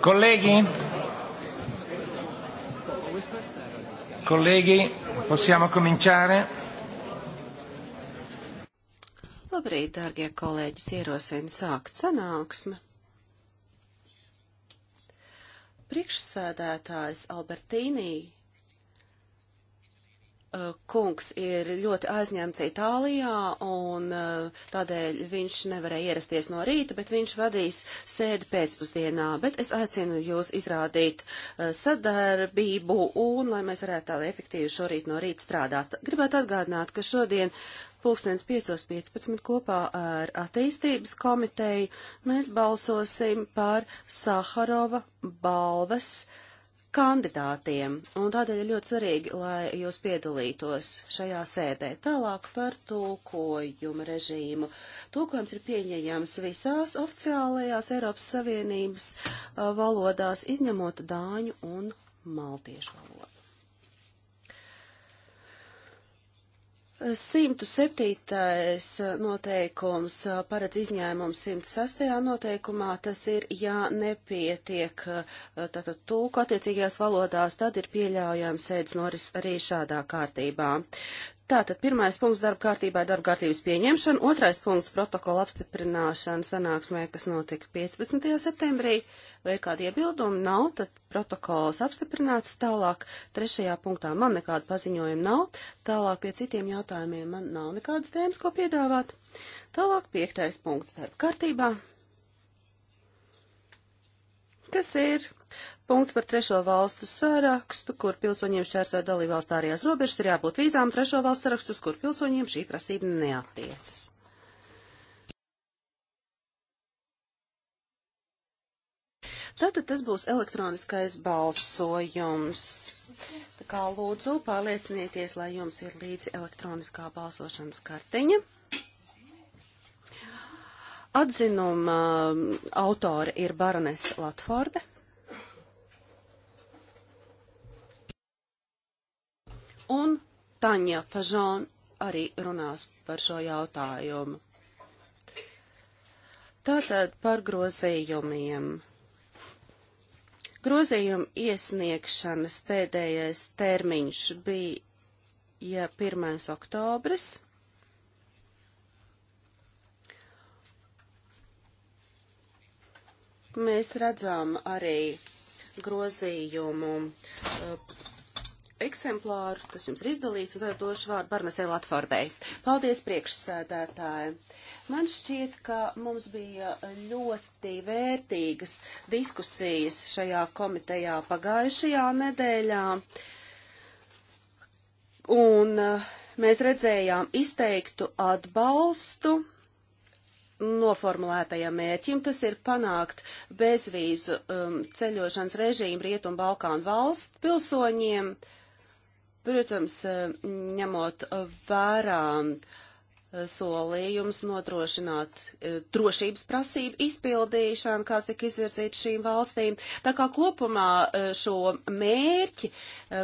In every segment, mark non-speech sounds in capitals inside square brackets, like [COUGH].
Colleghi? Colleghi, possiamo cominciare? Labrīt, dārgie kolēģis, ierosinu sākt sanāksmi. Priekšsēdētājs Albertīnī eh, kungs ir ļoti aizņemts Itālijā un eh, tādēļ viņš nevarēja ierasties no rīta, bet viņš vadīs sēdi pēcpusdienā. Bet es aicinu jūs izrādīt eh, sadarbību un lai mēs varētu tā efektīvi šorīt no rīta strādāt. Gribētu atgādināt, ka šodien Pūkstens 5.15 kopā ar attīstības komiteju mēs balsosim par Saharova balvas uh, kandidātiem, un tādēļ ir ļoti svarīgi, lai jūs piedalītos šajā sēdē. Tālāk par tulkojumu režīmu. Tulkojums ir pieņējams visās oficiālajās Eiropas Savienības uh, valodās, izņemot dāņu un maltiešu valodu. 107. noteikums uh, paredz izņēmumu 106. noteikumā, tas ir, ja nepietiek uh, tātad tūku attiecīgajās valodās, tad ir pieļaujams sēdes noris arī šādā kārtībā. Tātad pirmais punkts darba kārtībā ir darba kārtības pieņemšana, otrais punkts protokola apstiprināšana sanāksmē, kas notika 15. septembrī. Uh, vai ir kādi iebildumi? Nav, tad protokols apstiprināts. Tālāk trešajā punktā man nekāda paziņojuma nav. Tālāk pie citiem jautājumiem man nav nekādas tēmas, ko piedāvāt. Tālāk piektais punkts starp kārtībā. Kas ir Punkts par trešo valstu sarakstu, kur pilsoņiem šķērsoja dalībvalstu ārējās robežas, ir jābūt vīzām trešo valstu sarakstus, kur pilsoņiem šī prasība neatiecas. Tātad tas būs elektroniskais balsojums. Tā kā lūdzu pārliecinieties, lai jums ir līdzi elektroniskā balsošanas karteņa. Atzinuma autore ir Baronese Latforde. Un Taņa Fažon arī runās par šo jautājumu. Tātad par grozījumiem. Grozījuma iesniegšanas pēdējais termiņš bija 1. oktobris. Mēs redzam arī grozījumu uh, eksemplāru, kas jums ir izdalīts, un tad došu vārdu Barnesē Latvārdei. Paldies priekšsēdētāji. Man šķiet, ka mums bija ļoti vērtīgas diskusijas šajā komitejā pagājušajā nedēļā, un eh, mēs redzējām izteiktu atbalstu noformulētajam mērķim, tas ir panākt bezvīzu um, ceļošanas režīmu Rietu un Balkānu valstu pilsoņiem. Uh, Protams, eh, ņemot vērā eh, solījums nodrošināt eh, drošības prasību izpildīšanu, kāds tika izvirzīts šīm valstīm. Tā kā kopumā šo mērķi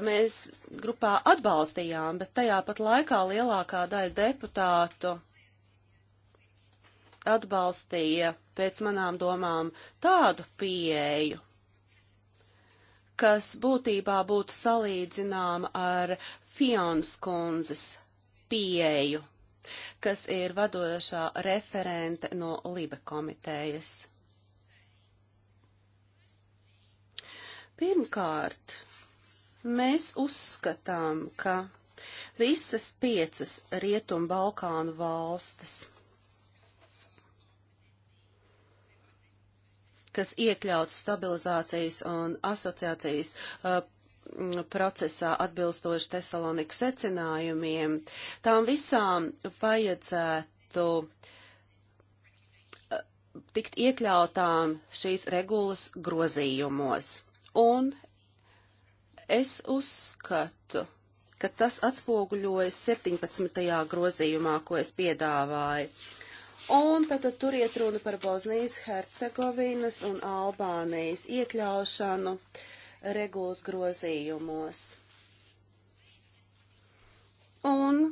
mēs grupā atbalstījām, bet tajā pat laikā lielākā daļa deputātu atbalstīja pēc manām domām tādu pieeju, kas būtībā būtu salīdzināma ar Fionas kundzes pieeju, kas ir vadošā referente no Libe komitejas. Pirmkārt, mēs uzskatām, ka visas piecas Rietumbalkānu valstis – kas iekļauts stabilizācijas un asociācijas uh, procesā atbilstoši Tesaloniku secinājumiem. Tām visām vajadzētu uh, tikt iekļautām šīs regulas grozījumos. Un es uzskatu, ka tas atspoguļojas 17. grozījumā, ko es piedāvāju. Un tad, tad tur iet runa par Bosnijas, Hercegovinas un Albānijas iekļaušanu regulas grozījumos. Un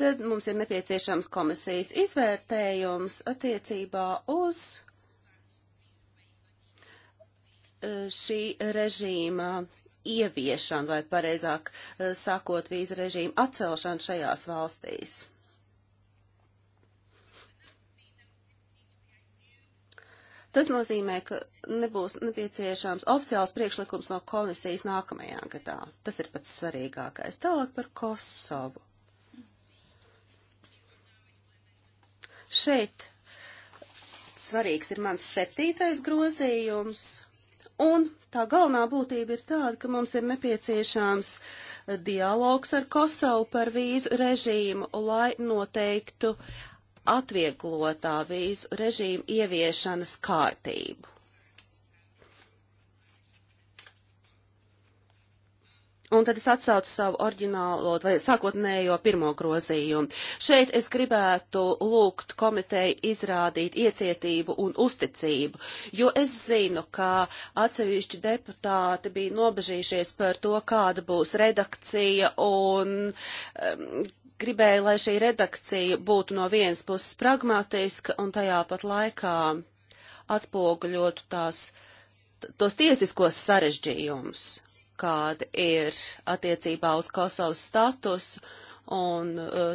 tad mums ir nepieciešams komisijas izvērtējums attiecībā uz eh, šī režīma ieviešanu vai pareizāk eh, sakot vīzu režīmu atcelšanu šajās valstīs. Tas nozīmē, ka nebūs nepieciešams oficiāls priekšlikums no komisijas nākamajā gadā. Tas ir pats svarīgākais. Tālāk par Kosovu. Šeit svarīgs ir mans septītais grozījums, un tā galvenā būtība ir tāda, ka mums ir nepieciešams eh, dialogs ar Kosovu par vīzu režīmu, lai noteiktu atvieglotā vīzu režīmu ieviešanas kārtību. Un tad es atsaucu savu oriģinālo vai sākotnējo pirmo grozījumu. Šeit es gribētu lūgt komiteju izrādīt iecietību un uzticību, jo es zinu, ka atsevišķi deputāti bija nobežījušies par to, kāda būs redakcija un um, gribēju, lai šī redakcija būtu no vienas puses pragmatiska un tajā pat laikā atspoguļotu tās, tos tiesiskos sarežģījumus kāda ir attiecībā uz Kosovas statusu un uh,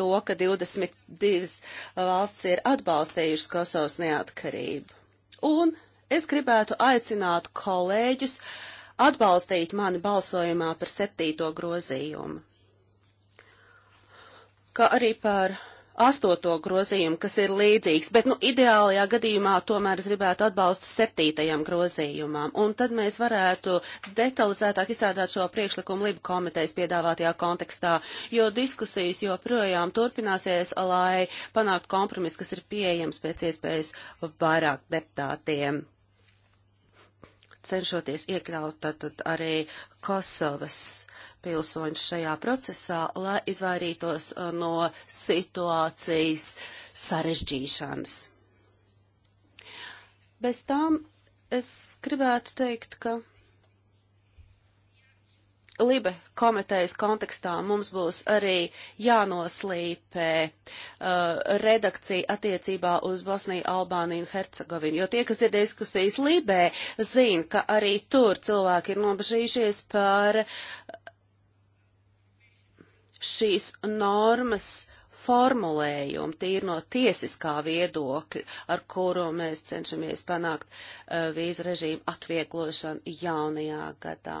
to, ka 22 uh, valsts ir atbalstījušas Kosovas neatkarību. Un es gribētu aicināt kolēģus atbalstīt mani balsojumā par septīto grozījumu, kā arī par astoto grozījumu, kas ir līdzīgs, bet, nu, ideālajā gadījumā tomēr es gribētu atbalstu septītajam grozījumam, un tad mēs varētu detalizētāk izstrādāt šo priekšlikumu Libu komitejas piedāvātajā kontekstā, jo diskusijas joprojām turpināsies, lai panāktu kompromisu, kas ir pieejams pēc iespējas vairāk deputātiem cenšoties iekļaut tad arī Kosovas pilsoņus šajā procesā, lai izvairītos uh, no situācijas sarežģīšanas. Bez tām es gribētu teikt, ka Libe komitejas kontekstā mums būs arī jānoslīpē uh, redakcija attiecībā uz Bosniju, Albāniju un Hercegovinu, jo tie, kas ir diskusijas Libē, zina, ka arī tur cilvēki ir nobežījušies par šīs normas formulējumu, tīri no tiesiskā viedokļa, ar kuru mēs cenšamies panākt uh, vīzu režīmu atvieglošanu jaunajā gadā.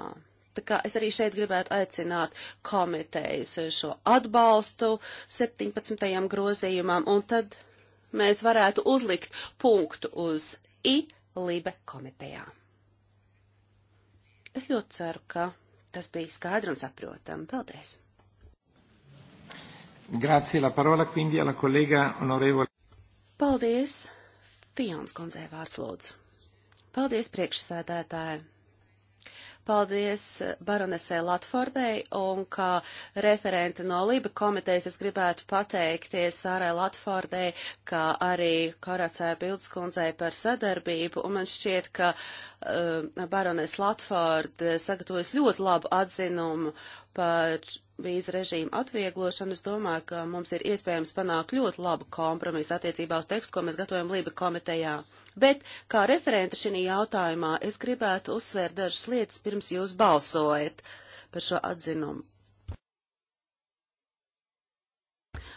Tā kā es arī šeit gribētu aicināt komitejas šo atbalstu 17. grozījumam, un tad mēs varētu uzlikt punktu uz I Libe komitejā. Es ļoti ceru, ka tas bija skaidri un saprotam. Paldies! Grazie, la parola quindi alla collega onorevole. Paldies! Fions kundzei vārds lūdzu. Paldies, priekšsēdētāji! Paldies eh, baronesē Latfordei un kā referente no Liba komitejas es gribētu pateikties Sārai Latfordei, kā arī Koracē Bildskundzei par sadarbību. Un man šķiet, ka uh, eh, barones Latford eh, sagatavojas ļoti labu atzinumu par vīzu režīmu atvieglošanu, es domāju, ka mums ir iespējams panākt ļoti labu kompromisu attiecībā uz tekstu, ko mēs gatavojam Lība komitejā. Bet, kā referenta šī jautājumā, es gribētu uzsvērt dažas lietas, pirms jūs balsojat par šo atzinumu.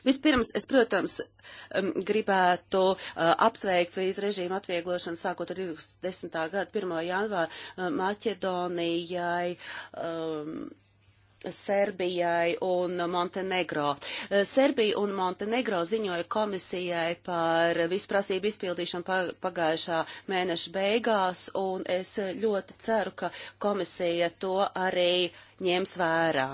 Vispirms, es, protams, um, gribētu uh, apsveikt vīzu režīmu atvieglošanu sākot ar 2010. gada 1. janvāru uh, Maķedonijai. Um, Serbijai un Montenegro. Eh, Serbija un Montenegro ziņoja komisijai par visprasību izpildīšanu pagājušā mēneša beigās, un es ļoti ceru, ka komisija to arī ņems vērā.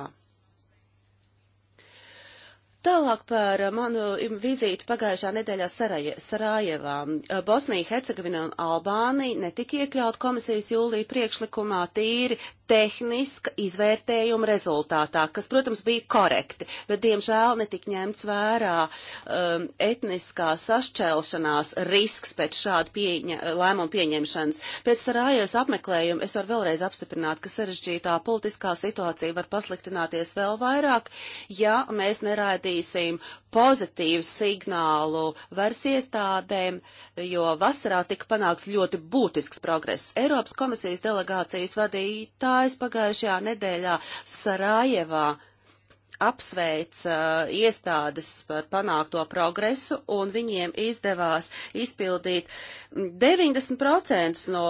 Tālāk par manu vizīti pagājušā nedēļā Saraje, Sarajevā. Eh, Bosnija, Hercegovina un Albānija netika iekļaut komisijas jūlija priekšlikumā tīri tehniska izvērtējuma rezultātā, kas, protams, bija korekti, bet, diemžēl, netika ņemts vērā um, etniskā sašķelšanās risks pēc šādu pieņa, lēmumu pieņemšanas. Pēc sarājos apmeklējumu es varu vēlreiz apstiprināt, ka sarežģītā politiskā situācija var pasliktināties vēl vairāk, ja mēs nerādīsim pozitīvu signālu varas iestādēm, jo vasarā tika panāks ļoti būtisks progress. Eiropas komisijas delegācijas vadītāji vadītājs pagājušajā nedēļā Sarajevā apsveica uh, iestādes par panākto progresu, un viņiem izdevās izpildīt 90% no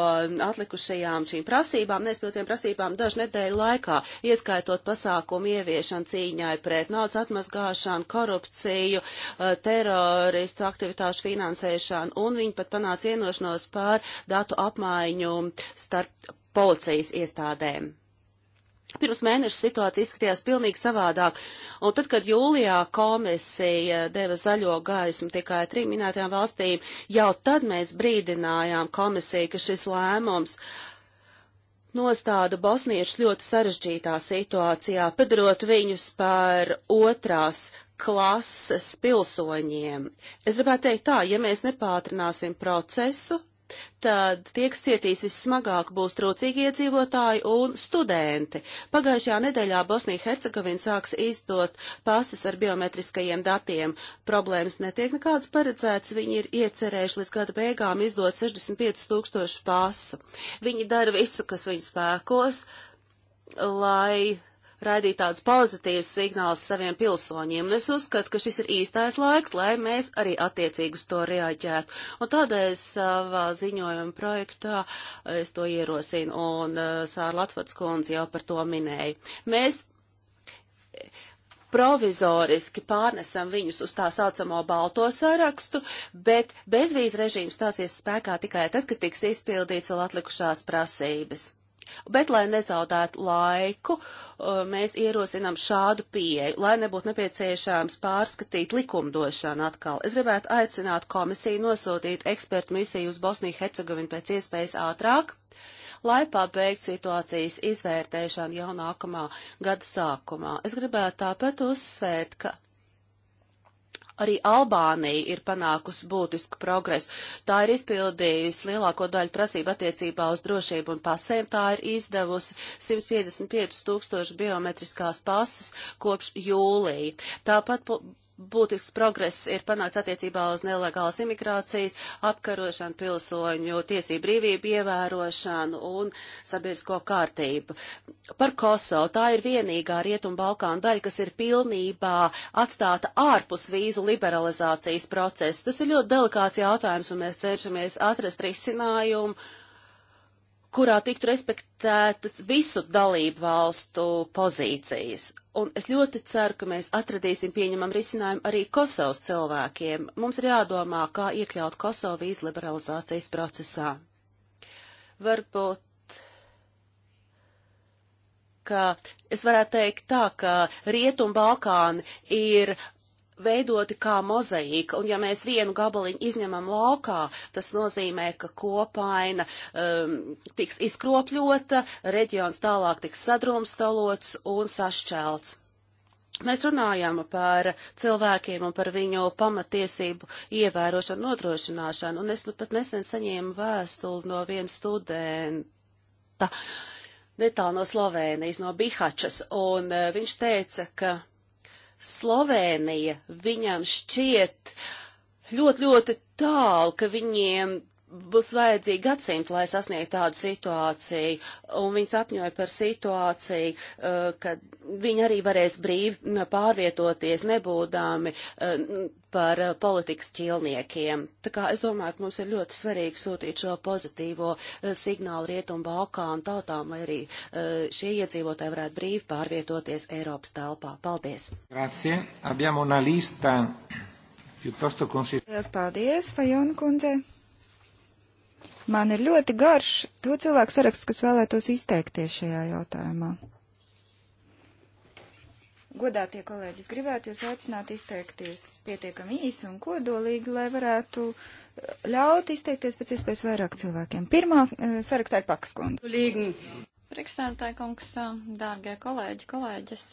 atlikušajām šīm prasībām, neizpildītiem prasībām dažu nedēļu laikā, ieskaitot pasākumu ieviešanu cīņai pret naudas atmazgāšanu, korupciju, uh, teroristu aktivitāšu finansēšanu, un viņi pat panāca vienošanos par datu apmaiņu starp policijas iestādēm. Pirms mēneša situācija izskatījās pilnīgi savādāk, un tad, kad jūlijā komisija deva zaļo gaismu tikai trim minētajām valstīm, jau tad mēs brīdinājām komisiju, ka šis lēmums nostāda bosniešus ļoti sarežģītā situācijā, padarot viņus par otrās klases pilsoņiem. Es gribētu teikt tā, ja mēs nepātrināsim procesu, tad tie, kas cietīs vissmagāk, būs trūcīgi iedzīvotāji un studenti. Pagājušajā nedēļā Bosnija Hercegovina sāks izdot pases ar biometriskajiem datiem. Problēmas netiek nekādas paredzētas, viņi ir iecerējuši līdz gada beigām izdot 65 tūkstošu pasu. Viņi dara visu, kas viņu spēkos, lai raidīt tādus pozitīvus signālus saviem pilsoņiem, un es uzskatu, ka šis ir īstais laiks, lai mēs arī attiecīgi uz to reaģētu. Un tādēļ savā ziņojuma projektā es to ierosinu, un uh, Sāra Latvats kundze jau par to minēja. Mēs provizoriski pārnesam viņus uz tā saucamo balto sarakstu, bet bezvīz režīms stāsies spēkā tikai tad, kad tiks izpildīts vēl atlikušās prasības. Bet, lai nezaudētu laiku, uh, mēs ierosinām šādu pieeju, lai nebūtu nepieciešams pārskatīt likumdošanu atkal. Es gribētu aicināt komisiju nosūtīt ekspertu misiju uz Bosniju Hercegovinu pēc iespējas ātrāk, lai pabeigtu situācijas izvērtēšanu jau nākamā gada sākumā. Es gribētu tāpat uzsvērt, ka Arī Albānija ir panākusi būtisku progresu. Tā ir izpildījusi lielāko daļu prasību attiecībā uz drošību un pasēm. Tā ir izdevusi 155 tūkstoši biometriskās pasas kopš jūlija. Tāpat būtisks progress ir panāks attiecībā uz nelegālas imigrācijas, apkarošanu, pilsoņu tiesību brīvību ievērošanu un sabiedrisko kārtību. Par Kosovu tā ir vienīgā Rietumu Balkānu daļa, kas ir pilnībā atstāta ārpus vīzu liberalizācijas procesa. Tas ir ļoti delikāts jautājums, un mēs cenšamies atrast risinājumu kurā tiktu respektētas visu dalību valstu pozīcijas. Un es ļoti ceru, ka mēs atradīsim pieņemam risinājumu arī Kosovas cilvēkiem. Mums ir jādomā, kā iekļaut Kosovu vīzu liberalizācijas procesā. Varbūt, ka es varētu teikt tā, ka Rietum Balkāni ir veidoti kā mozaīka, un ja mēs vienu gabaliņu izņemam laukā, tas nozīmē, ka kopaina um, tiks izkropļota, reģions tālāk tiks sadrumstalots un sašķelts. Mēs runājām par cilvēkiem un par viņu pamatiesību ievērošanu, nodrošināšanu, un es nu pat nesen saņēmu vēstuli no viena studenta netālu no Slovēnijas, no Bihačas, un uh, viņš teica, ka Slovēnija viņam šķiet ļoti, ļoti tālu, ka viņiem būs vajadzīgi gadsimti, lai sasniegtu tādu situāciju, un viņas apņoja par situāciju, uh, kad viņi arī varēs brīvi pārvietoties, nebūdami uh, par uh, politikas ķilniekiem. Tā kā es domāju, ka mums ir ļoti svarīgi sūtīt šo pozitīvo signālu Rietumu Balkānu tautām, lai arī šie iedzīvotāji varētu brīvi pārvietoties Eiropas telpā. Paldies! Grazie. Abbiamo una lista piuttosto consistente. Paldies, Fajona kundze. Man ir ļoti garš to cilvēku saraksts, kas vēlētos izteikties šajā jautājumā. Godātie kolēģi, es gribētu jūs aicināt izteikties pietiekami īsi un kodolīgi, lai varētu eh, ļaut izteikties pēc iespējas vairāk cilvēkiem. Pirmā eh, sarakstā ir pakas kundze. Priekšstādātāji kungs, eh, dārgie kolēģi, kolēģis.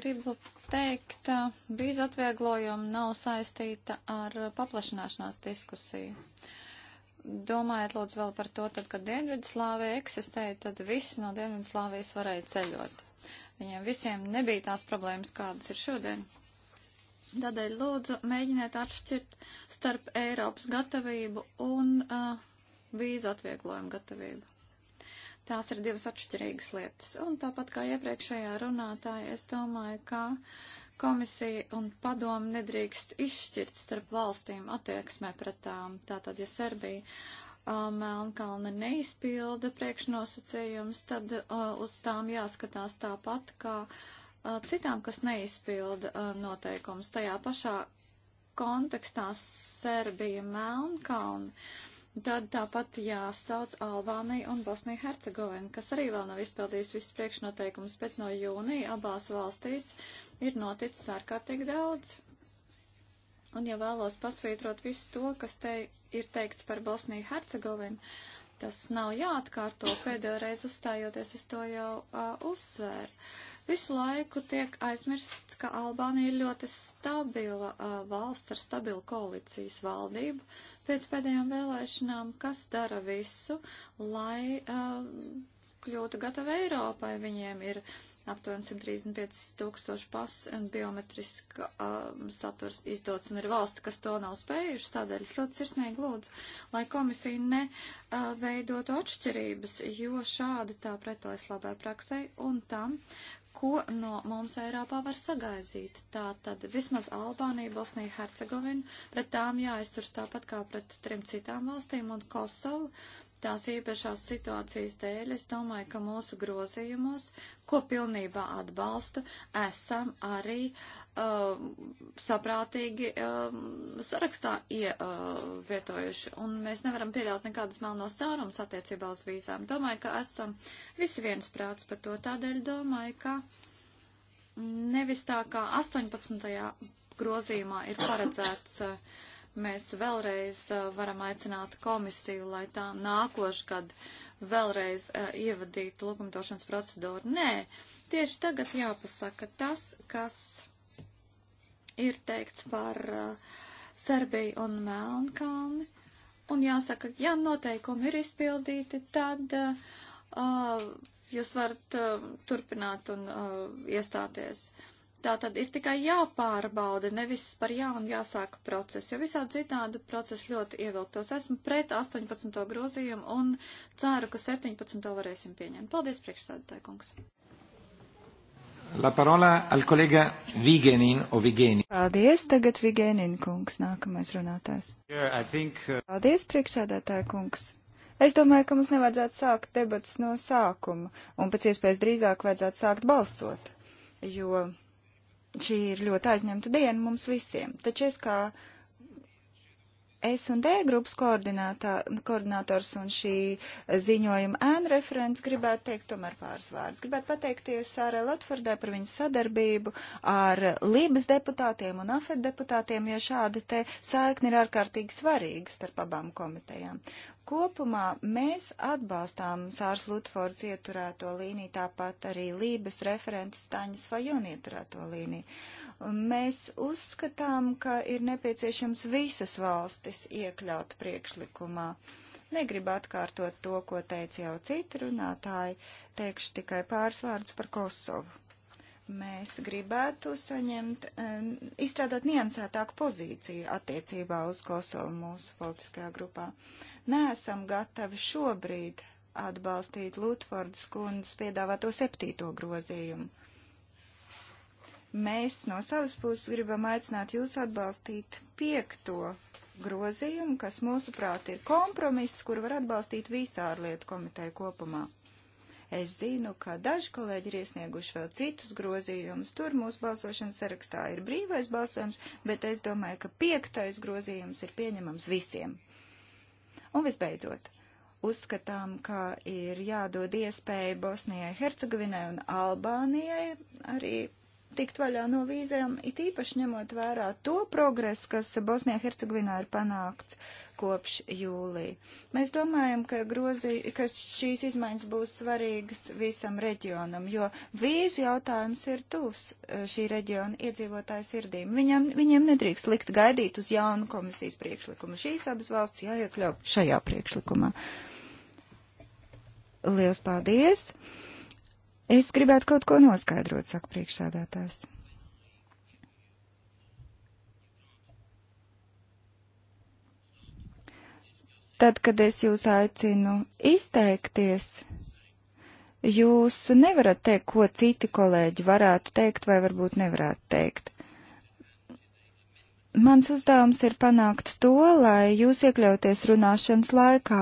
Gribu teikt, vīzu atvieglojumi nav saistīta ar paplašanāšanās diskusiju. Uh, domājiet lūdzu vēl par to, tad, kad Dienvidslāvija eksistēja, tad visi no Dienvidslāvijas varēja ceļot. Viņiem visiem nebija tās problēmas, kādas ir šodien. Tādēļ lūdzu mēģiniet atšķirt starp Eiropas gatavību un uh, vīzu atvieglojumu gatavību. Tās ir divas atšķirīgas lietas. Un tāpat kā iepriekšējā runātāja, es domāju, ka uh, Komisija un padomu nedrīkst izšķirt starp valstīm attieksmē pret tām. Tātad, ja Serbija Melnkalne neizpilda priekšnosacījums, tad uh, uz tām jāskatās tāpat kā uh, citām, kas neizpilda uh, noteikums. Tajā pašā kontekstā Serbija Melnkalne. Tad tāpat jāsauc Albānija un Bosnija Hercegovina, kas arī vēl nav izpildījis visus priekšnoteikumus, bet no jūnija abās valstīs uh, ir noticis ārkārtīgi daudz. Un ja vēlos pasvītrot visu to, kas te ir teikts par Bosniju Hercegovinu, tas nav jāatkārto. Pēdējo reizi uzstājoties, es to jau uh, uzsvēru. Visu laiku tiek aizmirsts, ka Albānija ir ļoti stabila uh, valsts ar stabilu koalīcijas valdību. Pēc pēdējām vēlēšanām, kas dara visu, lai uh, kļūtu gatava Eiropai, viņiem ir aptuveni 135 tūkstoši pas un biometriska uh, saturs izdots, un ir valsts, kas to nav spējuši, tādēļ es ļoti sirsnīgi lūdzu, lai komisija neveidotu uh, atšķirības, jo šādi tā pretojas labai praksē un tam, ko no mums Eiropā var sagaidīt. Tā tad vismaz Albānija, Bosnija, Hercegovina, pret tām jāizturs tāpat kā pret trim citām valstīm un Kosovu tās īpašās situācijas dēļ, es domāju, ka mūsu grozījumos, ko pilnībā atbalstu, esam arī uh, saprātīgi uh, sarakstā ievietojuši. Uh, un mēs nevaram pieļaut nekādas melnos caurumus attiecībā uz vīzām. Domāju, ka esam visi viens prāts par to. Tādēļ domāju, ka nevis tā kā 18. grozījumā ir paredzēts. Uh, Mēs vēlreiz eh, varam aicināt komisiju, lai tā nākošgad vēlreiz eh, ievadītu lūgumdošanas procedūru. Nē, tieši tagad jāpasaka tas, kas ir teikts par eh, Serbiju un Melnkalni. Un jāsaka, ja noteikumi ir izpildīti, tad uh, jūs varat uh, turpināt un uh, iestāties. Uh, Tā tad ir tikai jāpārbauda, nevis par jaunu jāsāk procesu, jo visādi citādi procesi ļoti ievilktos. Esmu pret 18. grozījumu un ceru, ka 17. varēsim pieņemt. Paldies, priekšsēdētāji kungs. La parola al kolega Vigenin o Vigeni. Paldies, tagad Vigenin kungs, nākamais runātājs. Yeah, think, uh... Paldies, priekšsēdētāji kungs. Es domāju, ka mums nevajadzētu sākt debatas no sākuma, un pēc iespējas drīzāk vajadzētu sākt balsot, jo Šī ir ļoti aizņemta diena mums visiem, taču es kā S un D grupas koordinators un šī ziņojuma ēnu referents gribētu teikt tomēr pāris vārdus. Gribētu pateikties Sārai Latvardai par viņas sadarbību ar Lības deputātiem un AFED deputātiem, jo šāda te saikni ir ārkārtīgi svarīga starp abām komitejām. Kopumā mēs atbalstām Sārs Lutfords ieturēto līniju, tāpat arī Lībes referents Staņas Fajona ieturēto līniju. Mēs uzskatām, ka ir nepieciešams visas valstis iekļaut priekšlikumā. Negribu atkārtot to, ko teica jau citi runātāji, teikšu tikai pāris vārdus par Kosovu. Mēs gribētu saņemt, eh, izstrādāt niansētāku pozīciju attiecībā uz Kosovu mūsu politiskajā grupā. Nēsam gatavi šobrīd atbalstīt Lutfordas kundas piedāvāto septīto grozījumu. Mēs no savas puses gribam aicināt jūs atbalstīt piekto grozījumu, kas mūsuprāt ir kompromiss, kur var atbalstīt visā ārlietu komiteja kopumā. Es zinu, ka daži kolēģi ir iesnieguši vēl citus grozījumus. Tur mūsu balsošanas sarakstā ir brīvais balsojums, bet es domāju, ka piektais grozījums ir pieņemams visiem. Un visbeidzot, uzskatām, ka ir jādod iespēja Bosnijai, Hercegovinai un Albānijai arī tikt vaļā no vīzēm, it īpaši ņemot vērā to progresu, kas Bosnijā Hercegovinā ir panākts kopš jūlija. Mēs domājam, ka, grozi, ka šīs izmaiņas būs svarīgas visam reģionam, jo vīzu jautājums ir tūs eh, šī reģiona iedzīvotāja sirdīm. Viņam, viņiem nedrīkst likt gaidīt uz jaunu komisijas priekšlikumu. Šīs abas valsts jāiekļauj šajā priekšlikumā. Liels paldies! Es gribētu kaut ko noskaidrot, saka priekšsādātājs. Tad, kad es jūs aicinu izteikties, jūs nevarat teikt, ko citi kolēģi varētu teikt vai varbūt nevarētu teikt. Mans uzdevums ir panākt to, lai jūs iekļauties runāšanas laikā.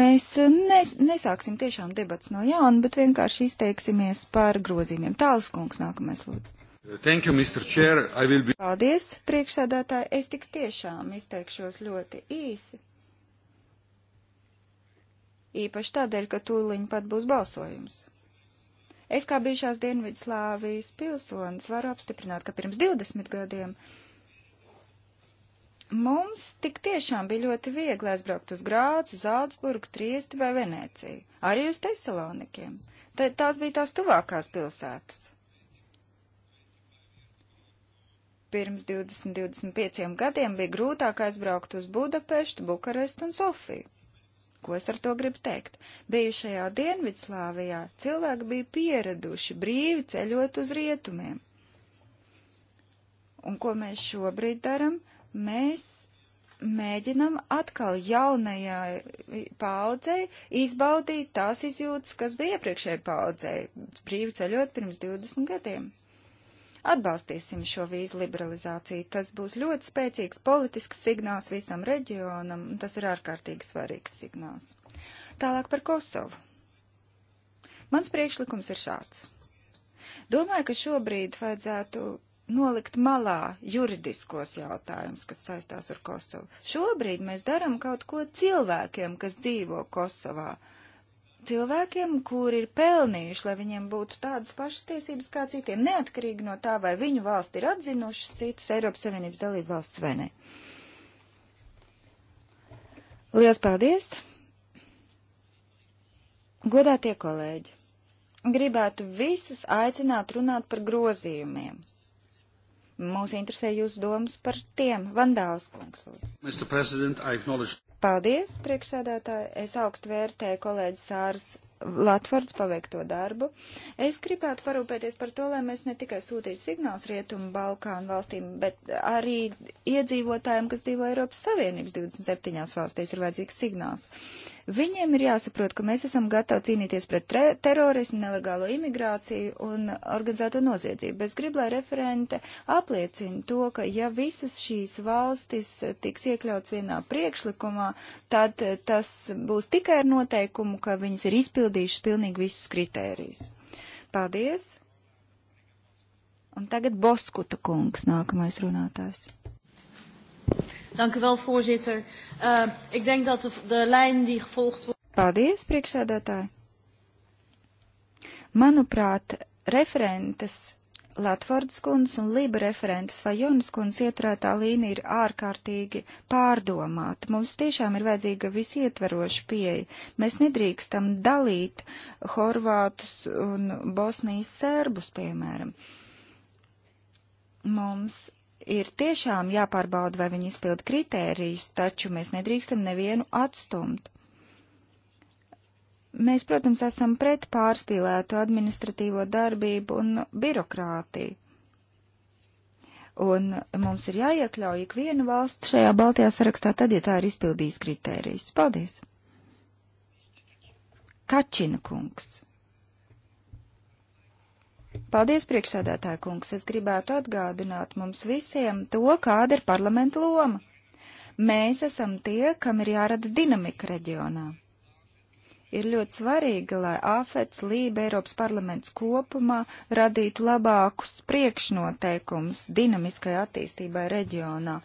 Mēs eh, nes, nesāksim tiešām debats no jauna, bet vienkārši izteiksimies par grozījumiem. Tāls kungs nākamais lūdzu. Thank you, Mr. Chair. I will be... Paldies, priekšsādātāji. Es tik tiešām izteikšos ļoti īsi. Īpaši tādēļ, ka tūliņ pat būs balsojums. Es kā bijušās Dienvidslāvijas pilsonis varu apstiprināt, ka pirms 20 gadiem Mums tik tiešām bija ļoti viegli aizbraukt uz Grācu, Zaldzburgu, Triesti vai Venēciju, arī uz Tesalonikiem. Tā, tās bija tās tuvākās pilsētas. Pirms 20-25 gadiem bija grūtāk aizbraukt uz Budapeštu, Bukarestu un Sofiju. Ko es ar to gribu teikt? Bijušajā Dienvidslāvijā cilvēki bija pieraduši brīvi ceļot uz rietumiem. Un ko mēs šobrīd darām? Mēs mēģinam atkal jaunajai paudzei izbaudīt tās izjūtas, kas bija iepriekšējai paudzei, brīvi ceļot pirms 20 gadiem. Atbalstīsim šo vīzu liberalizāciju. Tas būs ļoti spēcīgs politisks signāls visam reģionam, un tas ir ārkārtīgi svarīgs signāls. Tālāk par Kosovu. Mans priekšlikums ir šāds. Domāju, ka šobrīd vajadzētu nolikt malā juridiskos jautājumus, kas saistās ar Kosovu. Šobrīd mēs darām kaut ko cilvēkiem, kas dzīvo Kosovā. Cilvēkiem, kuri ir pelnījuši, lai viņiem būtu tādas pašas tiesības kā citiem, neatkarīgi no tā, vai viņu valsti ir atzinušas citas Eiropas Savienības dalību valsts vai ne. Lielas paldies! Godātie kolēģi! Gribētu visus aicināt runāt par grozījumiem Mūs interesē jūsu domas par tiem. Vandāls kungs, lūdzu. Paldies, priekšsēdētāji. Es augstu vērtēju kolēģi Sāras Latvārds paveikto darbu. Es gribētu parūpēties par to, lai mēs ne tikai sūtītu signāls Rietumu Balkānu valstīm, bet arī iedzīvotājiem, kas dzīvo Eiropas Savienības 27 valstīs, ir vajadzīgs signāls. Viņiem ir jāsaprot, ka mēs esam gatavi cīnīties pret terorismu, nelegālo imigrāciju un organizēto noziedzību. Es gribu, lai referente apliecina to, ka ja visas šīs valstis tiks iekļauts vienā priekšlikumā, tad tas būs tikai ar noteikumu, ka viņas ir izpildījušas pilnīgi visus kritērijus. Paldies! Un tagad Boskuta kungs, nākamais runātājs. Dank u wel, voorzitter. Uh, ik denk dat de, de lijn die gevolgd wordt. Paldies, priekšsēdētāji. Manuprāt, referentes Latvordas kundas un Liba referentes vai Jonas kundas ieturētā līnija ir ārkārtīgi pārdomāta. Mums tiešām ir vajadzīga visietveroša pieeja. Mēs nedrīkstam dalīt Horvātus un Bosnijas sērbus, piemēram. Mums ir tiešām jāpārbauda, vai viņi izpilda kritērijus, taču mēs nedrīkstam nevienu atstumt. Mēs, protams, esam pret pārspīlētu administratīvo darbību un birokrātiju. Un mums ir jāiekļauj ikviena valsts šajā Baltijā sarakstā, tad, ja tā ir izpildījis kritērijus. Paldies! Kačina kungs. Paldies, priekšsēdētāja kungs. Es gribētu atgādināt mums visiem to, kāda ir parlamenta loma. Mēs esam tie, kam ir jārada dinamika reģionā. Ir ļoti svarīgi, lai AFETS, Lība, Eiropas parlaments kopumā radītu labākus priekšnoteikumus dinamiskai attīstībai reģionā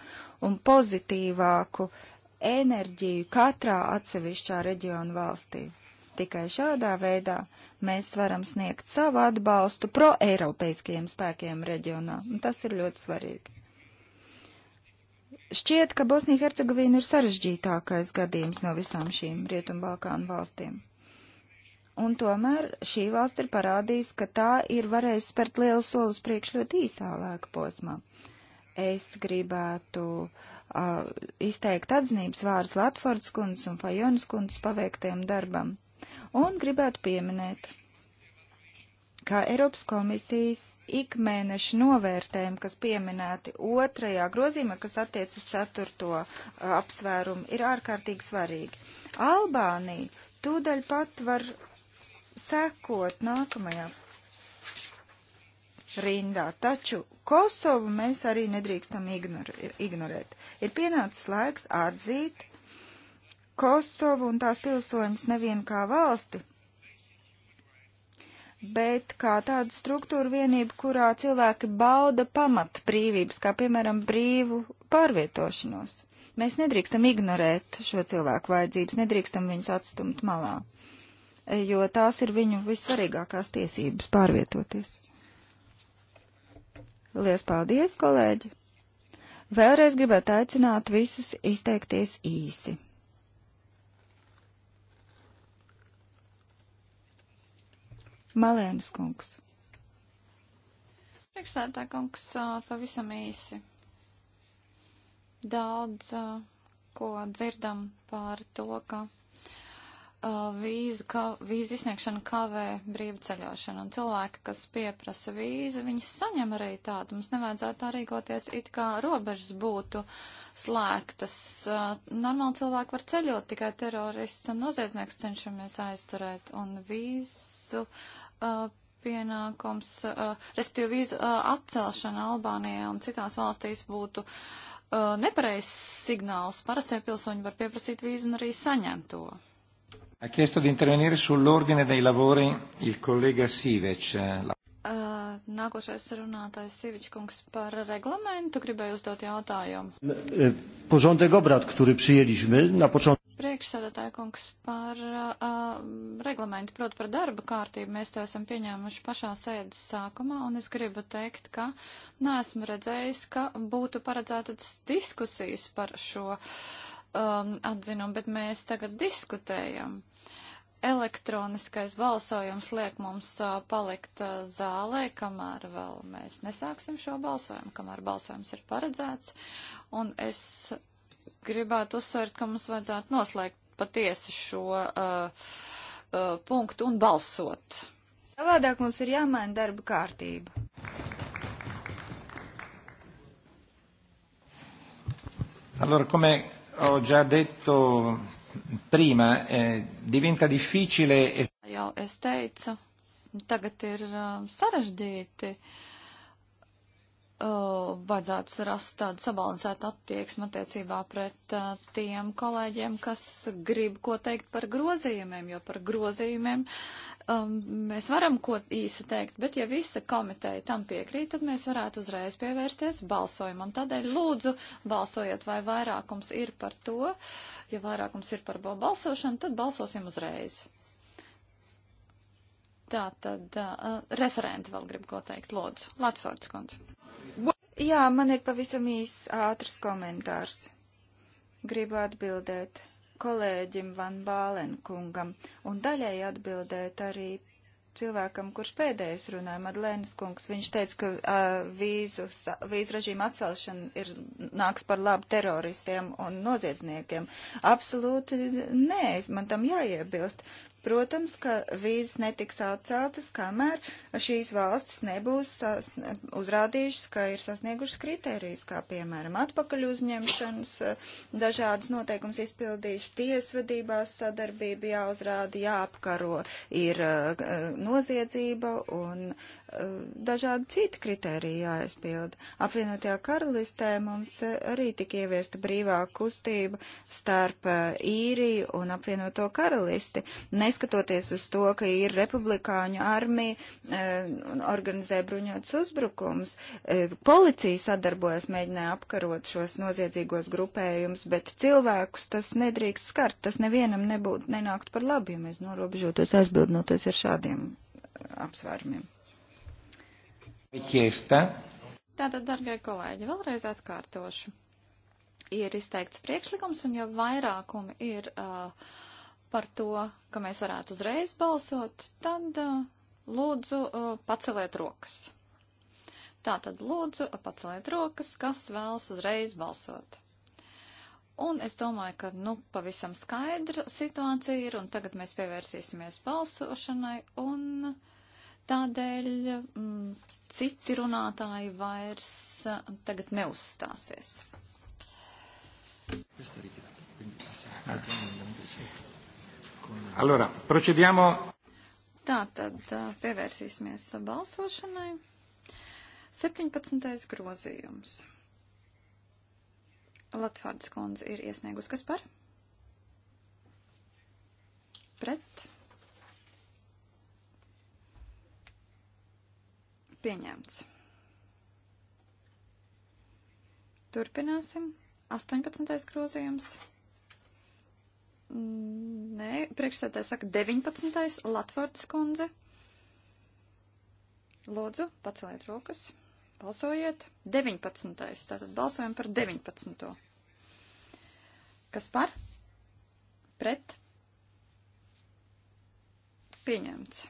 un pozitīvāku enerģiju katrā atsevišķā reģiona valstī. Tikai šādā veidā mēs varam sniegt savu atbalstu pro-eiropeiskajiem spēkiem reģionā, un tas ir ļoti svarīgi. Šķiet, ka Bosnija-Hercegovina ir sarežģītākais gadījums no visām šīm Rietumbalkānu valstīm. Un tomēr šī valsts ir parādījusi, ka tā ir varējusi spērt lielu soli uz priekšu ļoti īsā laika posmā. Es gribētu uh, izteikt atzinības vārdus Latfords kundzes un Fajonas kundzes paveiktajam darbam. Un gribētu pieminēt, kā Eiropas komisijas ikmēneša novērtējumi, kas pieminēti otrajā grozījumā, kas attiec uz ceturto uh, apsvērumu, ir ārkārtīgi svarīgi. Albānija tūdaļ pat var sekot nākamajā rindā, taču Kosovu mēs arī nedrīkstam ignor ignorēt. Ir pienācis laiks atzīt Kosovu un tās pilsoņus nevienu kā valsti, bet kā tādu struktūru vienību, kurā cilvēki bauda pamat brīvības, kā piemēram brīvu pārvietošanos. Mēs nedrīkstam ignorēt šo cilvēku vajadzības, nedrīkstam viņus atstumt malā, jo tās ir viņu vissvarīgākās tiesības pārvietoties. Lielas paldies, kolēģi! Vēlreiz gribētu aicināt visus izteikties īsi. Malēnas kungs. Priekšstādā kungs pavisam īsi. Daudz, ko dzirdam par to, ka vīzu, ka, vīzu izsniegšana kavē brīvceļošanu, un cilvēki, kas pieprasa vīzu, viņi saņem arī tādu. Mums nevajadzētu tā rīkoties, it kā robežas būtu slēgtas. Normāli cilvēki var ceļot, tikai terorists un noziedznieks cenšamies aizturēt, un vīzu uh, pienākums, uh, respektīvi vīzu uh, atcelšana Albānijā un citās valstīs būtu uh, nepareizs signāls. Parastie pilsoņi var pieprasīt vīzu un arī saņemt to. Ha chiesto di intervenire sull'ordine dei lavori il collega Sivec. Eh, uh, nākošais runātājs Sivičkungs par reglamentu gribēja uzdot jautājumu. Eh, porządek obrad, który przyjęliśmy na początku priekšsēdētāja kungs par uh, um, reglamentu, proti par darba kārtību. Mēs to esam pieņēmuši pašā sēdes sākumā, un es gribu teikt, ka neesmu redzējis, ka būtu paredzētas diskusijas par šo um, atzinumu, bet mēs tagad diskutējam. Elektroniskais balsojums liek mums uh, palikt uh, zālē, kamēr vēl mēs nesāksim šo balsojumu, kamēr balsojums ir paredzēts. Un es gribētu uzsvērt, ka mums vajadzētu noslēgt patiesi šo uh, uh, punktu un balsot. Savādāk mums ir jāmaina darba kārtība. Allora, come ho già detto prima, eh, diventa difficile. Jau es teicu, tagad ir um, sarežģīti. Uh, uh, vajadzētu rast tādu sabalansētu attieksmi attiecībā pret uh, tiem kolēģiem, kas grib ko teikt par grozījumiem, jo par grozījumiem um, mēs varam ko īsi teikt, bet ja visa komiteja tam piekrīt, tad mēs varētu uzreiz pievērsties balsojumam. Tādēļ lūdzu balsojiet, vai vairākums ir par to, ja vairākums ir par balsošanu, tad balsosim uzreiz. Tā tad uh, referenti vēl grib ko teikt. Lūdzu, Latvārds kundze. Jā, man ir pavisam īsts ātrs komentārs. Gribu atbildēt kolēģim Van Bālenkungam un daļai atbildēt arī cilvēkam, kurš pēdējais runāja, Madlēnas kungs, viņš teica, ka uh, vīzu, vīzu režīma atcelšana ir, nāks par labu teroristiem un noziedzniekiem. Absolūti nē, man tam jāiebilst. Protams, ka vīzas netiks atceltas, kamēr šīs valstis nebūs uzrādījušas, ka ir sasniegušas kritērijas, kā piemēram atpakaļ uzņemšanas, dažādas noteikums izpildījušas, tiesvedībās sadarbība jāuzrāda, jāapkaro, ir e, noziedzība un e, dažādi citi kritēriji jāizpilda. Apvienotajā karalistē mums arī tika ieviesta brīvā kustība starp e, īriju un apvienoto karalisti. Nes neskatoties uz to, ka ir republikāņu armija e, un organizē bruņots uzbrukums. E, policija sadarbojas, mēģināja apkarot šos noziedzīgos grupējumus, bet cilvēkus tas nedrīkst skart. Tas nevienam nebūtu nenākt par labu, ja mēs norobežotos aizbildnoties ar šādiem e, apsvērumiem. Tātad, dargie kolēģi, vēlreiz atkārtošu. Ir izteikts priekšlikums, un jau vairākumi ir uh, par to, ka mēs varētu uzreiz balsot, tad uh, lūdzu uh, paceliet rokas. Tā tad lūdzu uh, paceliet rokas, kas vēlas uzreiz balsot. Un es domāju, ka nu pavisam skaidra situācija ir, un tagad mēs pievērsīsimies balsošanai, un tādēļ mm, citi runātāji vairs uh, tagad neuzstāsies. Questa ritirata, quindi passiamo al giorno dell'emendamento 6. Allora, procediamo. Tā tad pievērsīsimies balsošanai. 17. grozījums. Latvārdas kundze ir iesniegus kas par? Pret. Pieņemts. Turpināsim. 18. grozījums. Nē, priekšsēdētāji saka 19. Latvārds kundze. Lūdzu, paceliet rokas. Balsojiet. 19. Tātad balsojam par 19. Kas par? Pret? Pieņemts.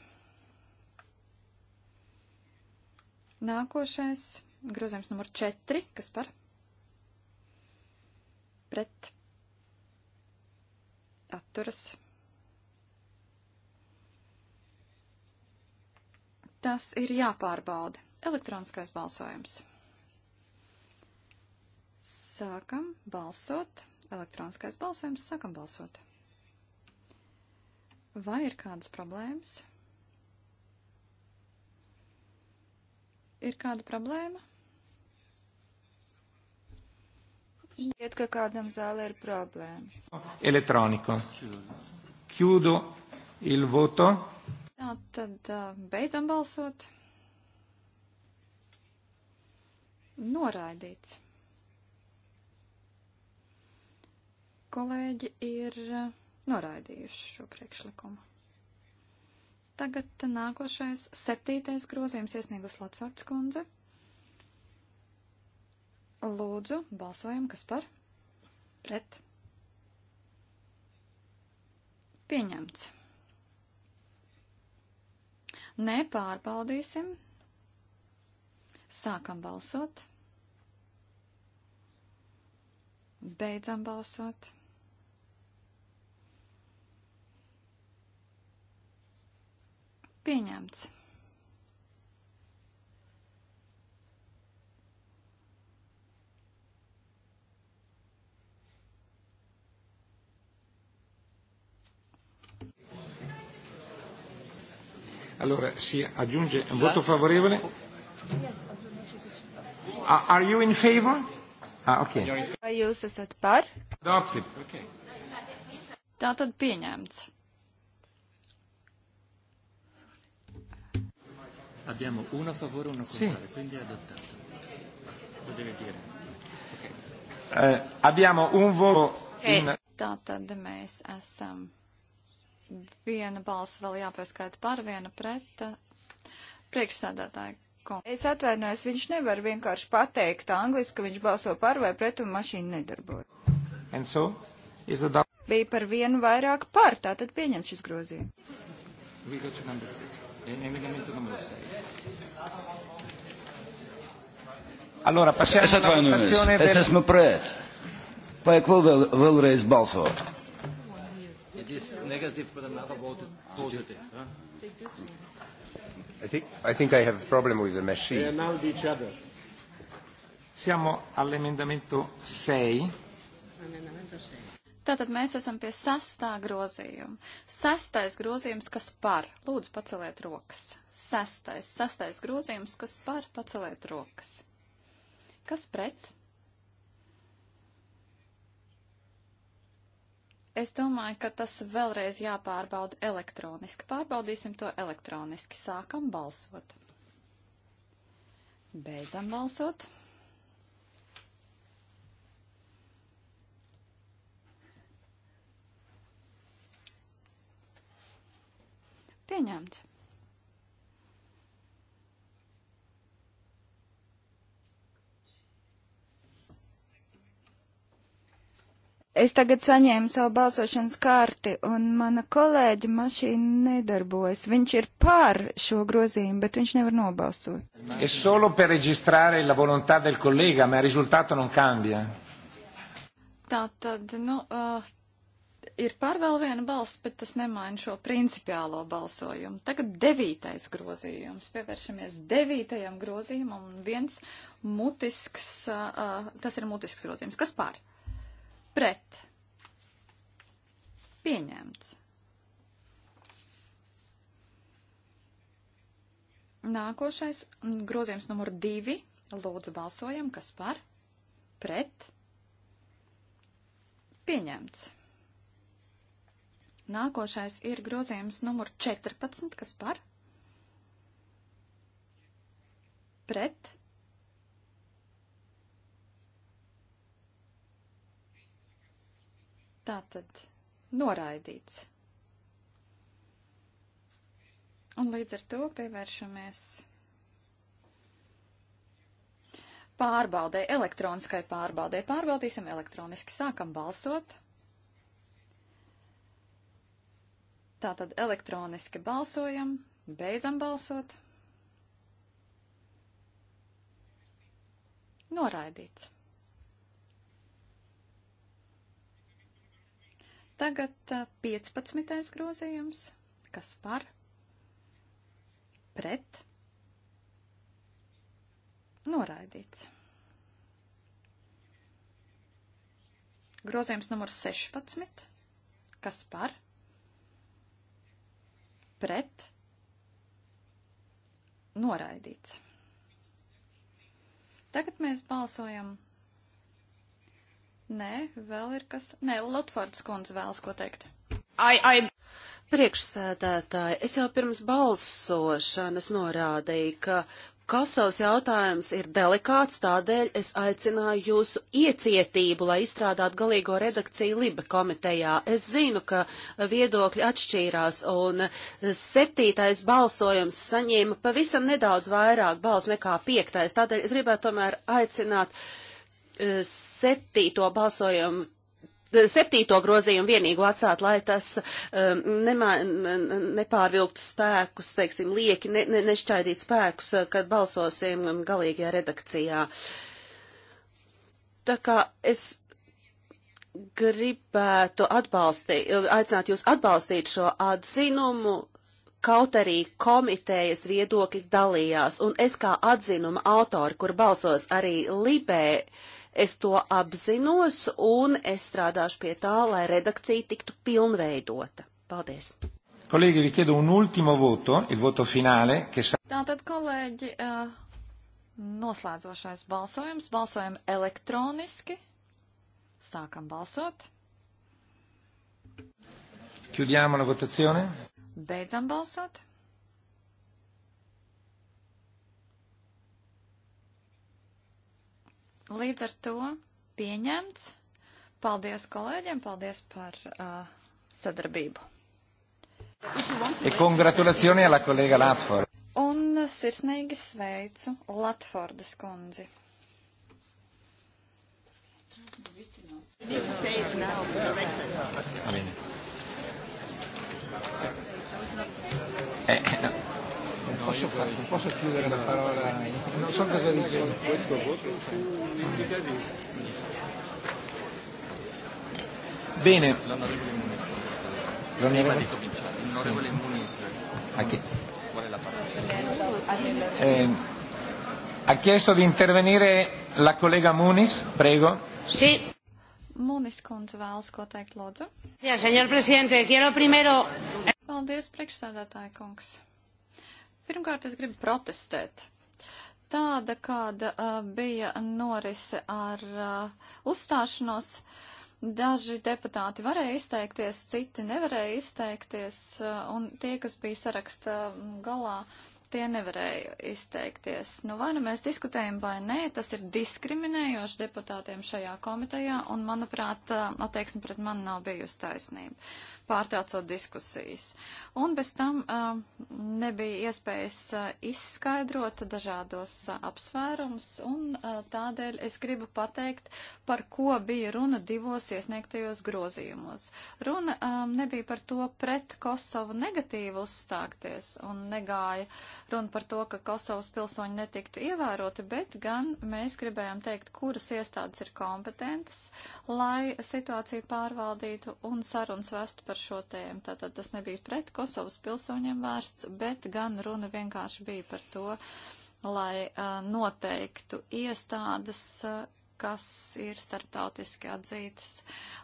Nākošais grozījums numur 4. Kas par? Pret? atturas. Tas ir jāpārbauda. Elektroniskais balsojums. Sākam balsot. Elektroniskais balsojums. Sākam balsot. Vai ir kādas problēmas? Ir kāda problēma? Šķiet, ka kādam zālē ir problēmas. Elektronika. Kjūdu il voto. Jā, tad beidzam balsot. Noraidīts. Kolēģi ir noraidījuši šo priekšlikumu. Tagad nākošais septītais grozījums iesniegus Latvārds kundze. Lūdzu, balsojam, kas par? Pret. Pieņemts. Nepārbaudīsim. Sākam balsot. Beidzam balsot. Pieņemts. Allora si aggiunge un voto favorevole. Ah, are you in favor? Ah, ok. Vai jūs esat par? Adopted. Okay. Tā tad pieņemts. Abbiamo uno a favore, uno contrario, sì. quindi è adottato. Lo deve dire. Okay. Eh, abbiamo un voto okay. in... Tātad mēs esam viena balss vēl jāpieskaita par, viena pret. Priekšsēdētāji. Es atvainojos, viņš nevar vienkārši pateikt angliski, ka viņš balso par vai pret un mašīna nedarbojas. So, a... Bija par vienu vairāk par, tā tad pieņem šis grozījums. Allora, passiamo alla votazione per... Es esmu pret. Paiek vēl, vēlreiz balsot it is negative, but another voted positive. Huh? I think, I think I have a problem with the machine. They are now each other. Siamo all'emendamento 6. Tātad mēs esam pie sastā grozījuma. Sastais grozījums, kas par. Lūdzu, paceliet rokas. Sastais, sastais grozījums, kas par. Paceliet rokas. Kas pret? Es domāju, ka tas vēlreiz jāpārbauda elektroniski. Pārbaudīsim to elektroniski. Sākam balsot. Beidzam balsot. Pieņemts. Es tagad saņēmu savu balsošanas karti, un mana kolēģa mašīna nedarbojas. Viņš ir pār šo grozījumu, bet viņš nevar nobalsot. Es solo per registrare la volontà del collega, ma il risultato non cambia. Tā tad, nu, uh, ir pār vēl viena balss, bet tas nemaina šo principiālo balsojumu. Tagad devītais grozījums. Pievēršamies devītajam grozījumam, un viens mutisks, uh, tas ir mutisks grozījums. Kas pāri? pret pieņemts. Nākošais grozījums numur divi. Lūdzu balsojam, kas par pret pieņemts. Nākošais ir grozījums numur 14, kas par pret Tātad noraidīts. Un līdz ar to pievēršamies pārbaudē, elektroniskai pārbaudē. Pārbaudīsim elektroniski, sākam balsot. Tātad elektroniski balsojam, beidzam balsot. Noraidīts. Tagad 15. grozījums. Kas par? Pret? Noraidīts. Grozījums numur 16. Kas par? Pret? Noraidīts. Tagad mēs balsojam Nē, vēl ir kas. Nē, Lutfords kundze vēlas ko teikt. Ai, ai. Priekšsēdētāji, es jau pirms balsošanas norādīju, ka Kosovas jautājums ir delikāts, tādēļ es aicināju jūsu iecietību, lai izstrādātu galīgo redakciju Libe komitejā. Es zinu, ka viedokļi atšķīrās, un septītais balsojums saņēma pavisam nedaudz vairāk balsu nekā piektais, tādēļ es gribētu tomēr aicināt uh, septīto balsojumu eh, septīto grozījumu vienīgo atstāt, lai tas um, nemā, nepārvilktu spēkus, teiksim, lieki, ne, ne, nešķaidīt spēkus, eh, kad balsosim galīgajā redakcijā. Tā kā es gribētu atbalstīt, aicināt jūs atbalstīt šo atzinumu, kaut arī komitejas viedokļi dalījās, un es kā atzinuma autori, kur balsos arī Libē, uh, Es to apzinos un es strādāšu pie tā, lai redakcija tiktu pilnveidota. Paldies! Kolēģi, vi chiedo un ultimo voto, il voto finale, che sa... Tātad, kolēģi, eh, noslēdzošais balsojums. Balsojam elektroniski. Sākam balsot. Chiudiamo la votazione. Beidzam balsot. Līdz ar to pieņemts. Paldies kolēģiem, paldies par uh, sadarbību. E congratulazioni alla collega Latford. Un sirsnīgi sveicu Latfordas kundzi. Bene. Eh, no. Eh, posso, far, non posso chiudere la parola, non so cosa dicevo. Questo voto Bene. L'onorevole Muniz. L'onorevole di cominciare. L'onorevole Muniz. A chi? Qual è la parola? Eh, ha chiesto di intervenire la collega Muniz, prego. Sì. Munis kundze vēlas ko teikt, lūdzu. Jā, ja, senjor prezidente, quiero primero. Paldies, priekšsēdētāji kungs. Pirmkārt, es gribu protestēt. Tāda, kāda uh, bija norise ar uh, uzstāšanos, daži deputāti varēja izteikties, citi nevarēja izteikties, uh, un tie, kas bija saraksta galā, uh, tie nevarēja izteikties. Nu, vai nu mēs diskutējam vai nē, tas ir diskriminējoši deputātiem šajā komitejā, un, manuprāt, attieksme pret mani nav bijusi taisnība, pārtraucot diskusijas. Un bez tam uh, nebija iespējas uh, izskaidrot dažādos uh, apsvērums, un tādēļ es gribu pateikt, par ko bija runa divos iesniegtajos grozījumos. Runa nebija par to pret Kosovu negatīvu uzstākties un negāja. Uh, runa par to, ka Kosovas pilsoņi netiktu ievēroti, bet gan mēs gribējām teikt, kuras iestādes ir kompetentas, lai situāciju pārvaldītu un sarunas vestu par šo tēmu. Tātad tas nebija pret Kosovas pilsoņiem vērsts, bet gan runa vienkārši bija par to, lai uh, noteiktu iestādes, uh, kas ir starptautiski atzītas,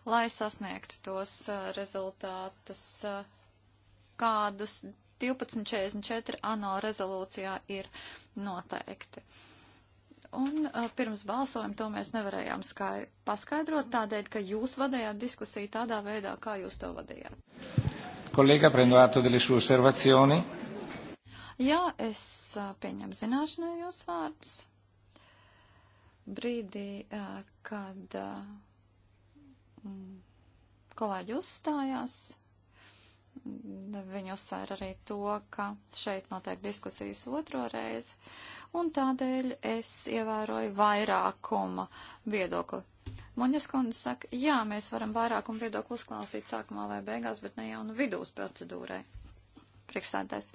lai sasniegtu tos uh, rezultātus, kādus 1244 ANO rezolūcijā ir noteikti. Un uh, pirms balsojuma to mēs nevarējām skai paskaidrot tādēļ, ka jūs vadējāt diskusiju tādā veidā, kā jūs to vadījāt. Kolēga, prendo atto delle sue osservazioni. Jā, es uh, pieņemu zināšanai jūs vārdus. Brīdī, uh, kad. Uh, kolēģi uzstājās, viņi uzsver arī to, ka šeit notiek diskusijas otro reizi, un tādēļ es ievēroju vairākuma viedokli. Muņas kundze saka, jā, mēs varam vairākumu viedokli uzklausīt sākumā vai beigās, bet ne jau nu vidūs procedūrai. Priekšsēdēs.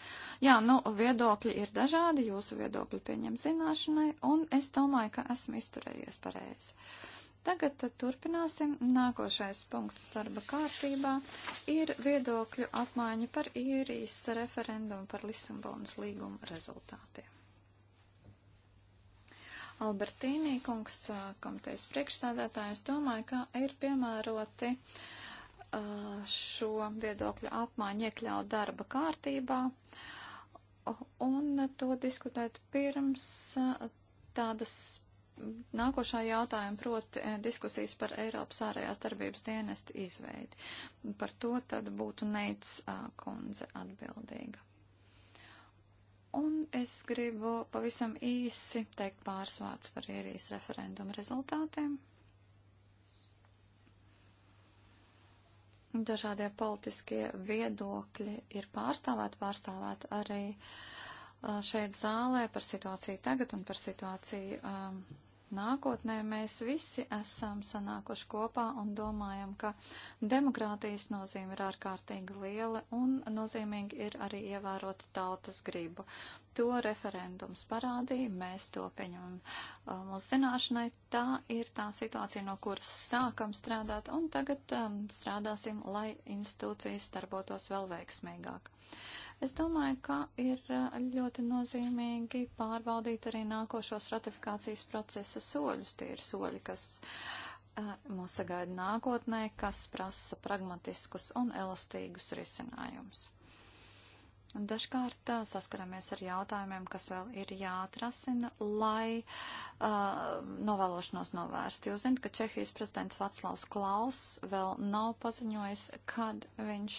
Jā, nu, viedokļi ir dažādi, jūsu viedokļi pieņem zināšanai, un es domāju, ka esmu izturējies pareizi. Uh, Tagad turpināsim. Nākošais punkts darba kārtībā ir viedokļu apmaiņa par īrijas referendumu par Lisabonas līguma rezultātiem. Albertīnī kungs, komitejas priekšsādātājs, domāju, ka ir piemēroti šo viedokļu apmaiņu iekļaut darba kārtībā un to diskutēt pirms tādas nākošā jautājuma, proti eh, diskusijas par Eiropas ārējās darbības dienestu izveidi. Par to tad būtu Neits eh, kundze atbildīga. Un es gribu pavisam īsi teikt pāris vārdus par ierīs referendumu rezultātiem. Dažādie politiskie viedokļi ir pārstāvēti, pārstāvēti arī uh, šeit zālē par situāciju tagad un par situāciju um, nākotnē mēs visi esam sanākuši kopā un domājam, ka demokrātijas nozīme ir ārkārtīgi liela un nozīmīgi ir arī ievērot tautas gribu. To referendums parādīja, mēs to pieņemam uh, mūsu zināšanai. Tā ir tā situācija, no kuras sākam strādāt un tagad um, strādāsim, lai institūcijas darbotos vēl veiksmīgāk. Uh, Es domāju, ka ir eh, ļoti nozīmīgi pārbaudīt arī nākošos ratifikācijas procesa soļus. Tie ir soļi, kas eh, mūs sagaida nākotnē, kas prasa pragmatiskus un elastīgus risinājumus. Dažkārt saskaramies ar jautājumiem, kas vēl ir jāatrasina, lai uh, novēlošanos novērst. Jūs zināt, ka Čehijas prezidents Vaclavs Klaus vēl nav paziņojis, kad viņš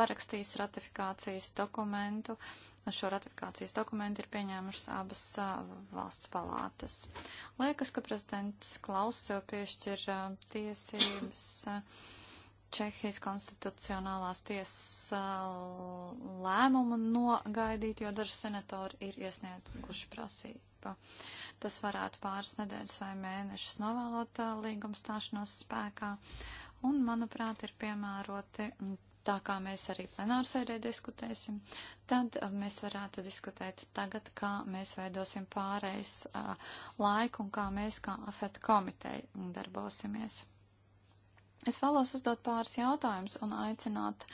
parakstīs ratifikācijas dokumentu. Šo ratifikācijas dokumentu ir pieņēmušas abas uh, valsts palātas. Liekas, ka prezidents Klaus sev piešķir uh, tiesības. Uh, Čehijas konstitucionālās tiesas uh, lēmumu nogaidīt, jo daži senatori ir iesnieguši prasību. Tas varētu pāris nedēļas vai mēnešus novēlot uh, līguma stāšanos spēkā, un, manuprāt, ir piemēroti, tā kā mēs arī plenārsēdē diskutēsim, tad uh, mēs varētu diskutēt tagad, kā mēs veidosim pārējais laiku un kā mēs kā afet komiteja darbosimies. Es vēlos uzdot pāris jautājumus un aicināt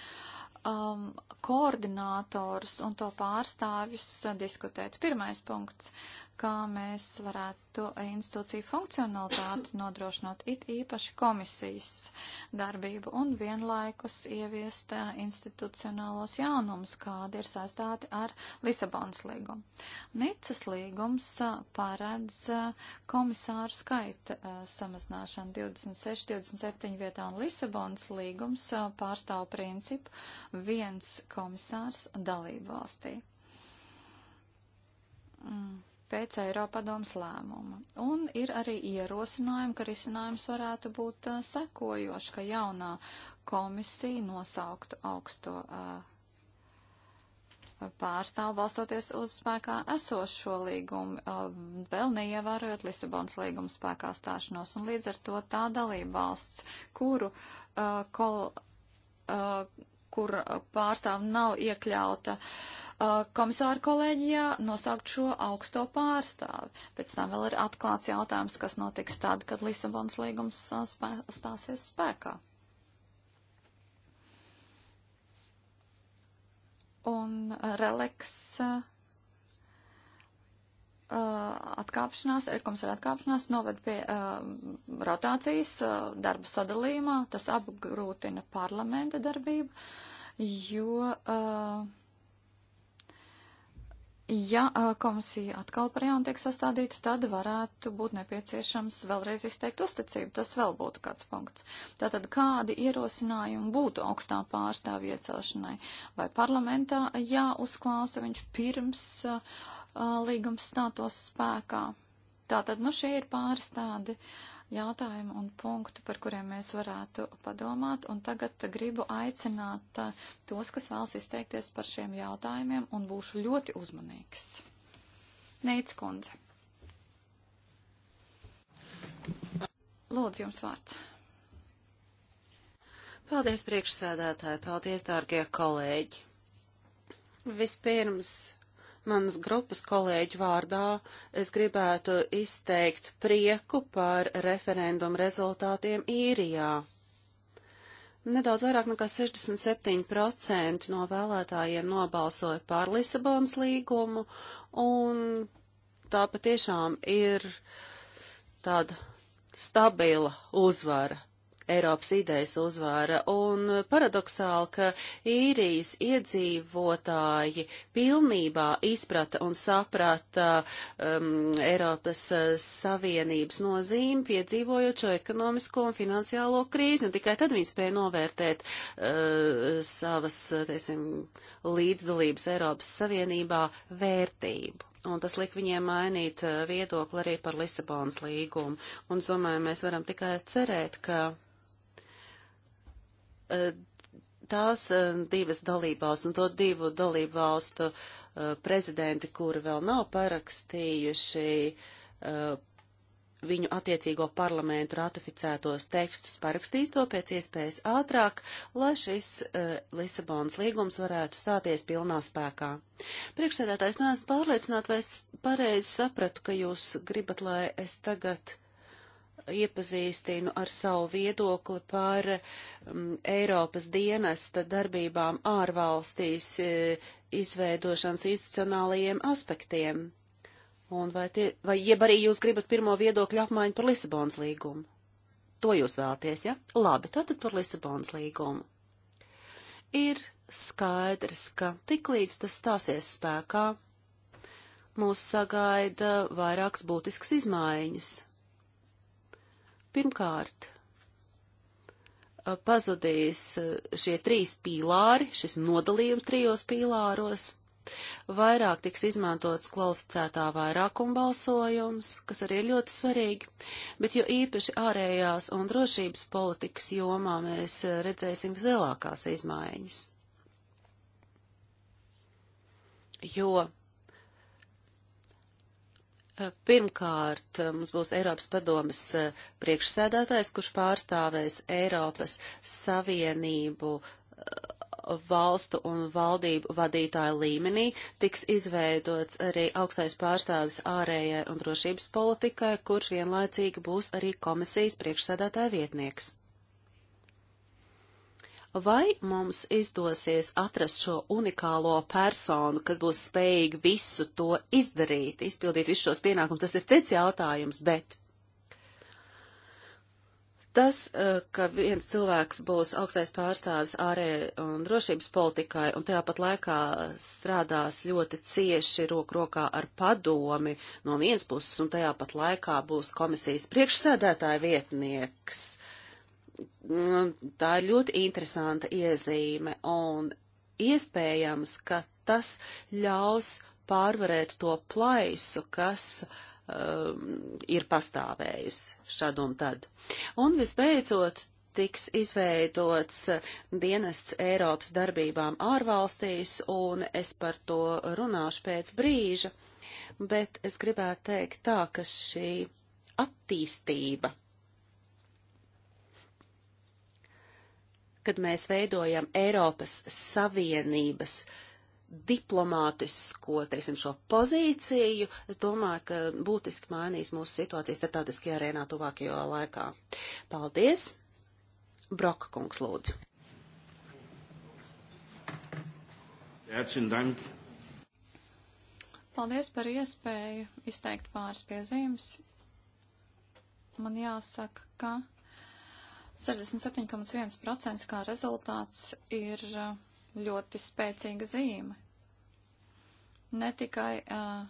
um, koordinātors un to pārstāvjus uh, diskutēt. Pirmais punkts kā mēs varētu institūciju funkcionalitāti nodrošināt, it īpaši komisijas darbību un vienlaikus ieviest institucionālos jaunumus, kādi ir saistāti ar Lisabonas līgumu. Nicas līgums paredz komisāru skaita samazināšanu 26-27 vietā un Lisabonas līgums pārstāv principu viens komisārs dalību valstī. Mm pēc Eiropadomas lēmuma. Un ir arī ierosinājumi, ka risinājums varētu būt uh, sekojoši, ka jaunā komisija nosauktu augsto uh, pārstāvu balstoties uz spēkā esošo līgumu, uh, vēl neievērojot Lisabonas līgumu spēkā stāšanos. Un līdz ar to tā dalība valsts, kuru kol, kur uh, pārstāv nav iekļauta uh, komisāra kolēģijā, nosaukt šo augsto pārstāvi. Pēc tam vēl ir atklāts jautājums, kas notiks tad, kad Lisabonas līgums uh, spē stāsies spēkā. Un releks Uh, atkāpšanās, komisāra atkāpšanās noved pie uh, rotācijas uh, darba sadalījumā, tas apgrūtina parlamenta darbību, jo, uh, ja uh, komisija atkal par jaunu tiek sastādīta, tad varētu būt nepieciešams vēlreiz izteikt uzticību, tas vēl būtu kāds punkts. Tātad kādi ierosinājumi būtu augstā pārstāvja iecelšanai? Vai parlamentā jāuzklausa viņš pirms. Uh, līgums stātos spēkā. Tātad, nu, šie ir pāris tādi jautājumi un punkti, par kuriem mēs varētu padomāt, un tagad gribu aicināt tos, kas vēlas izteikties par šiem jautājumiem, un būšu ļoti uzmanīgs. Neits kundze. Lūdzu, jums vārds. Paldies, priekšsēdētāji, paldies, dārgie kolēģi. Vispirms Manas grupas kolēģu vārdā es gribētu izteikt prieku par referendumu rezultātiem īrijā. Nedaudz vairāk nekā 67% no vēlētājiem nobalsoja par Lisabonas līgumu, un tā patiešām ir tāda stabila uzvara Eiropas idejas uzvara. Un paradoxāli, ka īrijas iedzīvotāji pilnībā izprata un saprata um, Eiropas uh, Savienības nozīmi, piedzīvojot šo ekonomisko un finansiālo krīzi, un tikai tad viņi spēja novērtēt uh, savas, uh, teiksim, līdzdalības Eiropas Savienībā vērtību un tas lika viņiem mainīt uh, viedokli arī par Lisabonas līgumu. Un es domāju, mēs varam tikai cerēt, ka tās eh, divas dalībās un to divu dalību valstu eh, prezidenti, kuri vēl nav parakstījuši eh, viņu attiecīgo parlamentu ratificētos tekstus, parakstīs to pēc iespējas ātrāk, lai šis Lisabonas līgums varētu stāties pilnā spēkā. Priekšsēdētājs neesmu nu, pārliecināta, vai es pareizi sapratu, ka jūs gribat, lai es tagad iepazīstinu ar savu viedokli par um, Eiropas dienesta darbībām ārvalstīs e, izveidošanas institucionālajiem aspektiem. Un vai, tie, vai jeb arī jūs gribat pirmo viedokļu apmaiņu par Lisabonas līgumu? To jūs vēlaties, ja? Labi, tātad par Lisabonas līgumu. Ir skaidrs, ka tiklīdz tas stāsies spēkā, mūs sagaida vairākas būtiskas izmaiņas Pirmkārt, pazudīs šie trīs pīlāri, šis nodalījums trijos pīlāros. Vairāk tiks izmantots kvalificētā vairākuma balsojums, kas arī ir ļoti svarīgi, bet jo īpaši ārējās un drošības politikas jomā mēs redzēsim vislielākās izmaiņas. Jo Pirmkārt, mums būs Eiropas padomas eh, priekšsēdētājs, kurš pārstāvēs Eiropas Savienību eh, valstu un valdību vadītāju līmenī tiks izveidots arī augstais pārstāvis ārējai un drošības politikai, kurš vienlaicīgi būs arī komisijas priekšsēdētāja vietnieks vai mums izdosies atrast šo unikālo personu, kas būs spējīga visu to izdarīt, izpildīt visus šos pienākumus, tas ir cits jautājums, bet tas, eh, ka viens cilvēks būs augstais pārstāvis ārē un drošības politikai un tajāpat laikā strādās ļoti cieši roku rokā ar padomi no vienas puses un tajāpat laikā būs komisijas priekšsēdētāja vietnieks. Uh, Nu, tā ir ļoti interesanta iezīme un iespējams, ka tas ļaus pārvarēt to plaisu, kas um, ir pastāvējis šad un tad. Un visbeidzot, tiks izveidots dienests Eiropas darbībām ārvalstīs, un es par to runāšu pēc brīža, bet es gribētu teikt tā, ka šī attīstība kad mēs veidojam Eiropas Savienības diplomātisko, teiksim, šo pozīciju, es domāju, ka būtiski mainīs mūsu situācijas starptautiskajā arēnā tuvākajā laikā. Paldies! Broka kungs lūdzu. Paldies par iespēju izteikt pāris piezīmes. Man jāsaka, ka 67,1% kā rezultāts ir ļoti spēcīga zīme. Ne tikai uh,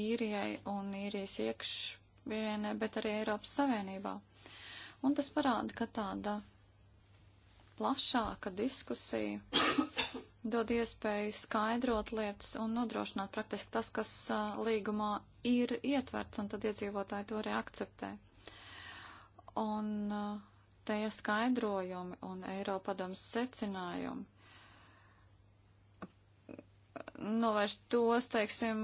īrijai un īrijas iekšvienē, bet arī Eiropas Savienībā. Un tas parāda, ka tāda plašāka diskusija [COUGHS] dod iespēju skaidrot lietas un nodrošināt praktiski tas, kas uh, līgumā ir ietverts, un tad iedzīvotāji to arī akceptē. Un uh, tie skaidrojumi un Eiropadoms secinājumi novērš tos, teiksim,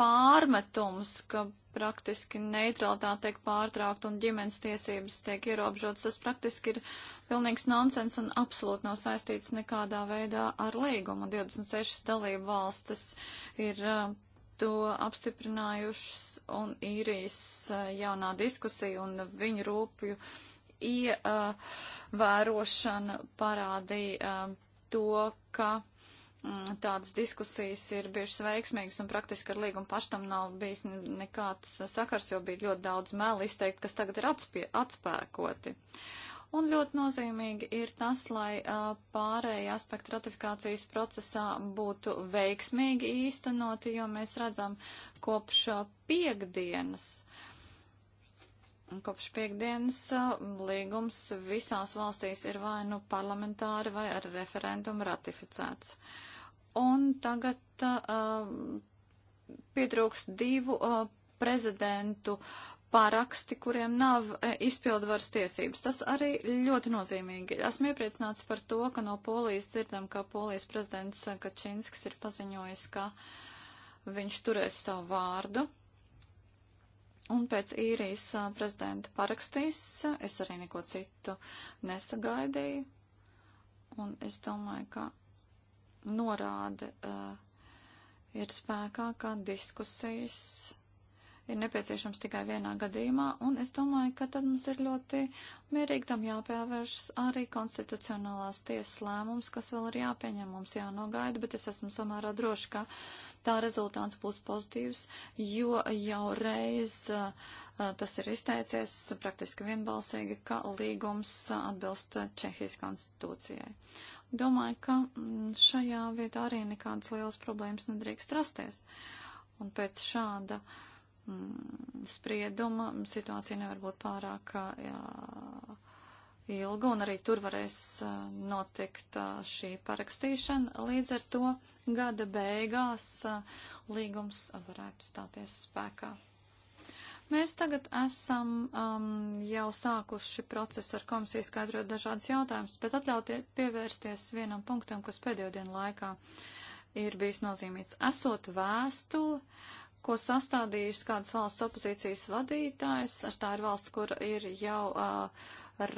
pārmetums, ka praktiski neutralitāte tiek pārtraukta un ģimenes tiesības tiek ierobežotas, tas praktiski ir pilnīgs nonsens un absolūti nav saistīts nekādā veidā ar līgumu. 26 dalību valstis ir uh, to apstiprinājušas un īrijas uh, jaunā diskusija un viņu rūpju uh, ievērošana parādīja um, to, ka mm, tādas diskusijas ir bijušas veiksmīgas un praktiski ar līgumu paštam nav bijis nekāds sakars, jo bija ļoti daudz meli izteikt, kas tagad ir atspie, atspēkoti. Un ļoti nozīmīgi ir tas, lai uh, pārējie aspekti ratifikācijas procesā būtu veiksmīgi īstenoti, jo mēs redzam kopš uh, piekdienas Kopš piekdienas uh, līgums visās valstīs ir vai nu parlamentāri vai ar referendumu ratificēts. Un tagad uh, pietrūks divu uh, prezidentu paraksti, kuriem nav uh, izpildvaras tiesības. Tas arī ļoti nozīmīgi. Esmu iepriecināts par to, ka no Polijas dzirdam, ka Polijas prezidents Kačinskis ir paziņojis, ka viņš turēs savu vārdu Un pēc īrijas prezidenta parakstīs, es arī neko citu nesagaidīju. Un es domāju, ka norāde uh, ir spēkā, ka diskusijas ir nepieciešams tikai vienā gadījumā, un es domāju, ka tad mums ir ļoti mierīgi tam jāpievēršas arī konstitucionālās tiesas lēmums, kas vēl ir jāpieņem, mums jānogaida, bet es esmu samērā droši, ka tā rezultāts būs pozitīvs, jo jau reiz uh, tas ir izteicies praktiski vienbalsīgi, ka līgums atbilst Čehijas konstitūcijai. Domāju, ka mm, šajā vietā arī nekādas lielas problēmas nedrīkst rasties. Un pēc šāda uh, Mm, sprieduma. Situācija nevar būt pārāk jā, ilga, un arī tur varēs notikt šī parakstīšana. Līdz ar to gada beigās līgums varētu stāties spēkā. Mēs tagad esam um, jau sākuši procesu ar komisiju skaidrot dažādas jautājumas, bet atļauties pievērsties vienam punktam, kas pēdējo dienu laikā ir bijis nozīmīts. Esot vēstuli, uh, ko sastādījušas kādas valsts opozīcijas vadītājs. Tā ir valsts, kur ir jau uh,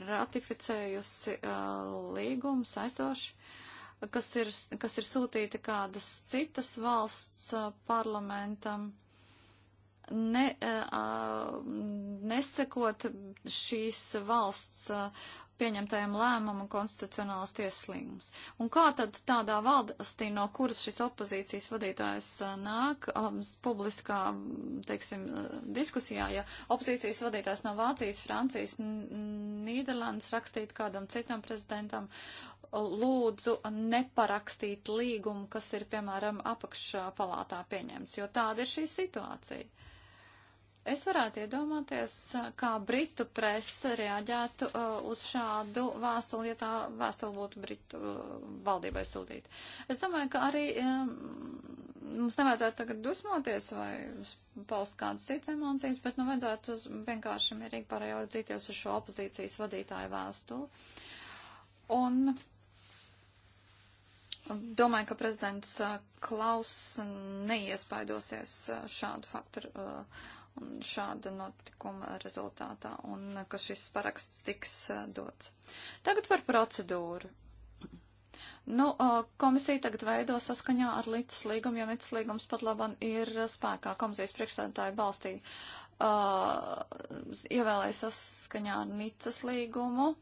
ratificējusi uh, līgumu saistoši, kas ir, kas ir sūtīta kādas citas valsts uh, parlamentam ne, uh, nesekot šīs valsts uh, pieņemtajam lēmumam konstitucionālas tiesas līgums. Un kā tad tādā valstī, no kuras šis opozīcijas vadītājs uh, nāk, um, publiskā, teiksim, uh, diskusijā, ja opozīcijas vadītājs no Vācijas, Francijas, Nīderlandes rakstītu kādam citam prezidentam, lūdzu neparakstīt līgumu, kas ir, piemēram, apakšpalātā pieņemts, jo tāda ir šī situācija. Es varētu iedomāties, kā Britu presa reaģētu uh, uz šādu vēstuli, ja tā vēstuli būtu Britu uh, valdībai sūtīta. Es domāju, ka arī um, mums nevajadzētu tagad dusmoties vai paust kādas citas emocijas, bet nu vajadzētu uz, vienkārši mierīgi paraudzīties uz šo opozīcijas vadītāju vēstuli. Un domāju, ka prezidents uh, Klaus neiespaidosies uh, šādu faktoru. Uh, šāda notikuma rezultātā un ka šis paraksts tiks eh, dots. Tagad par procedūru. Nu, eh, komisija tagad veido saskaņā ar līdzes līgumu, jo līdzes līgums pat laban ir spēkā. Komisijas priekšstādātāja balstīja uh, eh, ievēlēja saskaņā ar Nicas līgumu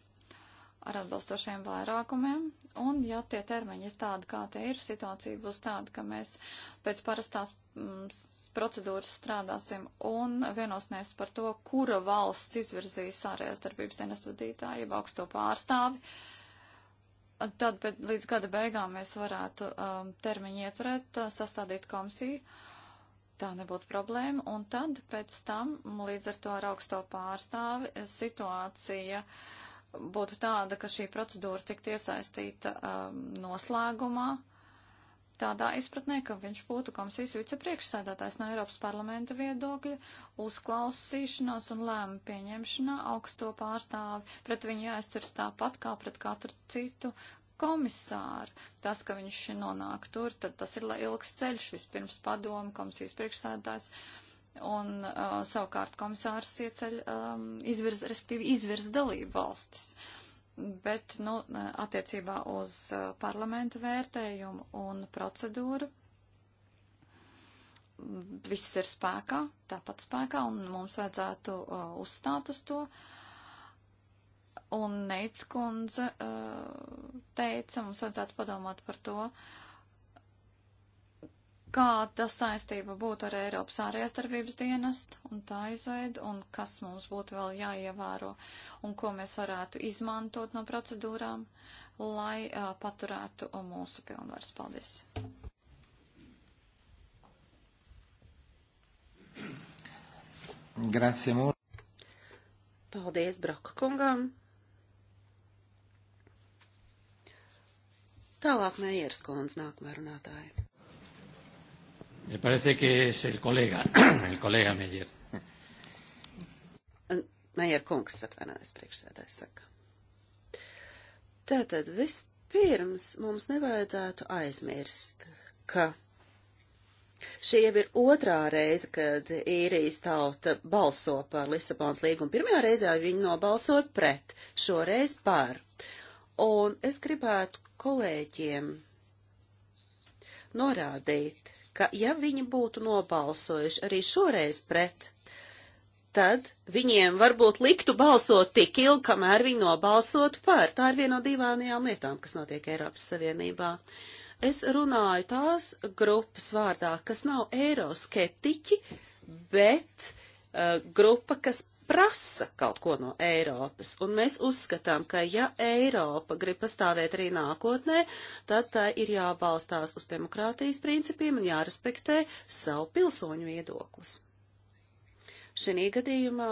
ar atbalstošiem vairākumiem, un ja tie termiņi ir tādi, kā tie ir, situācija būs tāda, ka mēs pēc parastās m, mm, procedūras strādāsim un vienosimies par to, kura valsts izvirzīs ārējās darbības dienas vadītāju, jeb augsto pārstāvi. Tad pēc, līdz gada beigām mēs varētu um, termiņu ietvarēt, uh, sastādīt komisiju. Tā nebūtu problēma, un tad pēc tam līdz ar to ar augsto pārstāvi situācija uh, būtu tāda, ka šī procedūra tiktu iesaistīta um, noslēgumā, tādā izpratnē, ka viņš būtu komisijas vicepriekšsēdētājs no Eiropas parlamenta viedokļa, uzklausīšanās un lēmu pieņemšanā augsto pārstāvi. Pret viņu jāizturas tāpat kā pret katru citu komisāru. Tas, ka viņš nonāk tur, tad tas ir ilgs ceļš. Vispirms padomu komisijas priekšsēdētājs. Uh, un uh, savukārt komisārs ieceļ, um, izvirz, respektīvi izvirz dalību valstis. Bet, nu, attiecībā uz uh, parlamentu vērtējumu un procedūru viss ir spēkā, tāpat spēkā, un mums vajadzētu uh, uzstāt uz to. Un Neits kundze uh, teica, mums vajadzētu padomāt par to, uh, kāda saistība būtu ar Eiropas ārējās darbības dienestu un tā izveidu, un kas mums būtu vēl jāievēro, un ko mēs varētu izmantot no procedūrām, lai uh, paturētu mūsu pilnvaras. Paldies! Grazie, mūr. Paldies, Broka kungam! Tālāk Meijers kundze nākamā runātāja. Me parece que es el kolega, [CLEARS THROAT] el kolega Mejer. Mejer kungs atvainojas priekšsēdājs saka. Tātad vispirms mums nevajadzētu aizmirst, ka Šī jau ir otrā reize, kad īrijas tauta balso par Lisabons līgumu. Pirmajā reizē viņi nobalsoja pret, šoreiz par. Un es gribētu kolēģiem norādīt, ka ja viņi būtu nobalsojuši arī šoreiz pret, tad viņiem varbūt liktu balsot tik ilgi, kamēr viņi nobalsotu par. Tā ir viena no divām lietām, kas notiek Eiropas Savienībā. Es runāju tās grupas vārdā, kas nav eiroskeptiķi, bet uh, grupa, kas prasa kaut ko no Eiropas, un mēs uzskatām, ka ja Eiropa grib pastāvēt arī nākotnē, tad tā ir jābalstās uz demokrātijas principiem un jārespektē savu pilsoņu viedoklis. Šī gadījumā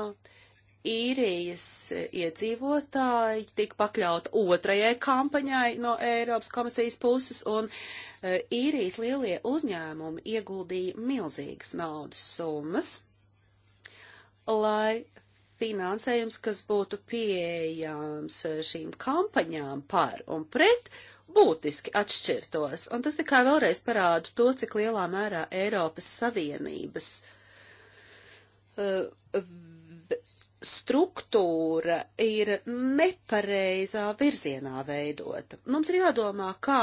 īrijas iedzīvotāji tika pakļauta otrajai kampaņai no Eiropas komisijas puses, un e, īrijas lielie uzņēmumi ieguldīja milzīgas naudas summas, lai finansējums, kas būtu pieejams eh, šīm kampaņām par un pret, būtiski atšķirtos. Un tas tikai vēlreiz parāda to, cik lielā mērā Eiropas Savienības uh, struktūra ir nepareizā virzienā veidota. Mums ir jādomā, kā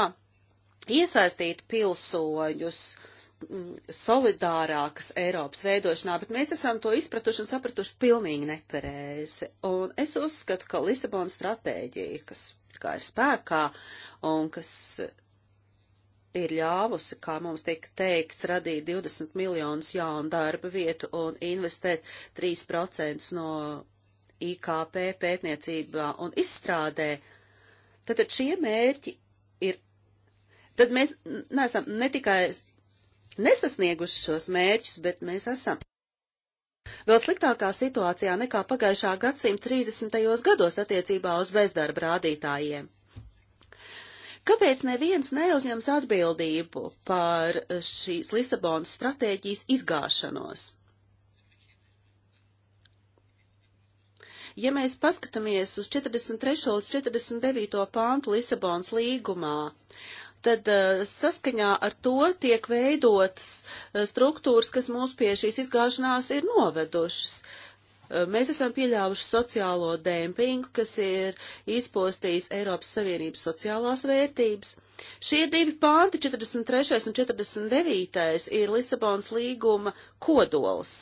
iesaistīt pilsoņus uh, Mm, solidārākas Eiropas veidošanā, bet mēs esam to izpratuši un sapratuši pilnīgi nepareizi. Un es uzskatu, ka Lisabonas stratēģija, kas kā ir spēkā un kas ir ļāvusi, kā mums tiek teikts, radīt 20 miljonus jaunu darba vietu un investēt 3% no IKP pētniecībā un izstrādē, tad šie mērķi ir. Tad mēs neesam ne tikai nesasnieguši šos mērķus, bet mēs esam. Vēl sliktākā situācijā nekā pagājušā gadsimta 30. gados attiecībā uz bezdarba rādītājiem. Kāpēc neviens neuzņems atbildību par šīs Lisabonas stratēģijas izgāšanos? Ja mēs paskatāmies uz 43. līdz 49. pāntu Lisabonas līgumā, tad eh, saskaņā ar to tiek veidotas eh, struktūras, kas mūs pie šīs izgāšanās ir novedušas. Eh, mēs esam pieļāvuši sociālo dēmpingu, kas ir izpostījis Eiropas Savienības sociālās vērtības. Šie divi pānti, 43. un 49. ir Lisabons līguma kodols,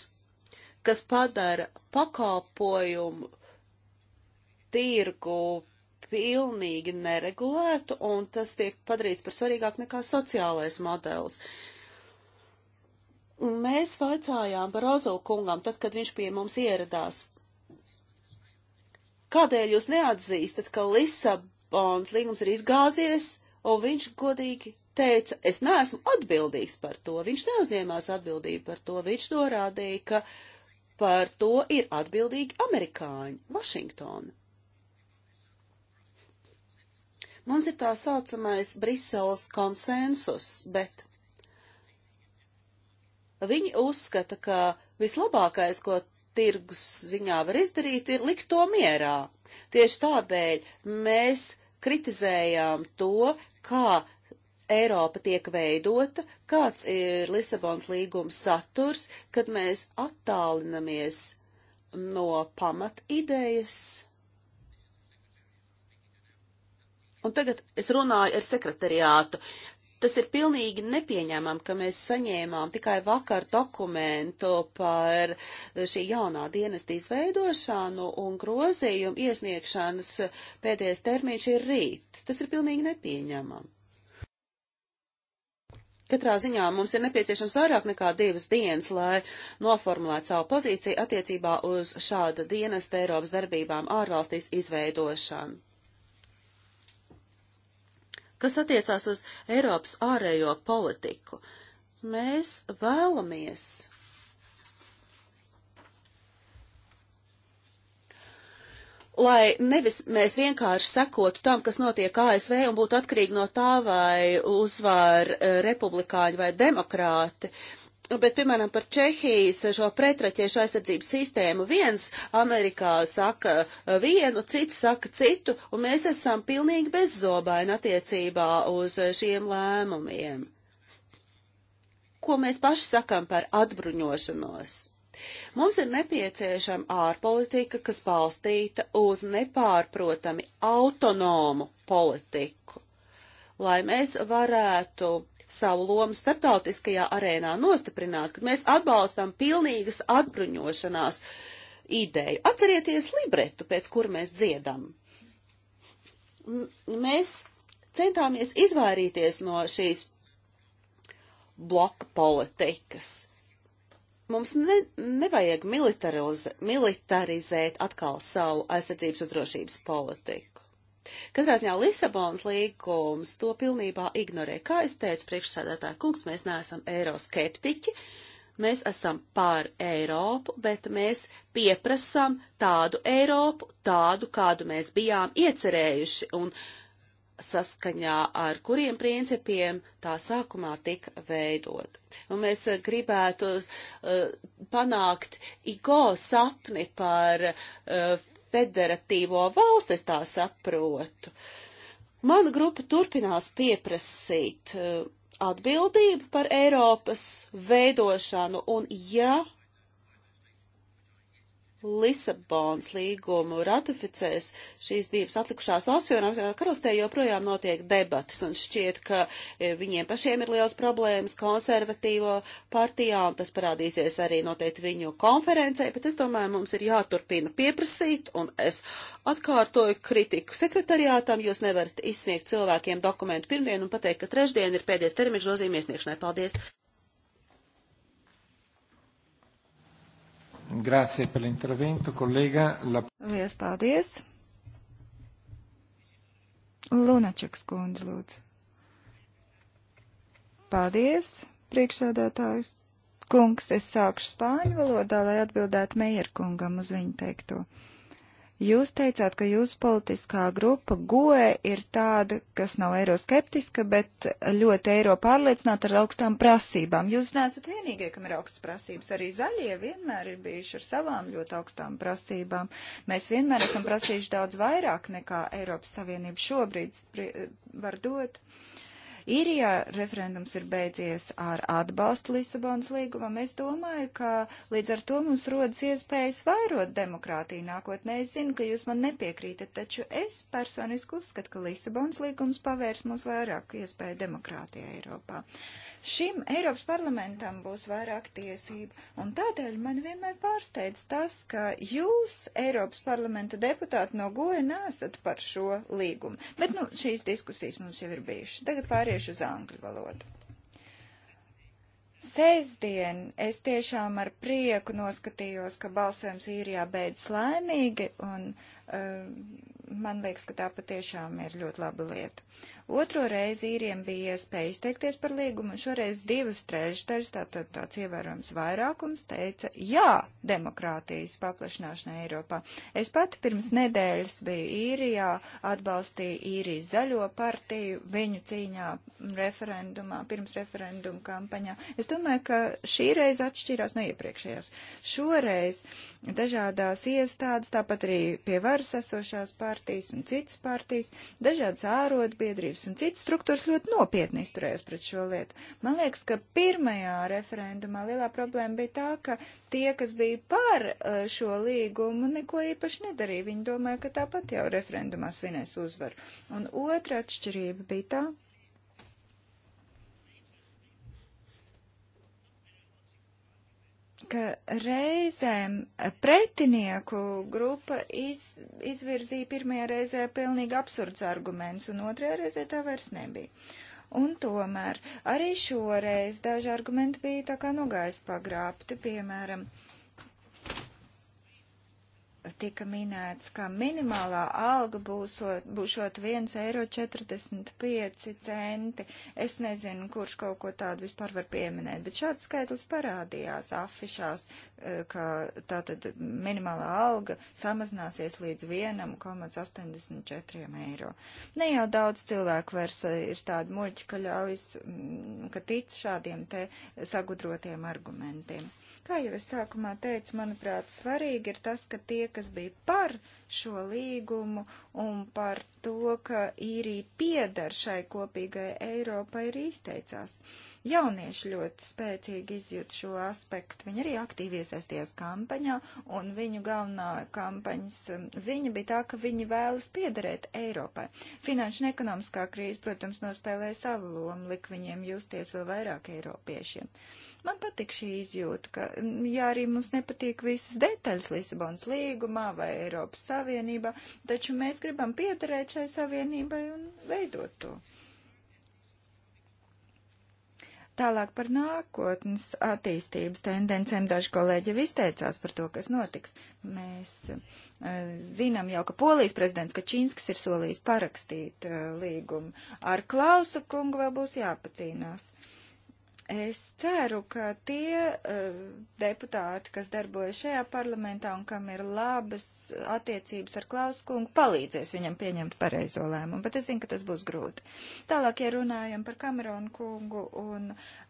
kas padara pakalpojumu tirgu pilnīgi neregulētu, un tas tiek padarīts par svarīgāk nekā sociālais modelis. Un mēs vaicājām par Ozolkungam, tad, kad viņš pie mums ieradās, kādēļ jūs neatzīstat, ka Lisabonas līgums ir izgāzies, un viņš godīgi teica, es neesmu atbildīgs par to, viņš neuzņēmās atbildību par to, viņš norādīja, ka par to ir atbildīgi amerikāņi, Vašingtona. Mums ir tā saucamais Briseles konsensus, bet viņi uzskata, ka vislabākais, ko tirgus ziņā var izdarīt, ir likt to mierā. Tieši tādēļ mēs kritizējām to, kā Eiropa tiek veidota, kāds ir Lisabons līguma saturs, kad mēs attālinamies no pamat idejas Un tagad es runāju ar sekretariātu. Tas ir pilnīgi nepieņēmami, ka mēs saņēmām tikai vakar dokumentu par šī jaunā dienesta izveidošanu un grozījumu iesniegšanas pēdējais termiņš ir rīt. Tas ir pilnīgi nepieņēmami. Katrā ziņā mums ir nepieciešams vairāk nekā divas dienas, lai noformulētu savu pozīciju attiecībā uz šāda dienesta Eiropas darbībām ārvalstīs izveidošanu. Kas attiecās uz Eiropas ārējo politiku, mēs vēlamies lai nevis mēs vienkārši sekotu tam, kas notiek ASV un būtu atkarīgi no tā, vai uzvar eh, republikāņi vai demokrāti, Nu, bet, piemēram, par Čehijas šo pretraķiešu aizsardzības sistēmu viens Amerikā saka vienu, cits saka citu, un mēs esam pilnīgi bezzobaini attiecībā uz šiem lēmumiem. Ko mēs paši sakam par atbruņošanos? Mums ir nepieciešama ārpolitika, kas balstīta uz nepārprotami autonomu politiku, lai mēs varētu savu lomu starptautiskajā arēnā nostiprināt, kad mēs atbalstam pilnīgas atbruņošanās ideju. Atcerieties libretu, pēc kura mēs dziedam. M mēs centāmies izvairīties no šīs bloka politikas. Mums ne, nevajag militarizēt atkal savu aizsardzības un drošības politiku. Katrā ziņā Lisabonas līgums to pilnībā ignorē. Kā es teicu, priekšsēdētāji kungs, mēs neesam eiroskeptiķi, mēs esam pār Eiropu, bet mēs pieprasām tādu Eiropu, tādu, kādu mēs bijām iecerējuši un saskaņā ar kuriem principiem tā sākumā tika veidot. Un mēs eh, gribētu uh, panākt IGO sapni par uh, federatīvo valsti, es tā saprotu. Mana grupa turpinās pieprasīt uh, atbildību par Eiropas veidošanu, un ja Lisabonas līgumu ratificēs šīs divas atlikušās valsts, jo karalistē joprojām notiek debatas, un šķiet, ka e, viņiem pašiem ir liels problēmas konservatīvo partijā, un tas parādīsies arī noteikti viņu konferencē, bet es domāju, mums ir jāturpina pieprasīt, un es atkārtoju kritiku sekretariātam, jūs nevarat izsniegt cilvēkiem dokumentu pirmdien un pateikt, ka trešdien ir pēdējais termiņš grozījuma iesniegšanai. Paldies! Grazie per l'intervento, kolēga. La... Lielas paldies. Lunačeks kundze, lūdzu. Paldies, priekšsēdētājs. Kungs, es sākšu spāņu valodā, lai atbildētu Meijer kungam uz viņu teikto. Uh, Jūs teicāt, ka jūsu politiskā grupa GOE ir tāda, kas nav eiroskeptiska, bet ļoti eiro pārliecināta ar augstām prasībām. Jūs neesat vienīgie, kam ir augstas prasības. Arī zaļie vienmēr ir bijuši ar savām ļoti augstām prasībām. Mēs vienmēr esam prasījuši daudz vairāk nekā Eiropas Savienība šobrīd var dot. Uh, Īrijā referendums ir beidzies ar atbalstu Lisabonas līgumam. Es domāju, ka līdz ar to mums rodas iespējas vairot demokrātiju nākotnē. Es zinu, ka jūs man nepiekrītat, taču es personiski uzskatu, ka Lisabonas līgums pavērs mums vairāk iespēju demokrātijā Eiropā. Šim Eiropas parlamentam būs vairāk tiesību, un tādēļ man vienmēr pārsteidz tas, ka jūs, Eiropas parlamenta deputāti no goja, nesat par šo līgumu. Bet, nu, šīs diskusijas mums jau ir bijušas. Tagad pārējie pārējuši uz angļu valodu. Sēsdien es tiešām ar prieku noskatījos, ka balsojums īrijā beidzas laimīgi, un uh, man liekas, ka tā patiešām ir ļoti laba lieta. Otro reizi īriem bija iespēja izteikties par līgumu, un šoreiz divas trešdaļas, tātad tāds ievērojams vairākums, teica jā demokrātijas paplašināšanai Eiropā. Es pati pirms nedēļas biju īrijā, atbalstīju īrijas zaļo partiju viņu cīņā referendumā, pirms referenduma kampaņā. Es domāju, ka šī reize atšķīrās no iepriekšējās. Šoreiz dažādās iestādes, tāpat arī pie varas esošās partijas un citas partijas, dažādas ārotbiedrības, valdības un citas struktūras ļoti nopietni izturējās pret šo lietu. Man liekas, ka pirmajā referendumā lielā problēma bija tā, ka tie, kas bija par eh, šo līgumu, neko īpaši nedarīja. Viņi domāja, ka tāpat jau referendumā svinēs uzvaru. Un otra atšķirība bija tā, ka reizēm pretinieku grupa iz, izvirzīja pirmajā reizē pilnīgi absurds arguments, un otrajā reizē tā vairs nebija. Un tomēr arī šoreiz daži argumenti bija tā kā nogājis pagrābti, piemēram, uh, tika minēts, ka minimālā alga būsot, būšot 1,45 eiro. Es nezinu, kurš kaut ko tādu vispār var pieminēt, bet šāds skaitlis parādījās afišās, e, ka tātad minimālā alga samazināsies līdz 1,84 eiro. Ne jau daudz cilvēku vairs e, ir tādi muļķi, ka ļaujas, ka tic šādiem te sagudrotiem argumentiem. Kā jau es sākumā teicu, manuprāt, svarīgi ir tas, ka tie, kas bija par šo līgumu un par to, ka īrija piedar šai kopīgai Eiropai, ir izteicās. Uh, Jaunieši ļoti spēcīgi izjūt šo aspektu. Viņi arī aktīvi iesaistījās kampaņā, un viņu galvenā kampaņas um, ziņa bija tā, ka viņi vēlas piederēt Eiropai. Finanšu un ekonomiskā krīze, protams, nospēlēja savu lomu, lik viņiem justies vēl vairāk Eiropiešiem. Man patīk šī izjūta, ka, ja arī mums nepatīk visas detaļas Lisabonas līgumā vai Eiropas Savienībā, taču mēs gribam piederēt šai Savienībai un veidot to. Tālāk par nākotnes attīstības tendencēm daži kolēģi jau izteicās par to, kas notiks. Mēs uh, zinām jau, ka Polijas prezidents Kačīnskis ir solījis parakstīt uh, līgumu. Ar Klausu kungu vēl būs jāpacīnās. Uh, Es ceru, ka tie uh, deputāti, kas darbojas šajā parlamentā un kam ir labas attiecības ar Klauskungu, palīdzēs viņam pieņemt pareizo lēmumu, bet es zinu, ka tas būs grūti. Tālāk, ja runājam par Kameronu kungu un uh,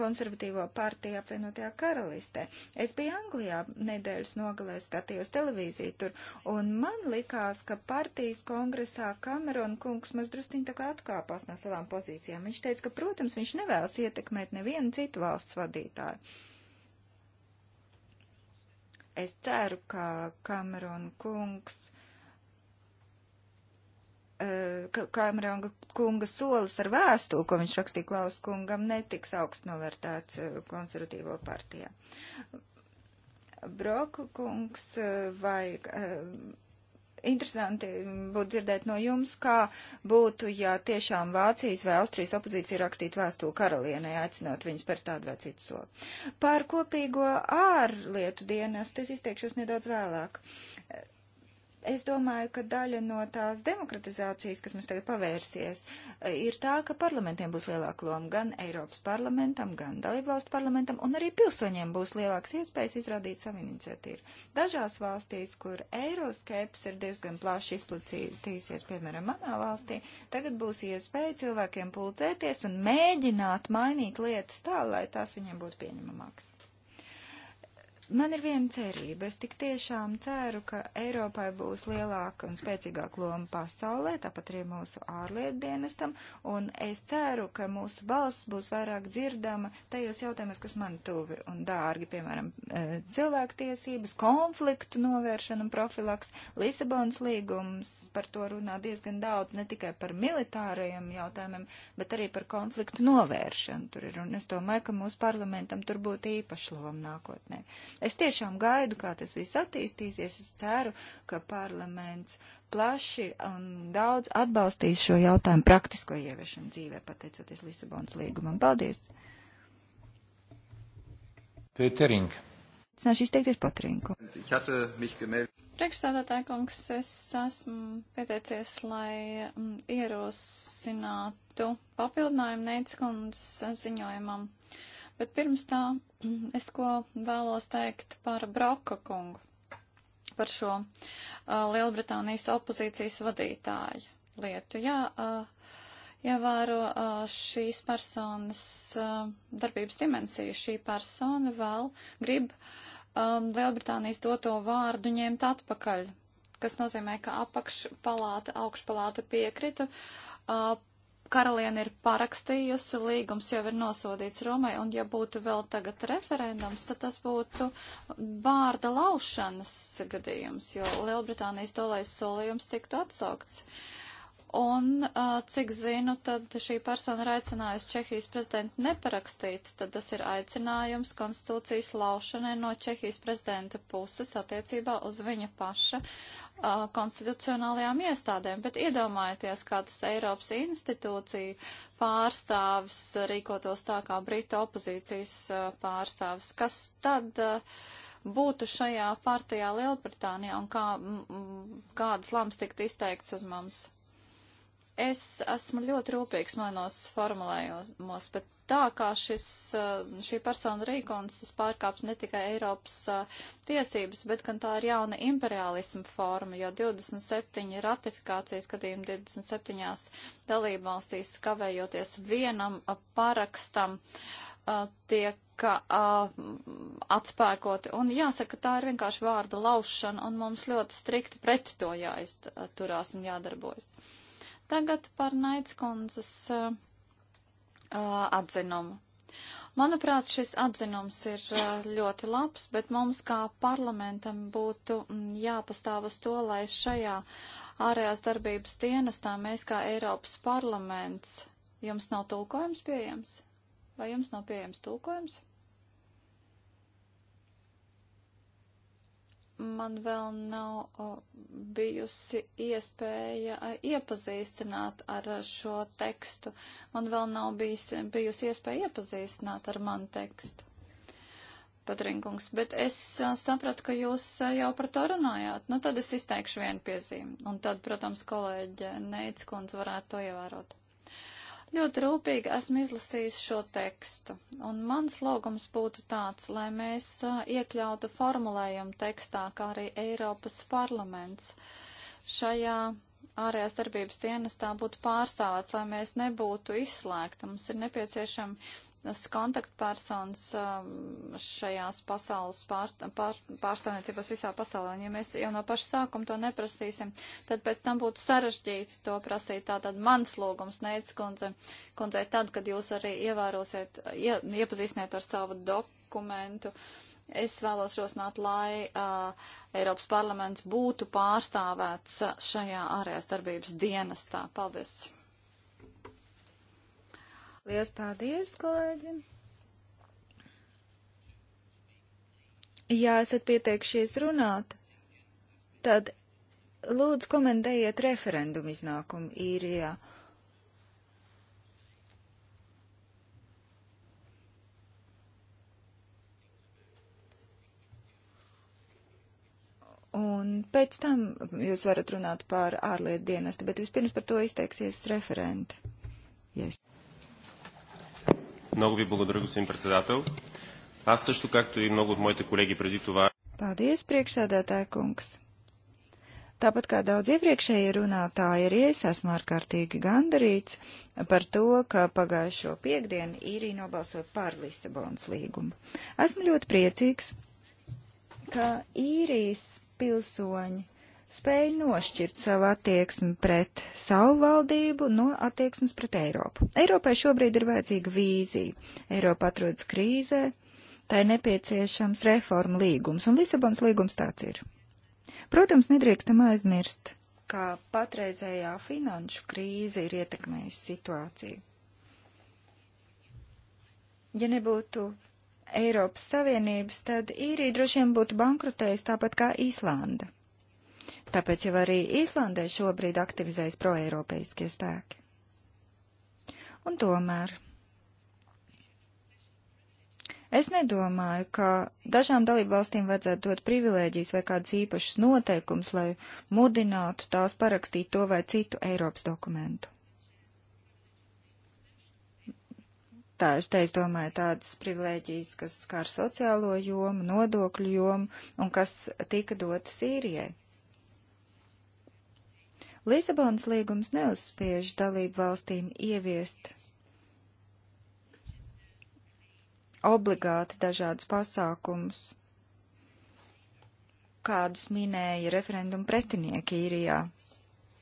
konservatīvo partiju apvienotajā karalistē, es biju Anglijā nedēļas nogalē, skatījos televīziju tur, un man likās, ka partijas kongresā Kameronu kungs mazdrustiņ tā kā atkāpās no savām pozīcijām. Viņš teica, ka, protams, viņš nevēlas ietekmēt ietekmēt nevienu citu valsts vadītāju. Es ceru, ka Kamerona kungs, eh, ka Kamerona kunga solis ar vēstuli, ko viņš rakstīja Klaus kungam, netiks augst novērtēts eh, konservatīvo partijā. Broku kungs eh, vai Interesanti būtu dzirdēt no jums, kā būtu, ja tiešām Vācijas vai Austrijas opozīcija rakstītu vēstuli karalienei, aicinot viņus par tādu vai citu soli. Par kopīgo ārlietu dienestu es izteikšos nedaudz vēlāk. Es domāju, ka daļa no tās demokratizācijas, kas mums tagad pavērsies, eh, ir tā, ka parlamentiem būs lielāka loma gan Eiropas parlamentam, gan dalībvalstu parlamentam, un arī pilsoņiem būs lielāks iespējas izrādīt savu iniciatīvu. Dažās valstīs, kur eiroskepsis ir diezgan plaši izplatījusies, piemēram, manā valstī, tagad būs iespēja cilvēkiem pulcēties un mēģināt mainīt lietas tā, lai tās viņiem būtu pieņemamākas. Man ir viena cerība. Es tik tiešām ceru, ka Eiropai būs lielāka un spēcīgāka loma pasaulē, tāpat arī mūsu ārlietu dienestam, un es ceru, ka mūsu balss būs vairāk dzirdama tajos jautājumos, kas man tuvi un dārgi, piemēram, eh, cilvēktiesības, konfliktu novēršana un profilaks. Lisabons līgums par to runā diezgan daudz, ne tikai par militārajiem jautājumiem, bet arī par konfliktu novēršanu. Tur ir, un es domāju, ka mūsu parlamentam tur būtu īpaša loma nākotnē. Es tiešām gaidu, kā tas viss attīstīsies. Es ceru, ka parlaments plaši un daudz atbalstīs šo jautājumu praktisko ieviešanu dzīvē, pateicoties Lisabonas līgumam. Paldies! Pēterink. Cināšu izteikties Patrinku. Priekšstādātāja kungs, es esmu pieteicies, lai mm, ierosinātu papildinājumu Neits kundzes ziņojumam Bet pirms tā [CLEARS THROAT] es ko vēlos teikt par Broka kungu, par šo uh, Lielbritānijas opozīcijas vadītāju lietu. Jā, uh, jāvēro uh, šīs personas uh, darbības dimensiju. Šī persona vēl grib um, Lielbritānijas doto vārdu ņemt atpakaļ, kas nozīmē, ka apakšpalāta, augšpalāta piekrita uh, karaliene ir parakstījusi, līgums jau ir nosodīts Romai, un ja būtu vēl tagad referendums, tad tas būtu vārda laušanas gadījums, jo Lielbritānijas dolais solījums tiktu atsaukts. Uh, Un, cik zinu, tad šī persona ir aicinājusi Čehijas prezidentu neparakstīt, tad tas ir aicinājums konstitūcijas laušanai no Čehijas prezidenta puses attiecībā uz viņa paša uh, konstitucionālajām iestādēm. Bet iedomājieties, kā tas Eiropas institūcija pārstāvis rīkotos tā kā Brita opozīcijas uh, pārstāvis. Kas tad uh, būtu šajā partijā Lielbritānijā un kā, m, kādas lams tikt izteikts uz mums? Es esmu ļoti rūpīgs manos formulējumos, bet tā kā šis, eh, šī persona rīkons, tas pārkāps ne tikai Eiropas eh, tiesības, bet gan tā ir jauna imperialisma forma, jo 27 ratifikācijas gadījumi 27 dalībvalstīs kavējoties vienam eh, parakstam tiek atspēkoti. Un jāsaka, tā ir vienkārši vārda laušana, un mums ļoti strikti pret to jāizturās un jādarbojas. Uh, Tagad par Naitskundzes uh, eh, eh, atzinumu. Manuprāt, šis atzinums ir eh, ļoti labs, bet mums kā parlamentam būtu mm, jāpastāv uz to, lai šajā ārējās darbības dienestā mēs kā Eiropas parlaments, jums nav tulkojums pieejams? Vai jums nav pieejams tulkojums? man vēl nav bijusi iespēja iepazīstināt ar šo tekstu. Man vēl nav bijis, bijusi iespēja iepazīstināt ar manu tekstu. Patrinkungs, bet es sapratu, ka jūs jau par to runājāt. Nu, tad es izteikšu vienu piezīmi. Un tad, protams, kolēģi Neits kundze varētu to ievērot. Ļoti rūpīgi esmu izlasījis šo tekstu, un mans logums būtu tāds, lai mēs iekļautu formulējumu tekstā, kā arī Eiropas parlaments šajā ārējās darbības dienestā būtu pārstāvēts, lai mēs nebūtu izslēgti. Mums ir nepieciešami kontaktpersonas um, šajās pasaules pārst, pār, pārstāvniecībās visā pasaulē. Un ja mēs jau no paša sākuma to neprasīsim, tad pēc tam būtu sarežģīti to prasīt. Tātad mans lūgums, Neic kundze, kundzei tad, kad jūs arī ievērosiet, ie, iepazīstiniet ar savu dokumentu. Es vēlos rosināt, lai uh, Eiropas parlaments būtu pārstāvēts šajā ārējās darbības dienestā. Paldies! Lielas paldies, kolēģi! Ja esat pieteikšies runāt, tad lūdzu komentējiet referendumu iznākumu īrijā. Un pēc tam jūs varat runāt par ārlietu dienestu, bet vispirms par to izteiksies referente. Yes. Много ви благодаря, господин председател. Аз също, както и много от моите колеги преди това. Paldies, priekšsēdētāja kungs. Tāpat kā daudz iepriekšēji runātāji arī es esmu ārkārtīgi gandarīts par to, ka pagājušo piekdienu īrija nobalsoja par Lisabonas līgumu. Esmu ļoti priecīgs, ka īrijas pilsoņi spēja nošķirt savu attieksmi pret savu valdību no attieksmes pret Eiropu. Eiropai šobrīd ir vajadzīga vīzija. Eiropa atrodas krīzē, tai ir nepieciešams reforma līgums, un Lisabons līgums tāds ir. Protams, nedrīkstam aizmirst, kā patreizējā finanšu krīze ir ietekmējusi situāciju. Ja nebūtu Eiropas Savienības, tad īrija droši vien būtu bankrutējusi tāpat kā Īslanda. Tāpēc jau arī Īslandē šobrīd aktivizējas proeiropeiskie spēki. Un tomēr es nedomāju, ka dažām dalībvalstīm vajadzētu dot privilēģijas vai kādus īpašus noteikumus, lai mudinātu tās parakstīt to vai citu Eiropas dokumentu. tā es teicu, domāju, tādas privilēģijas, kas skār sociālo jomu, nodokļu jomu un kas tika dota Sīrijai. Lisabonas līgums neuzspiež dalību valstīm ieviest obligāti dažādus pasākumus, kādus minēja referendumu pretinieki īrijā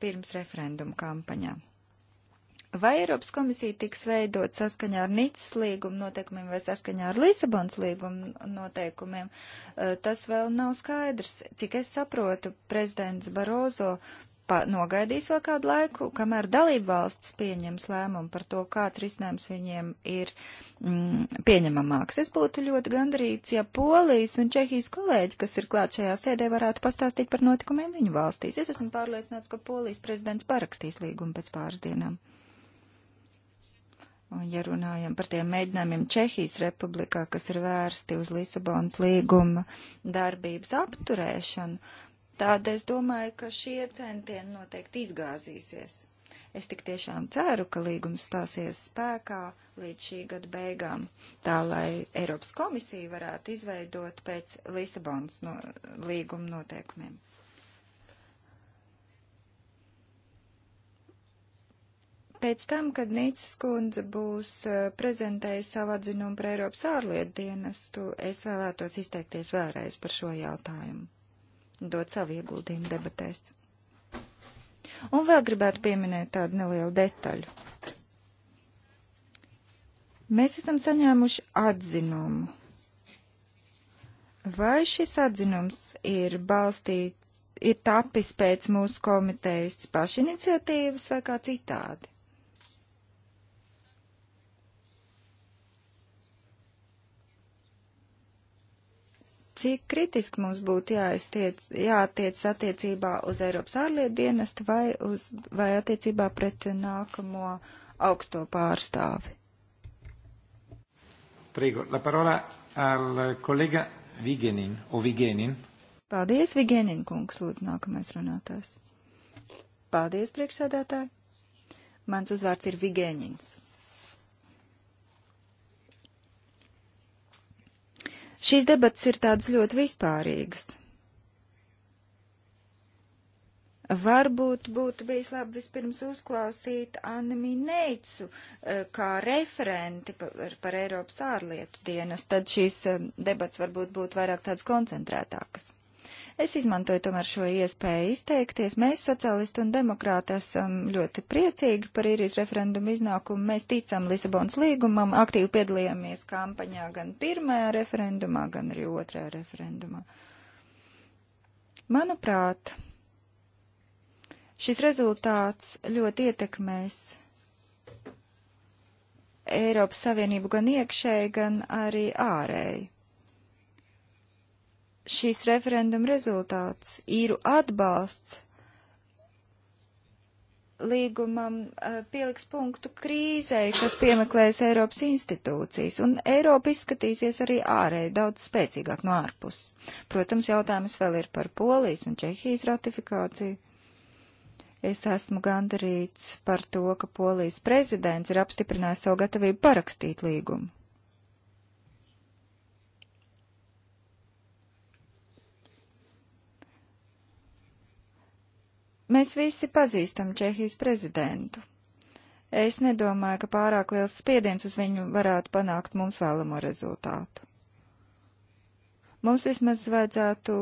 pirms referendumu kampaņā. Vai Eiropas komisija tiks veidot saskaņā ar Nicas līgumu noteikumiem vai saskaņā ar Lisabons līgumu noteikumiem, eh, tas vēl nav skaidrs. Cik es saprotu, prezidents Barozo pa, nogaidīs vēl kādu laiku, kamēr dalību valsts pieņems lēmumu par to, kāds risinājums viņiem ir mm, pieņemamāks. Es būtu ļoti gandarīts, ja Polijas un Čehijas kolēģi, kas ir klāt šajā sēdē, varētu pastāstīt par notikumiem viņu valstīs. Es esmu pārliecināts, ka Polijas prezidents parakstīs līgumu pēc pāris dienām. Un, ja runājam par tiem mēģinājumiem Čehijas republikā, kas ir vērsti uz Lisabonas līguma darbības apturēšanu, Tad es domāju, ka šie centieni noteikti izgāzīsies. Es tik tiešām ceru, ka līgums stāsies spēkā līdz šī gada beigām, tā lai Eiropas komisija varētu izveidot pēc Lisabonas no, līguma noteikumiem. Pēc tam, kad Nīcis kundze būs eh, prezentējusi savu atzinumu par Eiropas ārlietu dienestu, es vēlētos izteikties vēlreiz par šo jautājumu dot savu ieguldījumu debatēs. Un vēl gribētu pieminēt tādu nelielu detaļu. Mēs esam saņēmuši atzinumu. Vai šis atzinums ir balstīts, ir tapis pēc mūsu komitejas pašiniciatīvas vai kā citādi? cik kritiski mums būtu jāiztiec, jātiec attiecībā uz Eiropas ārlietu dienestu vai, uz, vai attiecībā pret nākamo augsto pārstāvi. Prīgo, la parola al kolega Vigenin, o Vigenin. Paldies, Vigenin kungs, lūdzu, nākamais runātājs. Paldies, priekšsēdētāji. Mans uzvārds ir Vigenins. Šīs debatas ir tādas ļoti vispārīgas. Varbūt būtu bijis labi vispirms uzklausīt Annemi Neicu eh, kā referenti par, par Eiropas ārlietu dienas, tad šīs eh, debats varbūt būtu vairāk tādas koncentrētākas. Es izmantoju tomēr šo iespēju izteikties. Mēs, sociālisti un demokrāti, esam ļoti priecīgi par īrijas referendumu iznākumu. Mēs ticam Lisabonas līgumam, aktīvi piedalījāmies kampaņā gan pirmajā referendumā, gan arī otrajā referendumā. Manuprāt, šis rezultāts ļoti ietekmēs Eiropas Savienību gan iekšēji, gan arī ārēji šīs referenduma rezultāts, īru atbalsts līgumam eh, pieliks punktu krīzei, kas piemeklēs Eiropas institūcijas, un Eiropa izskatīsies arī ārēji daudz spēcīgāk no ārpus. Protams, jautājums vēl ir par Polijas un Čehijas ratifikāciju. Es esmu gandarīts par to, ka Polijas prezidents ir apstiprinājis savu gatavību parakstīt līgumu. Mēs visi pazīstam Čehijas prezidentu. Es nedomāju, ka pārāk liels spiediens uz viņu varētu panākt mums vēlamo rezultātu. Mums vismaz vajadzētu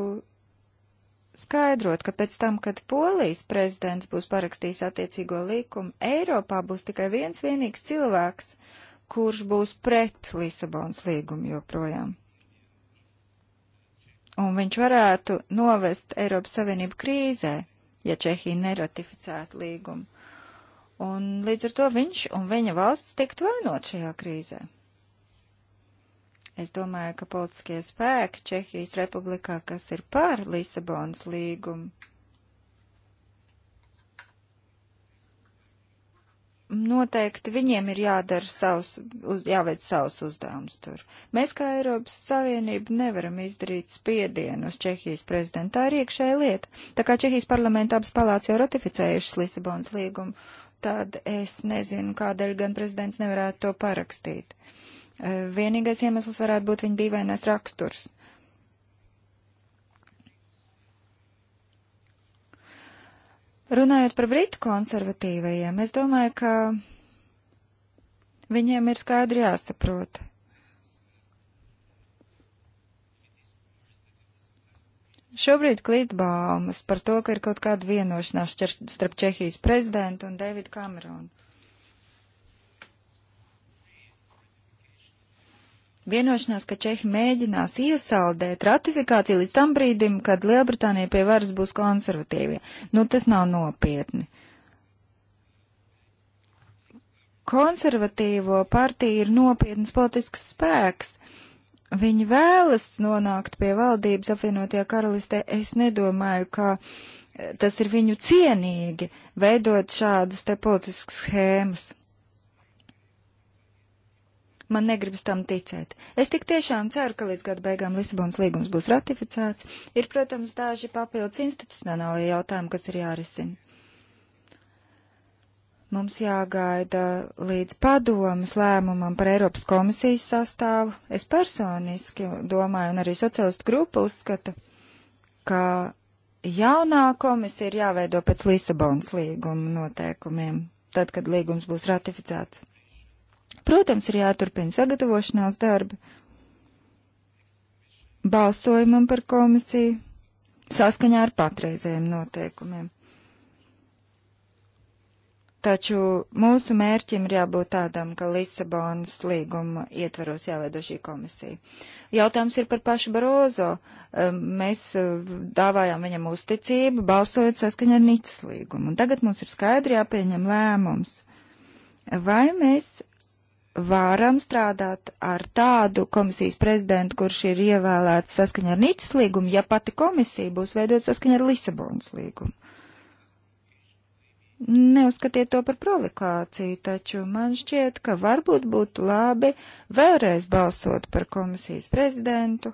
skaidrot, ka pēc tam, kad Polijas prezidents būs parakstījis attiecīgo likumu, Eiropā būs tikai viens vienīgs cilvēks, kurš būs pret Lisabonas līgumu joprojām. Un viņš varētu novest Eiropas Savienību krīzē, ja Čehija neratificētu līgumu. Un līdz ar to viņš un viņa valsts tiktu vainot šajā krīzē. Es domāju, ka politiskie spēki Čehijas republikā, kas ir par Lisabonas līgumu, noteikti viņiem ir jādara savs, uz, jāveic savs uzdevums tur. Mēs kā Eiropas Savienība nevaram izdarīt spiedienu uz Čehijas prezidentu. Tā ir iekšēja lieta. Tā kā Čehijas parlamenta abas palāts jau ratificējušas Lisabonas līgumu, tad es nezinu, kādēļ gan prezidents nevarētu to parakstīt. Eh, vienīgais iemesls varētu būt viņa dīvainais raksturs. Runājot par britu konservatīvajiem, es domāju, ka viņiem ir skaidri jāsaprot. Šobrīd klīd baumas par to, ka ir kaut kāda vienošanās starp Čehijas prezidentu un Davidu Kameronu. vienošanās, ka Čehi mēģinās iesaldēt ratifikāciju līdz tam brīdim, kad Lielbritānija pie varas būs konservatīvie. Nu, tas nav nopietni. Konservatīvo partija ir nopietnas politisks spēks. Viņi vēlas nonākt pie valdības apvienotajā karalistē. Es nedomāju, ka eh, tas ir viņu cienīgi veidot šādas te politiskas schēmas. Man negribas tam ticēt. Es tik tiešām ceru, ka līdz gada beigām Lisabonas līgums būs ratificēts. Ir, protams, daži papildus institucionālie jautājumi, kas ir jārisina. Mums jāgaida līdz padomas lēmumam par Eiropas komisijas sastāvu. Es personiski domāju, un arī socialistu grupa uzskata, ka jaunā komisija ir jāveido pēc Lisabonas līguma noteikumiem, tad, kad līgums būs ratificēts. Protams, ir jāturpina sagatavošanās darbi balsojumam par komisiju saskaņā ar patreizējiem noteikumiem. Taču mūsu mērķim ir jābūt tādam, ka Lisabonas līguma ietvaros jāveido šī komisija. Jautājums ir par pašu Barozo. Mēs e, dāvājām viņam uzticību, balsojot saskaņā ar Nicas līgumu. Un tagad mums ir skaidri jāpieņem lēmums. Vai mēs varam strādāt ar tādu komisijas prezidentu, kurš ir ievēlēts saskaņā ar Nīcas līgumu, ja pati komisija būs veidot saskaņā ar Lisabonas līgumu. Neuzskatiet to par provokāciju, taču man šķiet, ka varbūt būtu labi vēlreiz balsot par komisijas prezidentu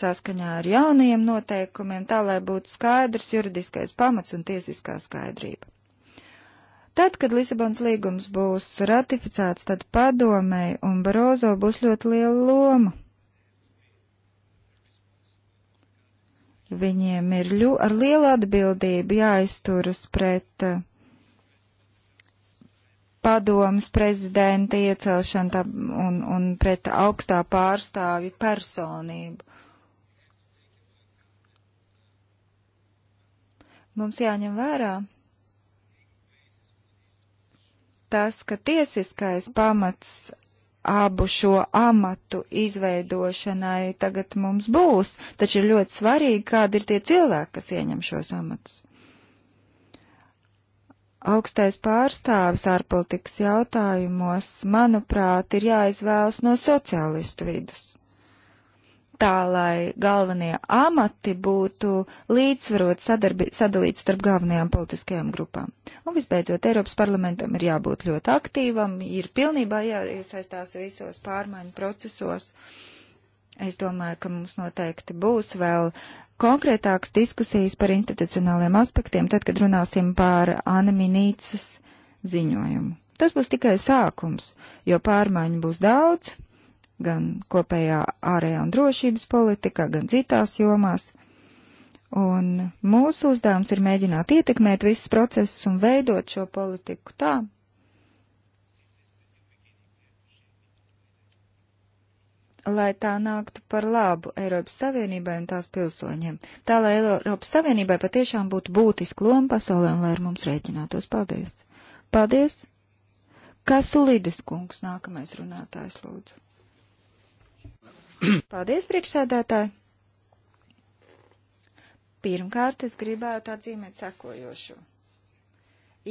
saskaņā ar jaunajiem noteikumiem, tā lai būtu skaidrs juridiskais pamats un tiesiskā skaidrība. Tad, kad Lisabons līgums būs ratificēts, tad padomēji un Barozo būs ļoti liela loma. Viņiem ir ļu, ar lielu atbildību jāizturas pret uh, padomas prezidenta iecelšanu tā, un, un pret augstā pārstāvi personību. Mums jāņem vērā, tas, ka tiesiskais pamats abu šo amatu izveidošanai tagad mums būs, taču ir ļoti svarīgi, kādi ir tie cilvēki, kas ieņem šos amatus. Augstais pārstāvis ārpolitikas jautājumos, manuprāt, ir jāizvēlas no sociālistu vidus tā, lai galvenie amati būtu līdzsvarot sadarbi, sadalīt starp galvenajām politiskajām grupām. Un visbeidzot, Eiropas parlamentam ir jābūt ļoti aktīvam, ir pilnībā jāiesaistās visos pārmaiņu procesos. Es domāju, ka mums noteikti būs vēl konkrētākas diskusijas par institucionāliem aspektiem, tad, kad runāsim par Aneminīcas ziņojumu. Tas būs tikai sākums, jo pārmaiņu būs daudz, gan kopējā ārējā un drošības politikā, gan citās jomās. Un mūsu uzdevums ir mēģināt ietekmēt visus procesus un veidot šo politiku tā, lai tā nāktu par labu Eiropas Savienībai un tās pilsoņiem. Tā, lai Eiropas Savienībai patiešām būtu būtiska loma pasaulē un lai ar mums rēķinātos. Paldies! Paldies! Kasulīdis kungs, nākamais runātājs, lūdzu. [CLEARS THROAT] Paldies, priekšsēdētāji! Pirmkārt, es gribētu atzīmēt sekojošo.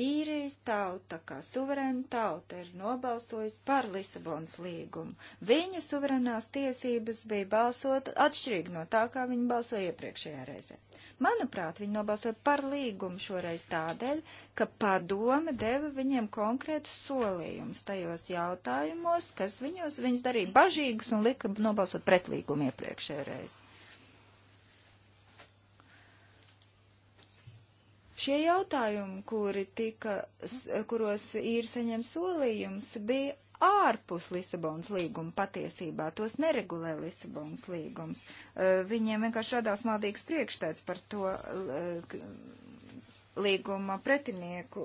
Īrijas tauta, kā suverēna tauta, ir nobalsojusi par Lisabonas līgumu. Viņu suverēnās tiesības bija balsot atšķirīgi no tā, kā viņi balsoja iepriekšējā reizē. Manuprāt, viņi nobalsoja par līgumu šoreiz tādēļ, ka padome deva viņiem konkrētus solījumus tajos jautājumos, kas viņos, viņus darīja bažīgus un lika nobalsot pret līgumu iepriekšējais. Šie jautājumi, kuri tika, kuros īri saņem solījums, bija ārpus Lisabonas līguma patiesībā. Tos neregulē Lisabonas līgums. Viņiem vienkārši radās maldīgs priekšstats par to līguma pretinieku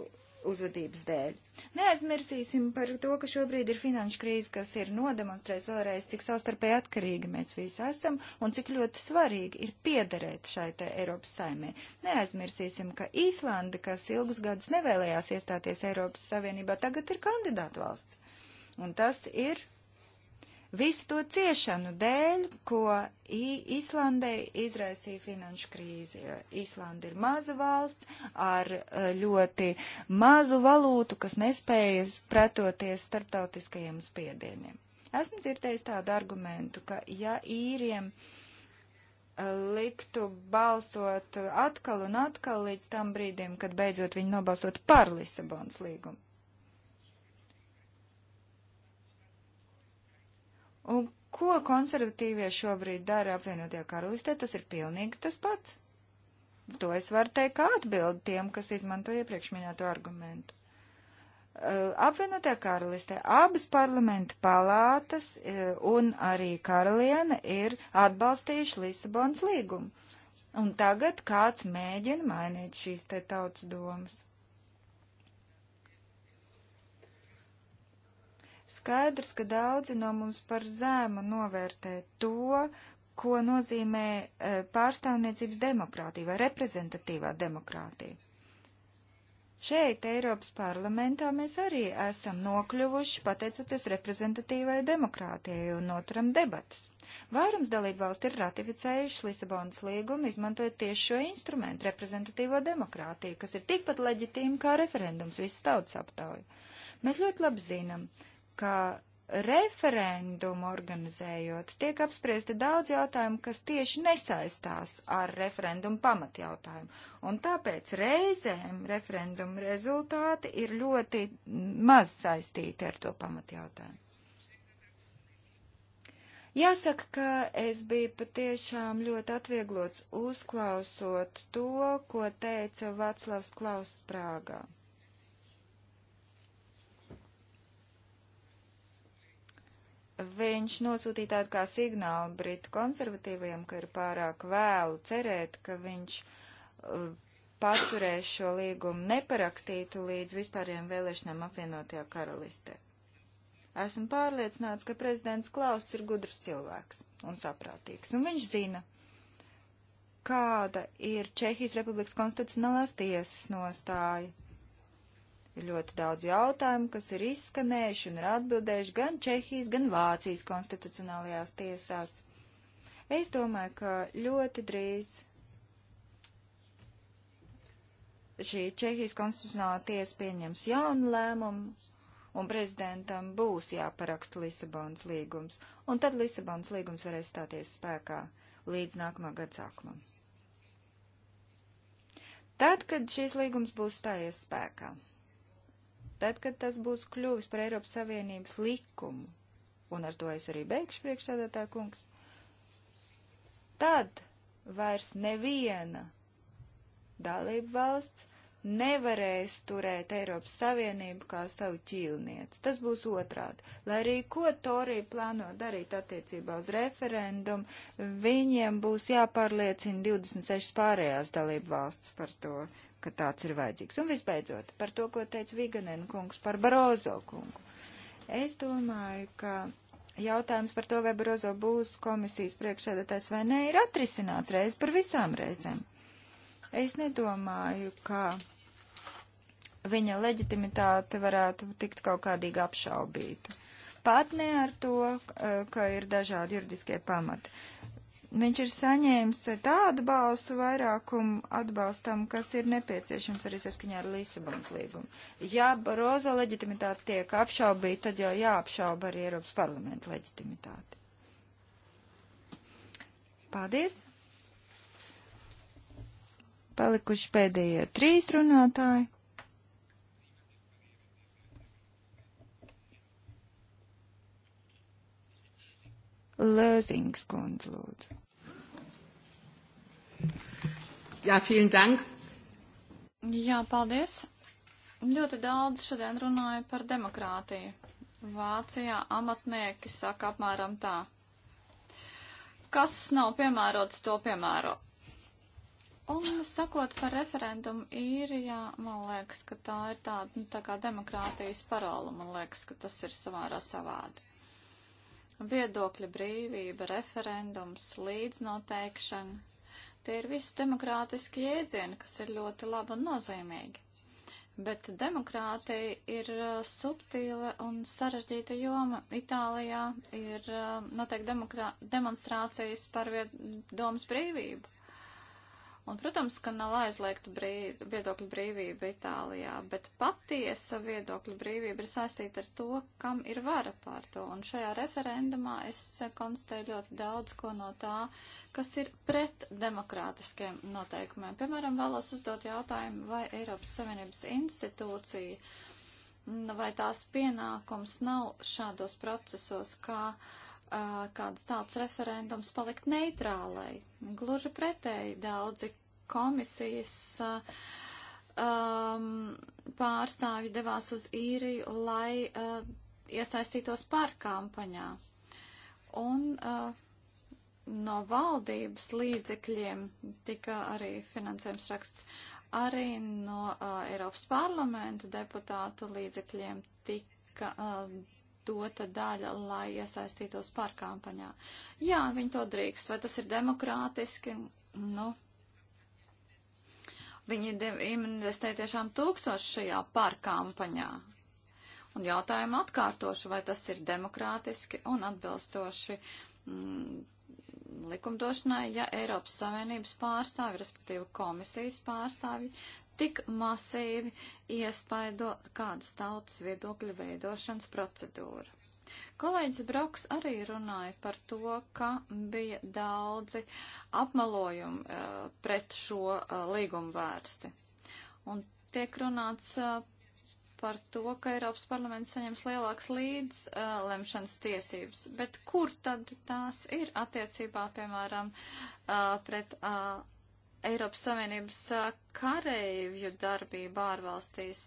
uzvedības dēļ. Neaizmirsīsim par to, ka šobrīd ir finanšu krīze, kas ir nodemonstrējis vēlreiz, cik savstarpēji atkarīgi mēs visi esam un cik ļoti svarīgi ir piederēt šai te Eiropas saimē. Neaizmirsīsim, ka Īslanda, kas ilgus gadus nevēlējās iestāties Eiropas Savienībā, tagad ir kandidāta valsts. Un tas ir visu to ciešanu dēļ, ko Īslandē izraisīja finanšu krīzi. Īslanda ir maza valsts ar eh, ļoti mazu valūtu, kas nespēja pretoties starptautiskajiem spiedieniem. Esmu dzirdējis tādu argumentu, ka ja īriem eh, liktu balsot atkal un atkal līdz tam brīdim, kad beidzot viņi nobalsot par Lisabonas līgumu, Un ko konservatīvie šobrīd dara apvienotajā karalistē, tas ir pilnīgi tas pats. To es varu teikt kā atbildi tiem, kas izmanto iepriekš minēto argumentu. Uh, apvienotajā karalistē abas parlamenta palātas uh, un arī karaliene ir atbalstījuši Lisabons līgumu. Un tagad kāds mēģina mainīt šīs te tautas domas. Skaidrs, ka daudzi no mums par zēmu novērtē to, ko nozīmē e, pārstāvniecības demokrātija vai reprezentatīvā demokrātija. Šeit, Eiropas parlamentā, mēs arī esam nokļuvuši pateicoties reprezentatīvai demokrātijai un noturam debatas. Vairums dalību valsti ir ratificējušas Lisabonas līgumu, izmantojot tieši šo instrumentu, reprezentatīvo demokrātiju, kas ir tikpat leģitīma kā referendums, visas tautas aptauja. Mēs ļoti labi zinām, ka referendumu organizējot, tiek apspriesti daudz jautājumu, kas tieši nesaistās ar referendumu pamatjautājumu. Un tāpēc reizēm referendumu rezultāti ir ļoti maz saistīti ar to pamatjautājumu. Jāsaka, ka es biju patiešām ļoti atvieglots uzklausot to, ko teica Vaclavs Klaus Prāgā. viņš nosūtīja tādu kā signālu Britu konservatīviem, ka ir pārāk vēlu cerēt, ka viņš uh, paturēs šo līgumu neparakstītu līdz vispārējiem vēlēšanām apvienotajā karalistē. Esmu pārliecināts, ka prezidents Klauss ir gudrs cilvēks un saprātīgs, un viņš zina, kāda ir Čehijas Republikas konstitucionālās tiesas nostāja Ir ļoti daudz jautājumu, kas ir izskanējuši un ir atbildējuši gan Čehijas, gan Vācijas konstitucionālajās tiesās. Es domāju, ka ļoti drīz šī Čehijas konstitucionālā tiesa pieņems jaunu lēmumu un prezidentam būs jāparaksta Lisabonas līgums, un tad Lisabonas līgums varēs stāties spēkā līdz nākamā gada sākumam. Tad, kad šīs līgums būs stājies spēkā, Tad, kad tas būs kļuvis par Eiropas Savienības likumu, un ar to es arī beigšu priekšsēdētā kungs, tad vairs neviena dalība valsts nevarēs turēt Eiropas Savienību kā savu ķīlnieci. Tas būs otrādi. Lai arī ko Torija plāno darīt attiecībā uz referendumu, viņiem būs jāpārliecina 26 pārējās dalību valsts par to ka tāds ir vajadzīgs. Un visbeidzot, par to, ko teica Viganen kungs par Barozo kungu. Es domāju, ka jautājums par to, vai Barozo būs komisijas priekšsēdētājs vai nē, ir atrisināts reiz par visām reizēm. Es nedomāju, ka viņa leģitimitāte varētu tikt kaut kādīgi apšaubīta. Pat ne ar to, ka ir dažādi juridiskie pamati. Viņš ir saņēmis tādu balsu vairākumu atbalstam, kas ir nepieciešams arī saskaņā ar Lisabonas līgumu. Ja Barozo leģitimitāte tiek apšaubīta, tad jau jāapšauba arī Eiropas parlamenta leģitimitāte. Paldies! Palikuši pēdējie trīs runātāji. Lēzings kundze, lūdzu. Jā, vielen dank. Jā, paldies. Ļoti daudz šodien runāja par demokrātiju. Vācijā amatnieki saka apmēram tā. Kas nav piemērots, to piemēro. Un sakot par referendumu īrijā, man liekas, ka tā ir tāda, nu, tā kā demokrātijas parola, man liekas, ka tas ir samērā savādi viedokļa brīvība, referendums, līdznoteikšana. Tie ir visi demokrātiski jēdzieni, kas ir ļoti labi un nozīmīgi. Bet demokrātija ir uh, subtīla un sarežģīta joma. Itālijā ir uh, notiek demonstrācijas par domas brīvību. Un, protams, ka nav aizliegta brīv, viedokļa brīvība Itālijā, bet patiesa viedokļa brīvība ir saistīta ar to, kam ir vara pār to. Un šajā referendumā es konstatēju ļoti daudz ko no tā, kas ir pret demokrātiskiem noteikumiem. Piemēram, vēlos uzdot jautājumu, vai Eiropas Savienības institūcija vai tās pienākums nav šādos procesos, kā. Ka kāds tāds referendums palikt neitrālai. Gluži pretēji daudzi komisijas um, pārstāvji devās uz īriju, lai uh, iesaistītos par kampaņā. Un uh, no valdības līdzekļiem tika arī finansējums raksts arī no uh, Eiropas parlamenta deputātu līdzekļiem tika uh, dota daļa, lai iesaistītos pārkāmpaņā. Jā, viņi to drīkst. Vai tas ir demokrātiski? Nu, viņi investē tiešām tūkstoši šajā pārkāmpaņā. Un jautājumu atkārtošu, vai tas ir demokrātiski un atbilstoši mm, likumdošanai, ja Eiropas Savienības pārstāvi, respektīvi komisijas pārstāvi, tik masīvi iespaido kādas tautas viedokļa veidošanas procedūru. Kolēģis Broks arī runāja par to, ka bija daudzi apmalojumi uh, pret šo uh, līgumu vērsti. Un tiek runāts uh, par to, ka Eiropas parlaments saņems lielāks līdzlemšanas uh, tiesības, bet kur tad tās ir attiecībā, piemēram, uh, pret uh, Eiropas Savienības kareivju darbība ārvalstīs.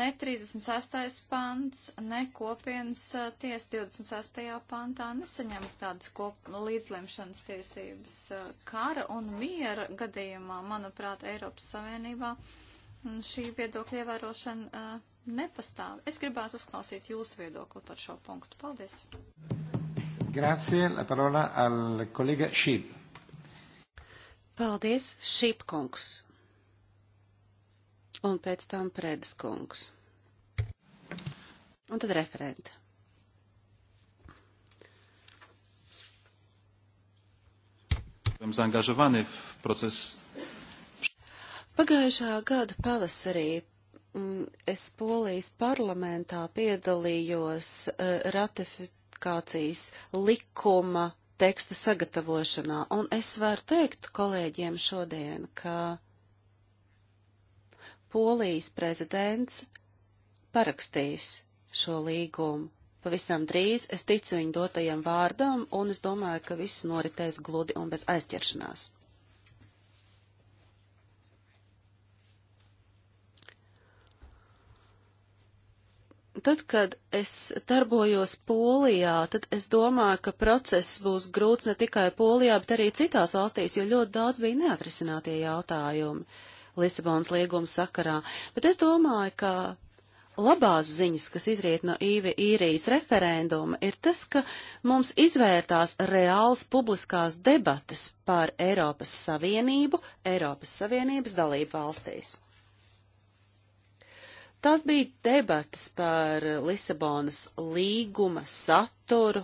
Ne 36. pants, ne kopienas tiesa 26. pantā nesaņem tādas kop, līdzlemšanas tiesības. Kara un miera gadījumā, manuprāt, Eiropas Savienībā šī viedokļa ievērošana nepastāv. Es gribētu uzklausīt jūsu viedokli par šo punktu. Paldies. Grazie. La parola al collega Šība. Paldies, Šipkungs. Un pēc tam Predeskungs. Un tad referenta. Byłem zaangażowany w proces. Pagājušā gada pavasarī mm, es Polijas parlamentā piedalījos eh, ratifikācijas likuma teksta sagatavošanā. Un es varu teikt kolēģiem šodien, ka Polijas prezidents parakstīs šo līgumu. Pavisam drīz es ticu viņu dotajam vārdam, un es domāju, ka viss noritēs gludi un bez aizķeršanās. Tad, kad es darbojos Polijā, tad es domāju, ka process būs grūts ne tikai Polijā, bet arī citās valstīs, jo ļoti daudz bija neatrisinātie jautājumi Lisabonas lieguma sakarā. Bet es domāju, ka labās ziņas, kas izriet no īvi, īrijas referenduma, ir tas, ka mums izvērtās reāls publiskās debatas par Eiropas Savienību, Eiropas Savienības dalību valstīs. Tās bija debatas par Lisabonas līguma saturu,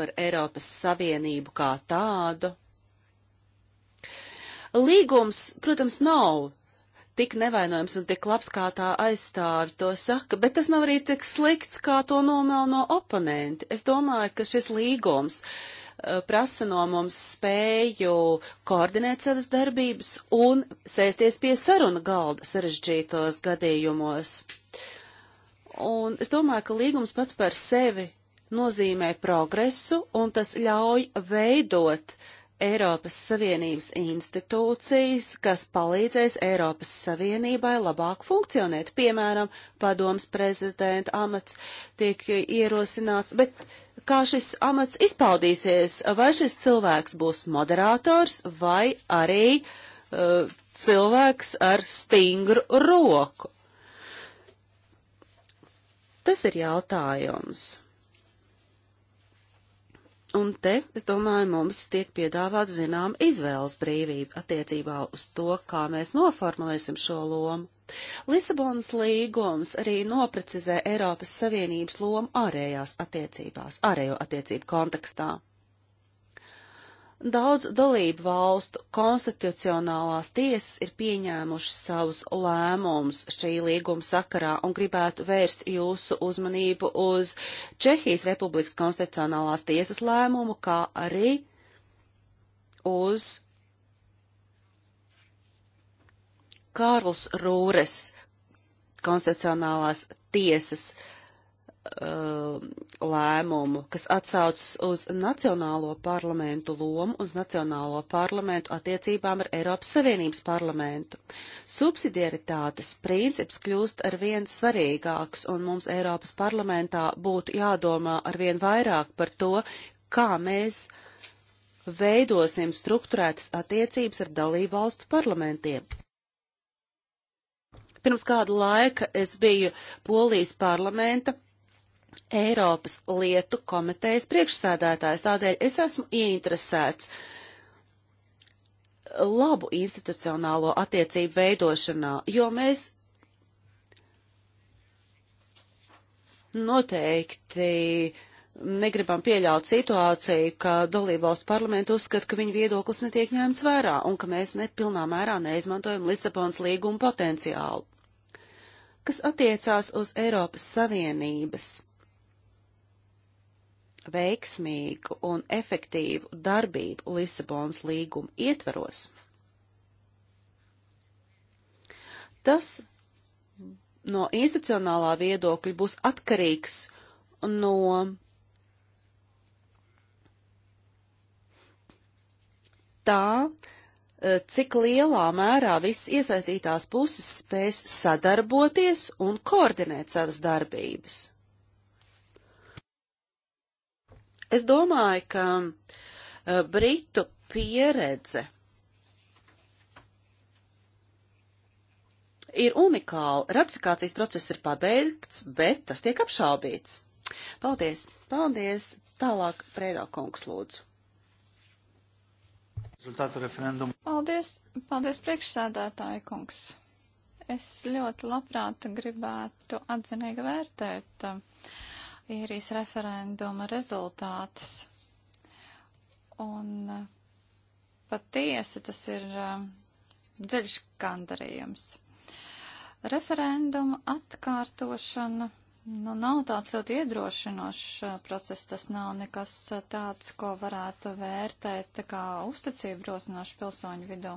par Eiropas Savienību kā tādu. Līgums, protams, nav tik nevainojams un tik labs, kā tā aizstāvi to saka, bet tas nav arī tik slikts, kā to nomēl no oponenti. Es domāju, ka šis līgums uh, Eh, prasa no mums spēju koordinēt savas darbības un sēsties pie saruna galda sarežģītos gadījumos. Un es domāju, ka līgums pats par sevi nozīmē progresu un tas ļauj veidot uh, Eiropas Savienības institūcijas, kas palīdzēs Eiropas Savienībai labāk funkcionēt. Piemēram, padoms prezidenta amats tiek ierosināts, bet kā šis amats izpaudīsies, vai šis cilvēks būs moderators vai arī uh, cilvēks ar stingru roku? Tas ir jautājums. Un te, es domāju, mums tiek piedāvāt zinām izvēles brīvība attiecībā uz to, kā mēs noformulēsim šo lomu. Lisabonas līgums arī noprecizē Eiropas Savienības lomu ārējās attiecībās, ārējo attiecību kontekstā. Daudz dalību valstu konstitucionālās tiesas ir pieņēmušas savus lēmumus šī līguma sakarā un gribētu vērst jūsu uzmanību uz Čehijas Republikas konstitucionālās tiesas lēmumu, kā arī uz Kārls Rūres konstitucionālās tiesas lēmumu Uh, lēmumu, kas atsaucas uz Nacionālo parlamentu lomu, uz Nacionālo parlamentu attiecībām ar Eiropas Savienības parlamentu. Subsidiaritātes princips kļūst ar vien svarīgāks, un mums Eiropas parlamentā būtu jādomā ar vien vairāk par to, kā mēs veidosim struktūrētas attiecības ar dalību valstu parlamentiem. Pirms kādu laika es biju Polijas parlamenta Eiropas lietu komitejas priekšsēdētājs, tādēļ es esmu ieinteresēts labu institucionālo attiecību veidošanā, jo mēs noteikti negribam pieļaut situāciju, ka dalībvalstu parlamentu uzskata, ka viņu viedoklis netiek ņemts vērā un ka mēs nepilnā mērā neizmantojam Lisabonas līguma potenciālu. Kas attiecās uz Eiropas Savienības veiksmīgu un efektīvu darbību Lisabonas līguma ietvaros. Tas no institucionālā viedokļa būs atkarīgs no tā, cik lielā mērā visas iesaistītās puses spēs sadarboties un koordinēt savas darbības. Es domāju, ka uh, Britu pieredze ir unikāla. Ratifikācijas process ir pabeigts, bet tas tiek apšaubīts. Paldies! Paldies! Tālāk Prēdā kungs lūdzu. Paldies! Paldies priekšsēdētāji kungs! Es ļoti labprāt gribētu atzinīgi vērtēt uh, īrijas referenduma rezultātus. Un eh, patiesi tas ir uh, dziļš gandarījums. Referenduma atkārtošana nu, nav tāds ļoti iedrošinošs uh, process, tas nav nekas uh, tāds, ko varētu vērtēt tā kā uzticību rosinošu pilsoņu vidū.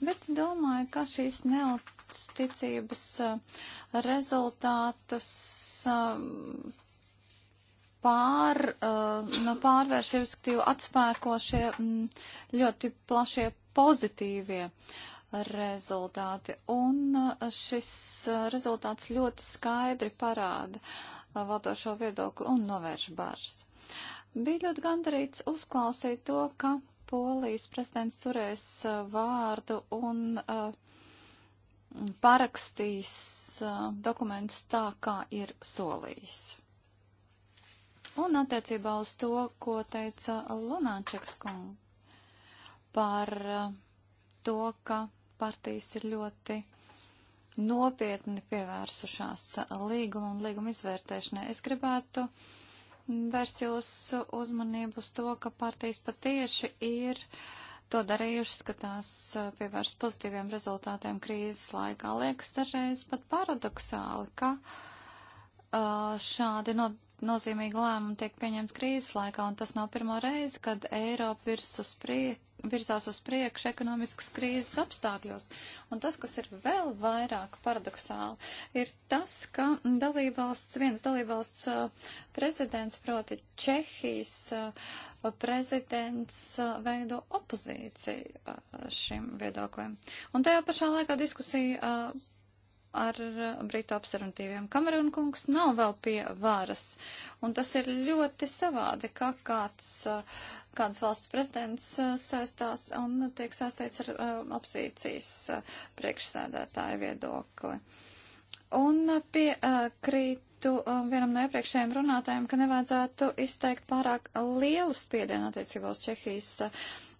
Bet domāju, ka šīs neuzticības rezultātus pār, uh, no nu, pārvērš respektīvi atspēko šie mm, ļoti plašie pozitīvie rezultāti. Un uh, šis uh, rezultāts ļoti skaidri parāda valdošo viedokli un novērš bažas. Bija ļoti gandarīts uzklausīt to, ka Polijas prezidents turēs vārdu un parakstīs dokumentus tā, kā ir solījis. Un attiecībā uz to, ko teica Lunāčeks kungs par uh, to, ka partijas ir ļoti nopietni pievērsušās līgumam, līguma izvērtēšanai. Es gribētu vērst jūsu uzmanību uz to, ka partijas patieši ir to darījušas, ka tās uh, pievērst pozitīviem rezultātiem krīzes laikā. Liekas dažreiz pat paradoxāli, ka uh, šādi no nozīmīgi lēmumi tiek pieņemti krīzes laikā, un tas nav pirmo reizi, kad Eiropa virs uz priek, virzās uz priekšu ekonomiskas krīzes apstākļos. Un tas, kas ir vēl vairāk paradoxāli, ir tas, ka dalībvalsts, viens dalībvalsts uh, prezidents, proti Čehijas uh, prezidents, uh, veido opozīciju uh, šim viedoklim. Un tajā pašā laikā diskusija uh, ar eh, Britu apsaruntīviem. Kamerun kungs nav vēl pie varas, un tas ir ļoti savādi, ka kāds, eh, kāds valsts prezidents eh, saistās un tiek saistīts ar opozīcijas priekšsēdētāju viedokli. Uh, Un piekrītu um, vienam no iepriekšējiem runātājiem, ka nevajadzētu izteikt pārāk lielu spiedienu attiecībā uz Čehijas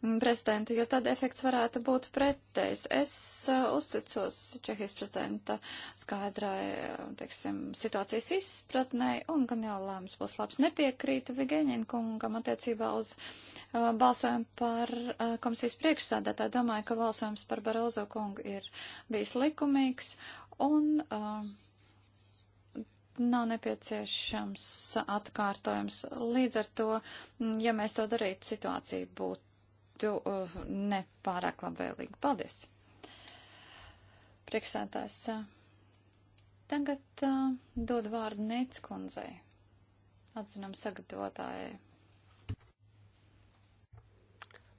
mm, prezidentu, jo tad efekts varētu būt pretējs. Es uh, uzticos Čehijas prezidenta skaidrai, uh, teiksim, situācijas izpratnē, un gan jau lēmums būs labs. Nepiekrītu Vigeņin kungam attiecībā uz uh, balsojumu par komisijas priekšsādātāju. Domāju, ka balsojums par Barozo kungu ir bijis likumīgs un uh, nav nepieciešams atkārtojums. Līdz ar to, mm, ja mēs to darītu, situācija būtu uh, nepārāk labvēlīga. Paldies! Priekšsētājs. Uh, tagad uh, dod vārdu Nēts kundzei, atzinam sagatavotājai.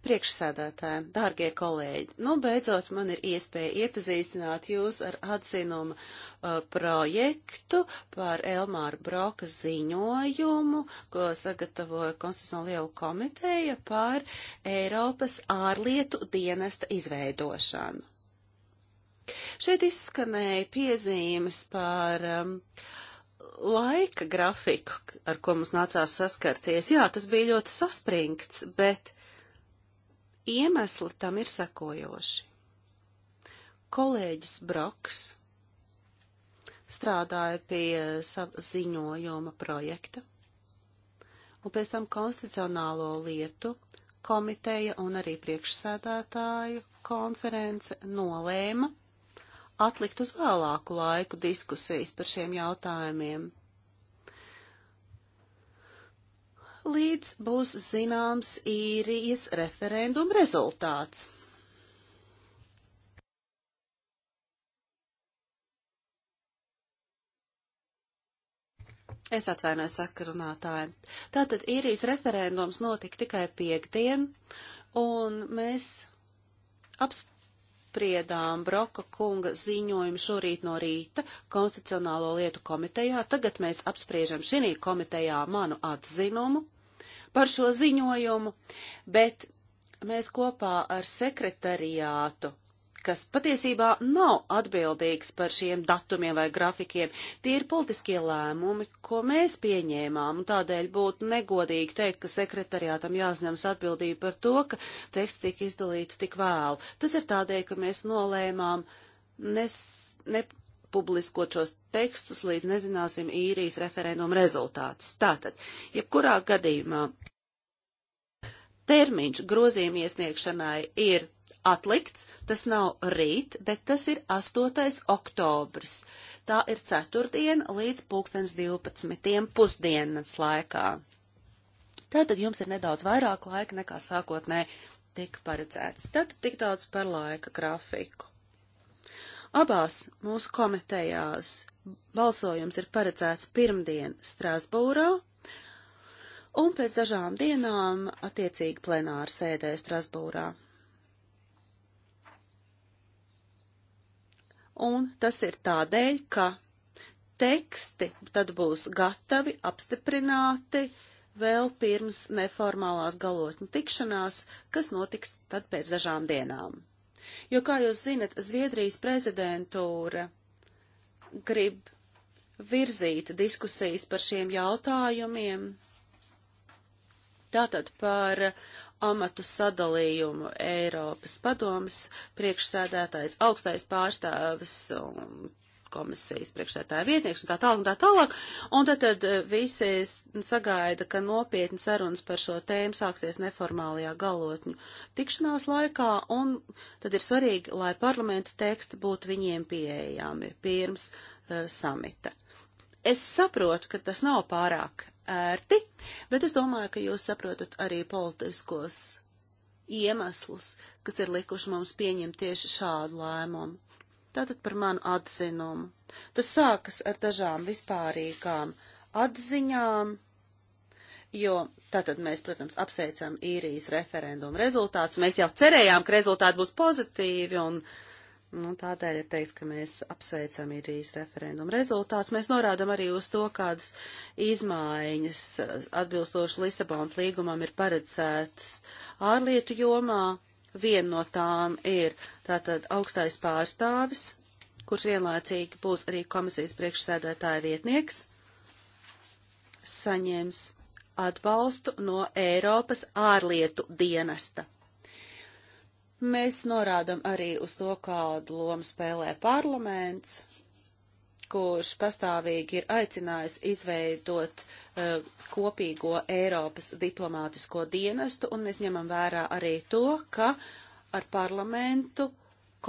Priekšsēdētāji, dārgie kolēģi, nu beidzot man ir iespēja iepazīstināt jūs ar atzinumu uh, projektu par Elmāra Broka ziņojumu, ko sagatavoja Konstitucionāla lielu komiteja par Eiropas ārlietu dienesta izveidošanu. Šeit izskanēja piezīmes par um, laika grafiku, ar ko mums nācās saskarties. Jā, tas bija ļoti saspringts, bet Iemesli tam ir sekojoši. Kolēģis Broks strādāja pie sava ziņojuma projekta, un pēc tam konstitucionālo lietu komiteja un arī priekšsēdētāju konference nolēma atlikt uz vēlāku laiku diskusijas par šiem jautājumiem. līdz būs zināms īrijas referenduma rezultāts. Es atvainoju sakarunātājiem. Tātad īrijas referendums notika tikai piekdien, un mēs apspriežam apspriedām Broka kunga ziņojumu šorīt no rīta Konstitucionālo lietu komitejā. Tagad mēs apspriežam šī komitejā manu atzinumu par šo ziņojumu, bet mēs kopā ar sekretariātu kas patiesībā nav atbildīgs par šiem datumiem vai grafikiem. Tie ir politiskie lēmumi, ko mēs pieņēmām, un tādēļ būtu negodīgi teikt, ka sekretariātam jāuzņemas atbildība par to, ka teksts tika izdalīta tik vēlu. Tas ir tādēļ, ka mēs nolēmām nes, nepubliskot šos tekstus, līdz nezināsim īrijas referendumu rezultātus. Tātad, jebkurā gadījumā termiņš grozījuma iesniegšanai ir atlikts, tas nav rīt, bet tas ir 8. oktobrs. Tā ir ceturtdiena līdz pulkstens 12. pusdienas laikā. Tātad jums ir nedaudz vairāk laika nekā sākotnē tika paredzēts. Tad tik daudz par laika grafiku. Abās mūsu komitejās balsojums ir paredzēts pirmdien Strasbūrā, un pēc dažām dienām attiecīgi plenāra sēdē Strasbūrā. un tas ir tādēļ, ka teksti tad būs gatavi, apstiprināti vēl pirms neformālās galotņu tikšanās, kas notiks tad pēc dažām dienām. Jo, kā jūs zinat, Zviedrijas prezidentūra grib virzīt diskusijas par šiem jautājumiem, tātad par amatu sadalījumu Eiropas padomas priekšsēdētājs, augstais pārstāvis un komisijas priekšsētāja vietnieks un tā tālāk un tā tālāk. Un tad, tad eh, visi sagaida, ka nopietni sarunas par šo tēmu sāksies neformālajā galotņu tikšanās laikā, un tad ir svarīgi, lai parlamenta teksti būtu viņiem pieejami pirms uh, samita. Es saprotu, ka tas nav pārāk ērti, bet es domāju, ka jūs saprotat arī politiskos iemeslus, kas ir likuši mums pieņemt tieši šādu lēmumu. Tātad par manu atzinumu. Tas sākas ar dažām vispārīgām atziņām, jo tātad mēs, protams, apsveicam īrijas referendumu rezultātus. Mēs jau cerējām, ka rezultāti būs pozitīvi un uh, Nu, tādēļ ir teiks, ka mēs apsveicam īrijas referendumu rezultāts. Mēs norādam arī uz to, kādas izmaiņas atbilstoši Lisabonas līgumam ir paredzētas ārlietu jomā. Viena no tām ir tātad augstais pārstāvis, kurš vienlaicīgi būs arī komisijas priekšsēdētāja vietnieks, saņems atbalstu no Eiropas ārlietu dienesta Mēs norādam arī uz to, kādu lomu spēlē parlaments, kurš pastāvīgi ir aicinājis izveidot uh, kopīgo Eiropas diplomātisko dienestu, un mēs ņemam vērā arī to, ka ar parlamentu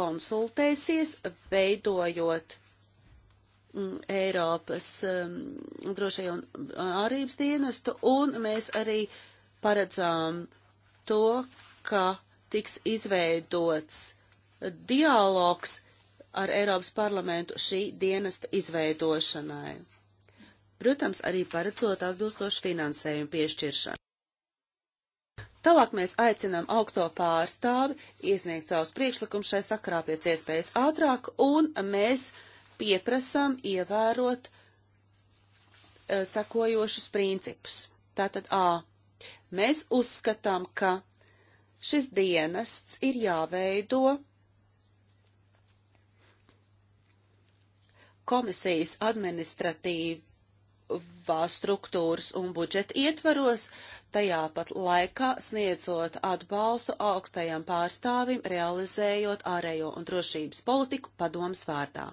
konsultēsies, veidojot mm, Eiropas um, drošajā un ārības dienestu, un mēs arī paredzām to, ka tiks izveidots dialogs ar Eiropas parlamentu šī dienesta izveidošanai. Protams, arī paredzot atbilstošu finansējumu piešķiršanu. Tālāk mēs aicinām augsto pārstāvi iesniegt savus priekšlikumus šai sakrā pēc iespējas ātrāk, un mēs pieprasām ievērot uh, sakojošus principus. Tātad A. Mēs uzskatām, ka Šis dienests ir jāveido komisijas administratīvā struktūras un budžeta ietvaros, tajā pat laikā sniedzot atbalstu augstajam pārstāvim, realizējot ārējo un drošības politiku padomas vārdā.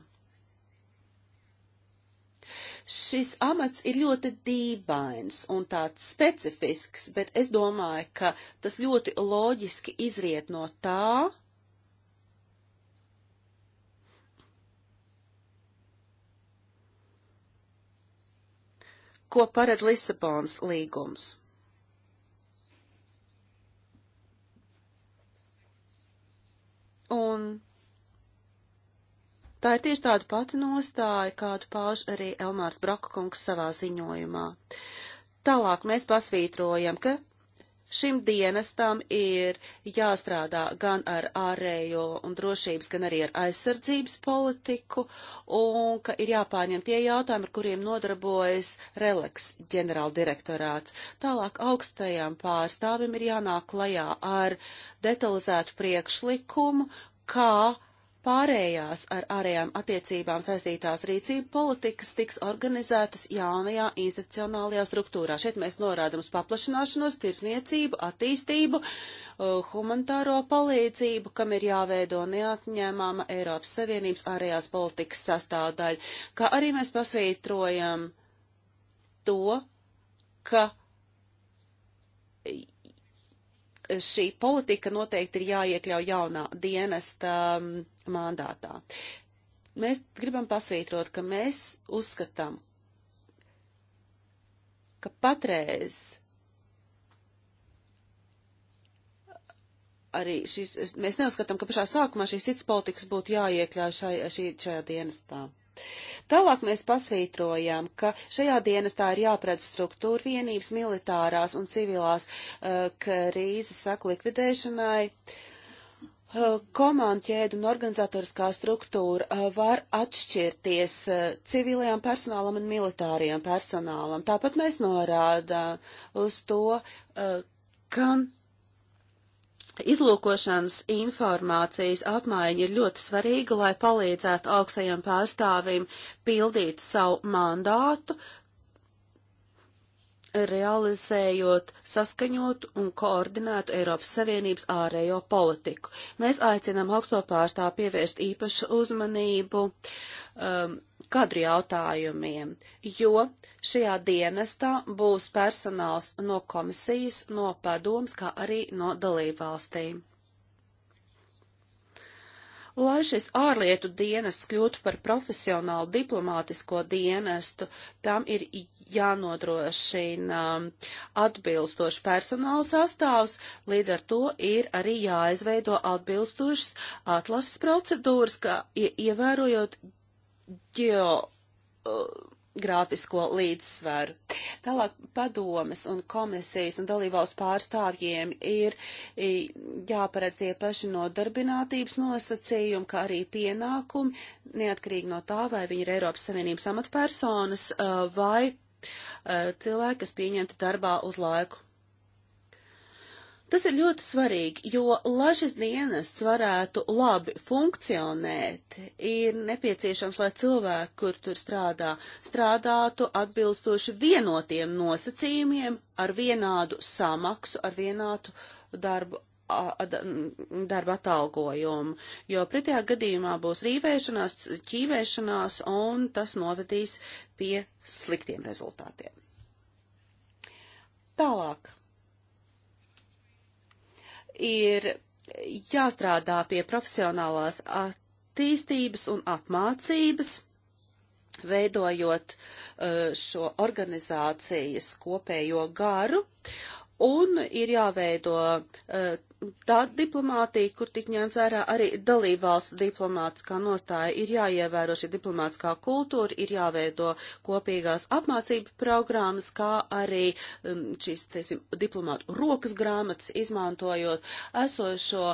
Šis amats ir ļoti dīvains un tāds specifisks, bet es domāju, ka tas ļoti loģiski izriet no tā, ko paredz Lisabonas līgums. Un Tā ir tieši tāda pati nostāja, kādu pauž arī Elmārs Brokkungs savā ziņojumā. Tālāk mēs pasvītrojam, ka šim dienestam ir jāstrādā gan ar ārējo un drošības, gan arī ar aizsardzības politiku, un ka ir jāpārņem tie jautājumi, ar kuriem nodarbojas Releks ģenerāldirektorāts. Tālāk augstajām pārstāvim ir jānāk klajā ar detalizētu priekšlikumu, kā Pārējās ar ārējām attiecībām saistītās rīcību politikas tiks organizētas jaunajā institucionālajā struktūrā. Šeit mēs norādam uz paplašināšanos, tirsniecību, attīstību, uh, humanitāro palīdzību, kam ir jāveido neatņēmāma Eiropas Savienības ārējās politikas sastāvdaļa, kā arī mēs pasvītrojam to, ka šī politika noteikti ir jāiekļauj jaunā dienesta um, mandātā. Mēs gribam pasvītrot, ka mēs uzskatām, ka patreiz arī šis, mēs neuzskatām, ka pašā sākumā šīs cits politikas būtu jāiekļauj šai, šī, šajā dienestā. Tālāk mēs pasvītrojām, ka šajā dienestā ir jāpredz struktūra vienības militārās un civilās uh, krīzes saku likvidēšanai. Uh, komandu ķēdu un organizatoriskā struktūra var atšķirties civilajam personālam un militārajam personālam. Tāpat mēs norādām uz to, ka izlūkošanas informācijas apmaiņa ir ļoti svarīga, lai palīdzētu augstajam pārstāvim pildīt savu mandātu, realizējot saskaņotu un koordinētu Eiropas Savienības ārējo politiku. Mēs aicinām augsto pārstāvu pievērst īpašu uzmanību um, kadru jautājumiem, jo šajā dienestā būs personāls no komisijas, no padoms, kā arī no dalībvalstīm. Lai šis ārlietu dienests kļūtu par profesionālu diplomātisko dienestu, tam ir jānodrošina um, atbilstošs personāla sastāvs, līdz ar to ir arī jāizveido atbilstošas atlases procedūras, kā ievērojot ģeo. Uh, grāfisko līdzsvaru. Tālāk padomes un komisijas un dalībvalstu pārstāvjiem ir jāparedz tie paši nodarbinātības nosacījumi, kā arī pienākumi, neatkarīgi no tā, vai viņi ir Eiropas Savienības amatpersonas vai cilvēki, kas pieņemti darbā uz laiku. Tas ir ļoti svarīgi, jo, lai šis dienests varētu labi funkcionēt, ir nepieciešams, lai cilvēki, kur tur strādā, strādātu atbilstoši vienotiem nosacījumiem, ar vienādu samaksu, ar vienādu darbu darba atalgojumu, jo pretējā gadījumā būs rīvēšanās, ķīvēšanās, un tas novedīs pie sliktiem rezultātiem. Tālāk ir jāstrādā pie profesionālās attīstības un apmācības, veidojot eh, šo organizācijas kopējo garu, un ir jāveido eh, tāda diplomātija, kur tik ņemts vērā arī dalībvalstu diplomātiskā nostāja, ir jāievēro šī diplomātiskā kultūra, ir jāveido kopīgās apmācību programmas, kā arī um, šīs, teiksim, diplomātu rokas grāmatas, izmantojot esošo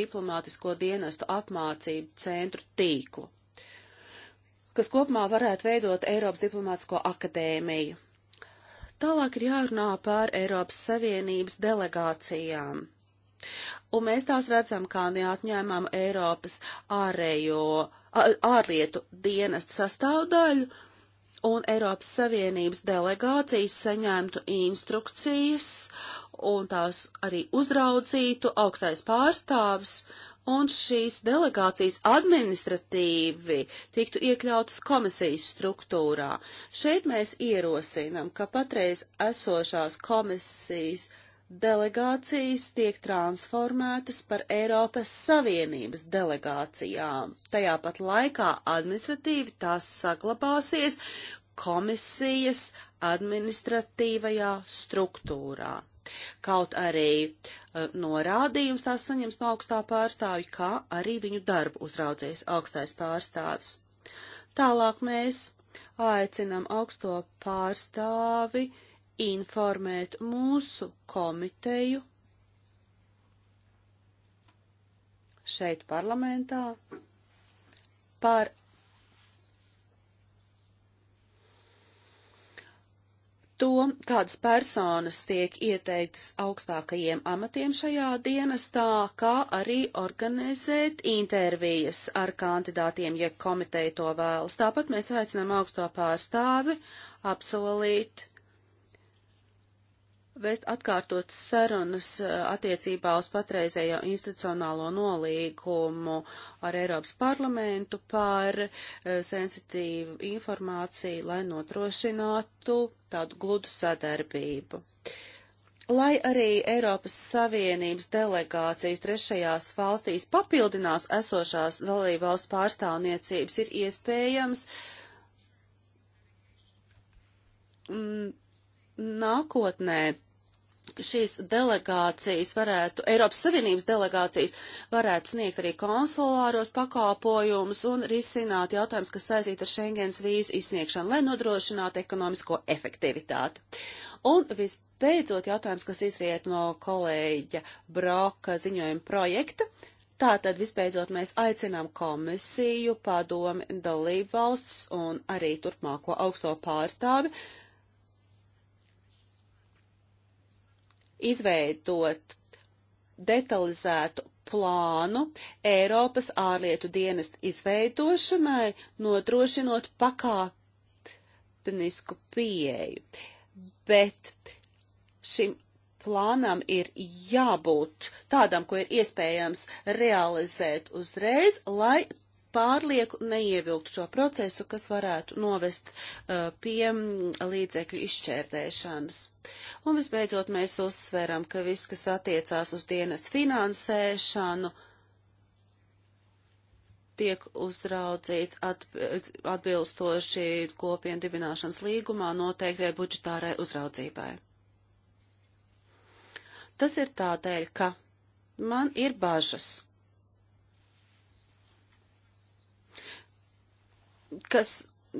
diplomātisko dienestu apmācību centru tīklu, kas kopumā varētu veidot Eiropas diplomātisko akadēmiju. Tālāk ir jārunā par Eiropas Savienības delegācijām. Un mēs tās redzam kā neatņēmām Eiropas ārējo, ārlietu dienestu sastāvdaļu, un Eiropas Savienības delegācijas saņemtu instrukcijas, un tās arī uzraudzītu augstais pārstāvis, un šīs delegācijas administratīvi tiktu iekļautas komisijas struktūrā. Šeit mēs ierosinam, ka patreiz esošās komisijas delegācijas tiek transformētas par Eiropas Savienības delegācijām. Tajā pat laikā administratīvi tās saglabāsies komisijas administratīvajā struktūrā. Kaut arī uh, norādījums tās saņems no augstā pārstāvja, kā arī viņu darbu uzraudzīs augstais pārstāvis. Tālāk mēs aicinām augsto pārstāvi uh, informēt mūsu komiteju šeit parlamentā par to, kādas personas tiek ieteiktas augstākajiem amatiem šajā dienestā, kā arī organizēt intervijas ar kandidātiem, ja komiteja to vēlas. Tāpat mēs aicinām augsto pārstāvi apsolīt vēst atkārtot sarunas eh, attiecībā uz patreizējo institucionālo nolīgumu ar Eiropas parlamentu par eh, sensitīvu informāciju, lai notrošinātu tādu gludu sadarbību. Lai arī Eiropas Savienības delegācijas trešajās valstīs papildinās esošās dalībvalstu pārstāvniecības, ir iespējams mm, nākotnē šīs delegācijas varētu, Eiropas Savienības delegācijas varētu sniegt arī konsulāros pakalpojumus un risināt jautājumus, kas saistīti ar Schengens vīzu izsniegšanu, lai nodrošinātu ekonomisko efektivitāti. Un vispēcot jautājums, kas izriet no kolēģa Broka ziņojuma projekta. Tātad, visbeidzot, mēs aicinām komisiju, padomi, dalību valsts un arī turpmāko augsto pārstāvi uh, izveidot detalizētu plānu Eiropas ārlietu dienestu izveidošanai, nodrošinot pakāpenisku pieeju. Bet šim plānam ir jābūt tādam, ko ir iespējams realizēt uzreiz, lai pārlieku neievilkt šo procesu, kas varētu novest uh, pie mm, līdzekļu izšķērdēšanas. Un visbeidzot mēs uzsveram, ka viss, kas attiecās uz dienestu finansēšanu, tiek uzraudzīts atbilstoši kopienu dibināšanas līgumā noteiktajai budžetārai uzraudzībai. Tas ir tādēļ, ka man ir bažas kas,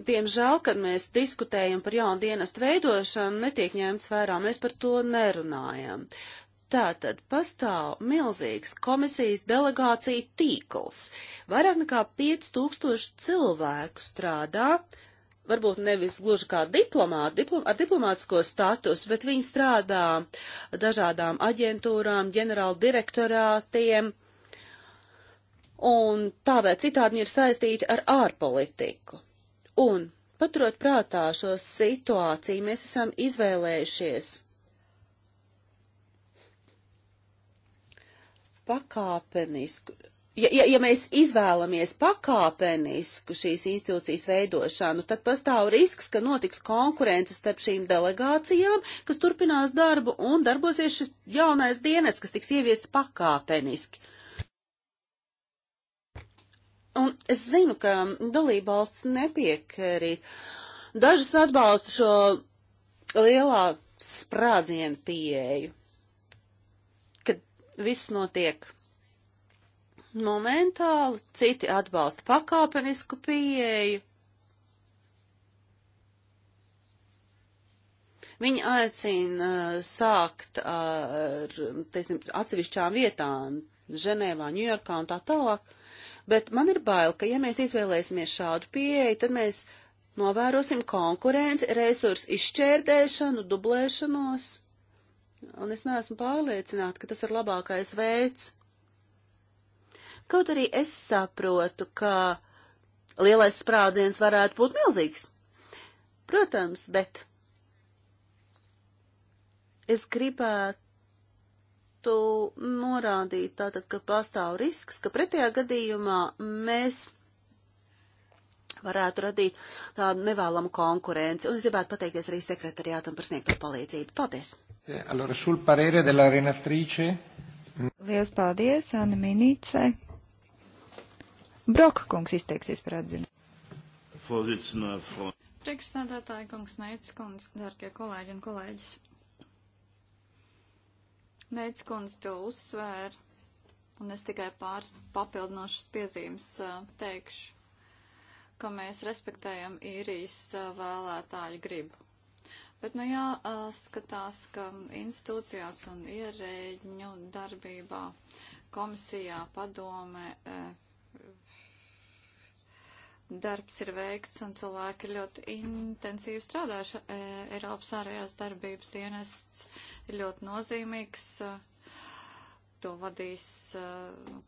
diemžēl, kad mēs diskutējam par jaunu dienestu veidošanu, netiek ņemts vērā, mēs par to nerunājam. Tātad pastāv milzīgs komisijas delegācija tīkls. Vairāk nekā 5000 cilvēku strādā, varbūt nevis gluži kā diplomāti, diplom, ar diplomātisko statusu, bet viņi strādā dažādām aģentūrām, ģenerāla direktorātiem, un tā vai citādi ir saistīti ar ārpolitiku. Un, paturot prātā šo situāciju, mēs esam izvēlējušies pakāpenisku. Ja, ja, ja mēs izvēlamies pakāpenisku šīs institūcijas veidošanu, tad pastāv risks, ka notiks konkurences starp šīm delegācijām, kas turpinās darbu un darbosies šis jaunais dienas, kas tiks ieviests pakāpeniski. Un es zinu, ka dalībvalsts nepiekrīt. Dažas atbalsta šo lielā sprādzienu pieeju, kad viss notiek momentāli, citi atbalsta pakāpenisku pieeju. Viņi aicina sākt ar, teiksim, atsevišķām vietām, Ženēvā, Ņujorkā un tā tālāk bet man ir bail, ka ja mēs izvēlēsimies šādu pieeju, tad mēs novērosim konkurenci, resursu izšķērdēšanu, dublēšanos, un es neesmu pārliecināta, ka tas ir labākais veids. Kaut arī es saprotu, ka lielais sprādziens varētu būt milzīgs. Protams, bet es gribētu gribētu norādīt tātad, ka pastāv risks, ka pretējā gadījumā mēs varētu radīt tādu nevēlamu konkurenci. Un es gribētu pateikties arī sekretariātam par sniegto palīdzību. Paldies! Eh, allora, sul parere della renatrice. Lielas paldies, Anna Minīce. Broka kungs izteiksies par atzinu. Eh, Priekšsādātāja kungs, neicis kungs, darbie kolēģi un kolēģis. Neits kundze to uzsvēra, un es tikai pāris papildinošas piezīmes uh, teikšu, ka mēs respektējam īrijas uh, vēlētāju gribu. Bet, nu jā, uh, skatās, ka institūcijās un ierēģņu darbībā, komisijā, padomē, darbs ir veikts un cilvēki ļoti intensīvi strādājuši. Eiropas ārējās darbības dienests ir ļoti nozīmīgs. To vadīs eh,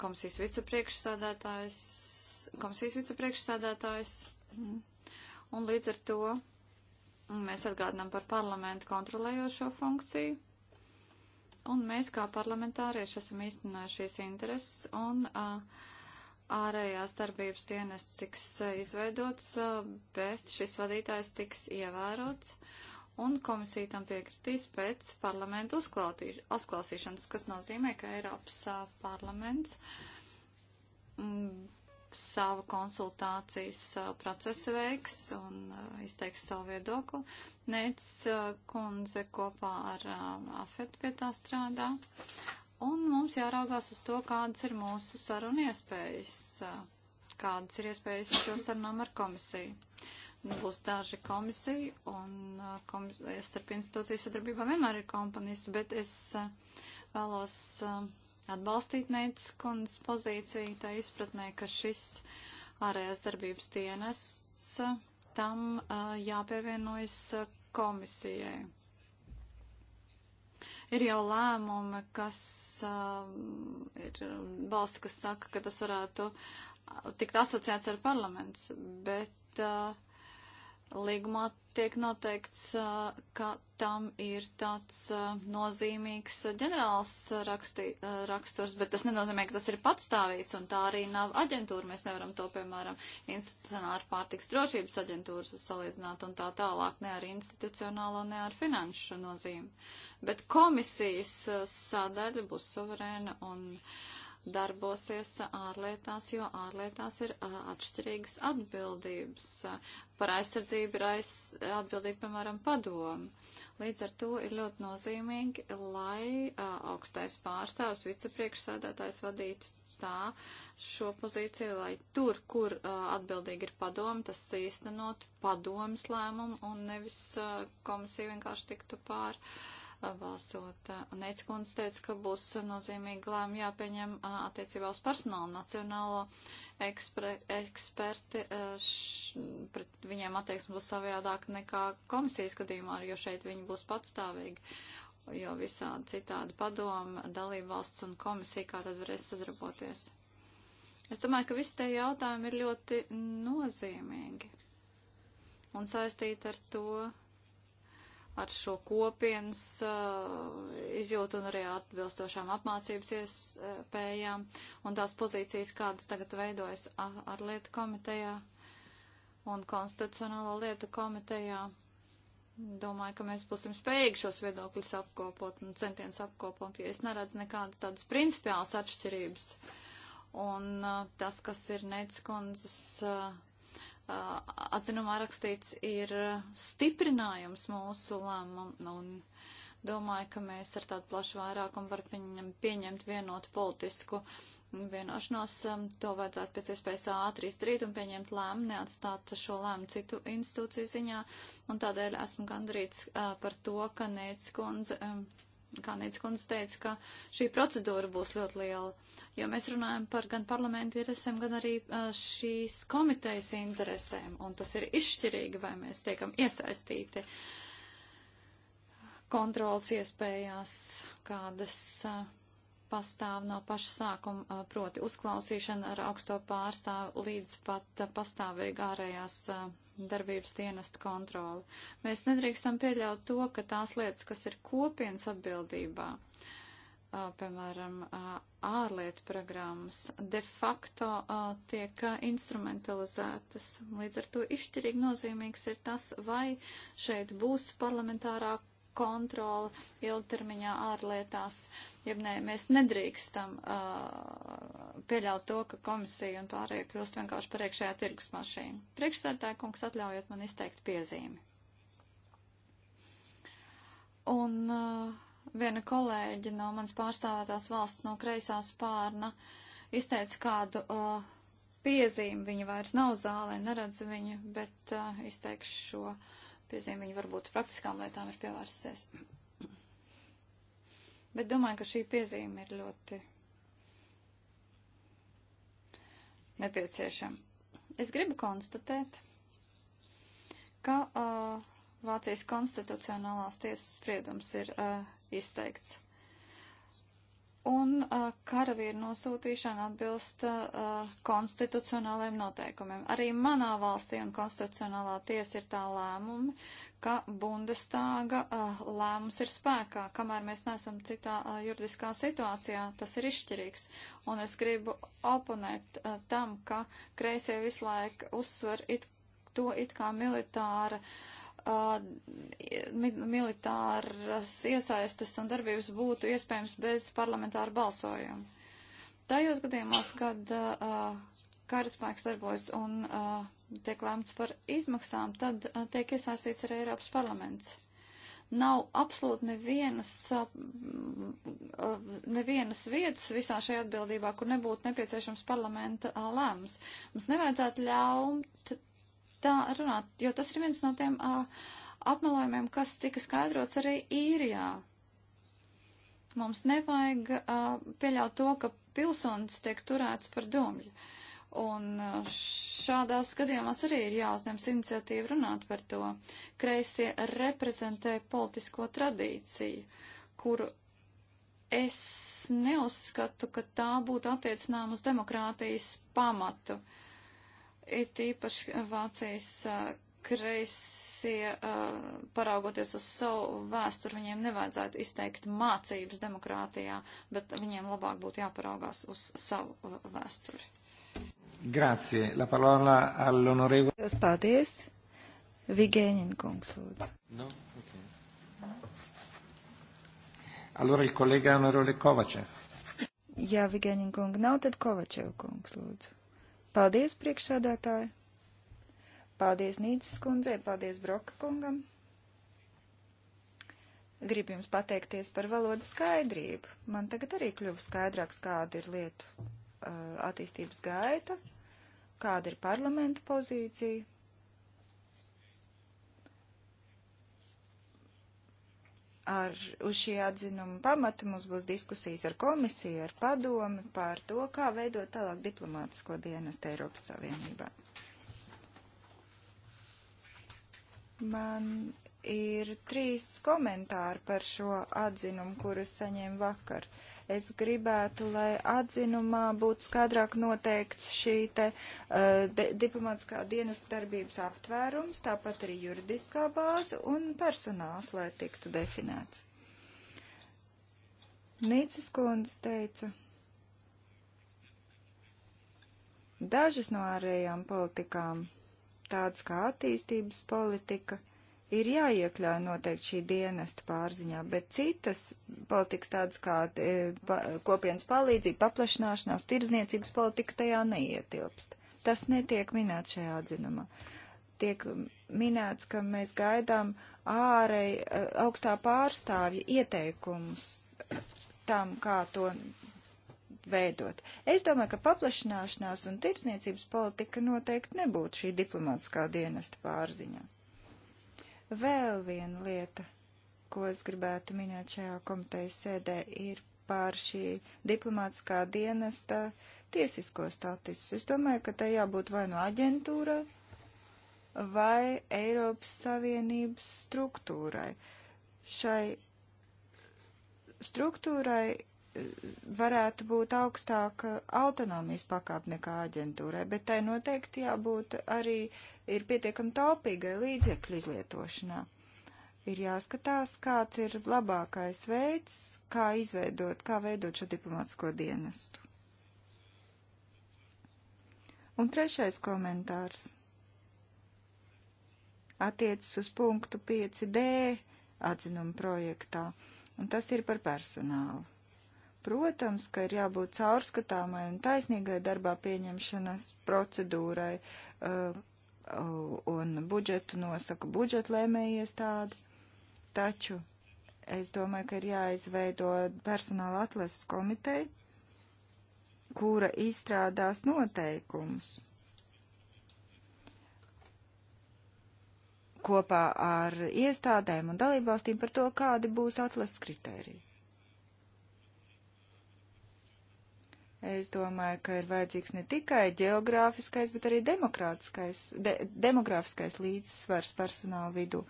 komisijas vicepriekšsādātājs, komisijas vicepriekšsādātājs. Un līdz ar to mēs atgādinām par parlamentu kontrolējošo funkciju. Un mēs kā parlamentārieši esam īstenojušies intereses un uh, ārējās darbības dienas tiks eh, izveidots, bet šis vadītājs tiks ievērots un komisija tam piekritīs pēc parlamentu uzklausīšanas, kas nozīmē, ka Eiropas a, parlaments m, mm, savu konsultācijas a, procesu veiks un a, izteiks savu viedokli. Nēc kundze kopā ar AFET pie tā strādā. Un mums jāraugās uz to, kādas ir mūsu sarunu iespējas, kādas ir iespējas sarunām ar komisiju. Uh, būs daži komisija, un komis starp institūciju sadarbībā vienmēr ir kompanijas, bet es vēlos atbalstīt Neitas kundas pozīciju tā izpratnē, ka šis ārējās darbības dienests tam jāpievienojas komisijai. Ir jau lēmumi, kas ir balsti, kas saka, ka tas varētu tikt asociēts ar parlaments, bet uh, Līgumā tiek noteikts, ka tam ir tāds nozīmīgs ģenerāls raksti, raksturs, bet tas nenozīmē, ka tas ir patstāvīts, un tā arī nav aģentūra. Mēs nevaram to, piemēram, institucionāli ar pārtiks drošības aģentūras salīdzināt un tā tālāk, ne ar institucionālo, ne ar finanšu nozīmi. Bet komisijas sadaļa būs suverēna un. Uh, darbosies ārlietās, jo ārlietās ir atšķirīgas atbildības. Par aizsardzību ir aiz, atbildība, piemēram, padomu. Līdz ar to ir ļoti nozīmīgi, lai augstais pārstāvs, vicepriekšsēdētājs vadītu tā šo pozīciju, lai tur, kur atbildīgi ir padomu, tas īstenot padomas lēmumu un nevis komisija vienkārši tiktu pār. Uh, balsot. Neits kundze teica, ka būs nozīmīgi lēmumi jāpieņem attiecībā uz personālu nacionālo ekspre, eksperti. Š, pret viņiem attieksme būs savādāk nekā komisijas gadījumā, jo šeit viņi būs patstāvīgi. Jo visādi citādi padomu, dalību valsts un komisija kā tad varēs sadarboties. Es domāju, ka visi tie jautājumi ir ļoti nozīmīgi un saistīti ar to, ar šo kopienas uh, izjūtu un arī atbilstošām apmācības iespējām un tās pozīcijas, kādas tagad veidojas ar lietu komitejā un konstitucionālo lietu komitejā. Domāju, ka mēs būsim spējīgi šos viedokļus apkopot un centienus apkopot, jo es neredzu nekādas tādas principiālas atšķirības. Un uh, tas, kas ir Neitskundzes uh, eh, atzinumā rakstīts, ir stiprinājums mūsu lēmumam. Nu, un domāju, ka mēs ar tādu plašu vairākumu varam pieņemt vienotu politisku vienošanos. To vajadzētu pēc iespējas ātri izdarīt un pieņemt lēmumu, neatstāt šo lēmumu citu institūciju ziņā. Un tādēļ esmu gandrīz par to, ka Nēdz kundze. Um, kā Nīckunds teica, ka šī procedūra būs ļoti liela, jo mēs runājam par gan parlamentu interesēm, gan arī šīs komitejas interesēm, un tas ir izšķirīgi, vai mēs tiekam iesaistīti kontrols iespējās, kādas pastāv no paša sākuma, proti uzklausīšana ar augsto pārstāvu līdz pat pastāvīgi ārējās darbības dienesta kontroli. Mēs nedrīkstam pieļaut to, ka tās lietas, kas ir kopienas atbildībā, piemēram, ārlietu programmas, de facto tiek instrumentalizētas. Līdz ar to izšķirīgi nozīmīgs ir tas, vai šeit būs parlamentārā kontroli ilgtermiņā ārlietās. Ja ne, mēs nedrīkstam uh, pieļaut to, ka komisija un pārējie kļūst vienkārši par iekšējā tirgus mašīnu. Priekšsēdētāji kungs atļaujot man izteikt piezīmi. Un uh, viena kolēģi no manas pārstāvētās valsts no kreisās pārna izteica kādu. Uh, piezīme, viņa vairs nav zālē, neredzu viņu, bet uh, izteikšu šo piezīme, viņa varbūt praktiskām lietām ir pievērsusies. Bet domāju, ka šī piezīme ir ļoti nepieciešama. Es gribu konstatēt, ka uh, Vācijas konstitucionālās tiesas spriedums ir uh, izteikts un uh, karavīru nosūtīšana atbilst uh, konstitucionālajiem noteikumiem. Arī manā valstī un konstitucionālā tiesa ir tā lēmumi, ka Bundestāga uh, lēmums ir spēkā, kamēr mēs nesam citā uh, juridiskā situācijā, tas ir izšķirīgs. Un es gribu oponēt uh, tam, ka kreisie visu laiku uzsver it, to it kā militāra. Uh, Eh, militāras iesaistas un darbības būtu iespējams bez parlamentāra balsojuma. Tajos gadījumos, kad eh, karaspēks darbojas un eh, tiek lēmts par izmaksām, tad tiek iesaistīts arī Eiropas parlaments. Nav absolūti nevienas, nevienas vietas visā šajā atbildībā, kur nebūtu nepieciešams parlamenta lēmums. Mums nevajadzētu ļaut tā runāt, jo tas ir viens no tiem uh, apmelojumiem, kas tika skaidrots arī īrijā. Mums nevajag uh, pieļaut to, ka pilsonis tiek turēts par domļu. Un uh, šādās gadījumās arī ir jāuzņems iniciatīva runāt par to. Kreisie reprezentē politisko tradīciju, kuru es neuzskatu, ka tā būtu attiecinām uz demokrātijas pamatu. Uh, It īpaši Vācijas kreisie, paraugoties uz savu vēsturi, viņiem nevajadzētu izteikt mācības demokrātijā, bet viņiem labāk būtu jāparaugās uz savu vēsturi. Grazie. La parola all'onorevole. Paldies. Vigēņin kungs, lūdzu. No? Allora il collega onorevole Kovacev. Ja Vigēņin kunga nav, tad Kovacev kungs, lūdzu. Paldies, priekšsādātāji! Paldies Nīcas kundzei, paldies Broka kungam! Gribu jums pateikties par valodas skaidrību. Man tagad arī kļuva skaidrāks, kāda ir lietu uh, attīstības gaita, kāda ir parlamenta pozīcija. ar, uz šī atzinuma pamata mums būs diskusijas ar komisiju, ar padomi par to, kā veidot tālāk diplomātisko dienestu Eiropas Savienībā. Man ir trīs komentāri par šo atzinumu, kurus saņēmu vakar. Uh, Es gribētu, lai atzinumā būtu skaidrāk noteikts šī te uh, diplomātiskā dienas darbības aptvērums, tāpat arī juridiskā bāze un personāls, lai tiktu definēts. Nīcis Kundze teica. Dažas no ārējām politikām, tādas kā attīstības politika, ir jāiekļauj noteikti šī dienesta pārziņā, bet citas politikas tādas kā e, pa, kopienas palīdzība, paplašināšanās, tirdzniecības politika tajā neietilpst. Tas netiek minēts šajā atzinumā. Tiek minēts, ka mēs gaidām ārēji e, augstā pārstāvja ieteikumus tam, kā to veidot. Es domāju, ka paplašināšanās un tirdzniecības politika noteikti nebūtu šī diplomātiskā dienesta pārziņā. Vēl viena lieta, ko es gribētu minēt šajā komitejas sēdē, ir pār šī diplomātiskā dienesta tiesisko statusu. Es domāju, ka tai jābūt vai no aģentūrai, vai Eiropas Savienības struktūrai. Šai struktūrai varētu būt augstāka autonomijas pakāpe nekā aģentūrai, bet tai noteikti jābūt arī ir pietiekami taupīgai līdzekļu izlietošanā. Ir jāskatās, kāds ir labākais veids, kā izveidot, kā veidot šo diplomātsko dienestu. Un trešais komentārs attiecas uz punktu 5D atzinuma projektā, un tas ir par personālu. Protams, ka ir jābūt caurskatāmai un taisnīgai darbā pieņemšanas procedūrai, uh, uh, un budžetu nosaka budžeta lēmēja iestāde. Taču es domāju, ka ir jāizveido personāla atlases komiteja, kura izstrādās noteikumus kopā ar iestādēm un dalībvalstīm par to, kādi būs atlases kritēriji. Es domāju, ka ir vajadzīgs ne tikai geogrāfiskais, bet arī de, demogrāfiskais līdzsvars personāla vidū.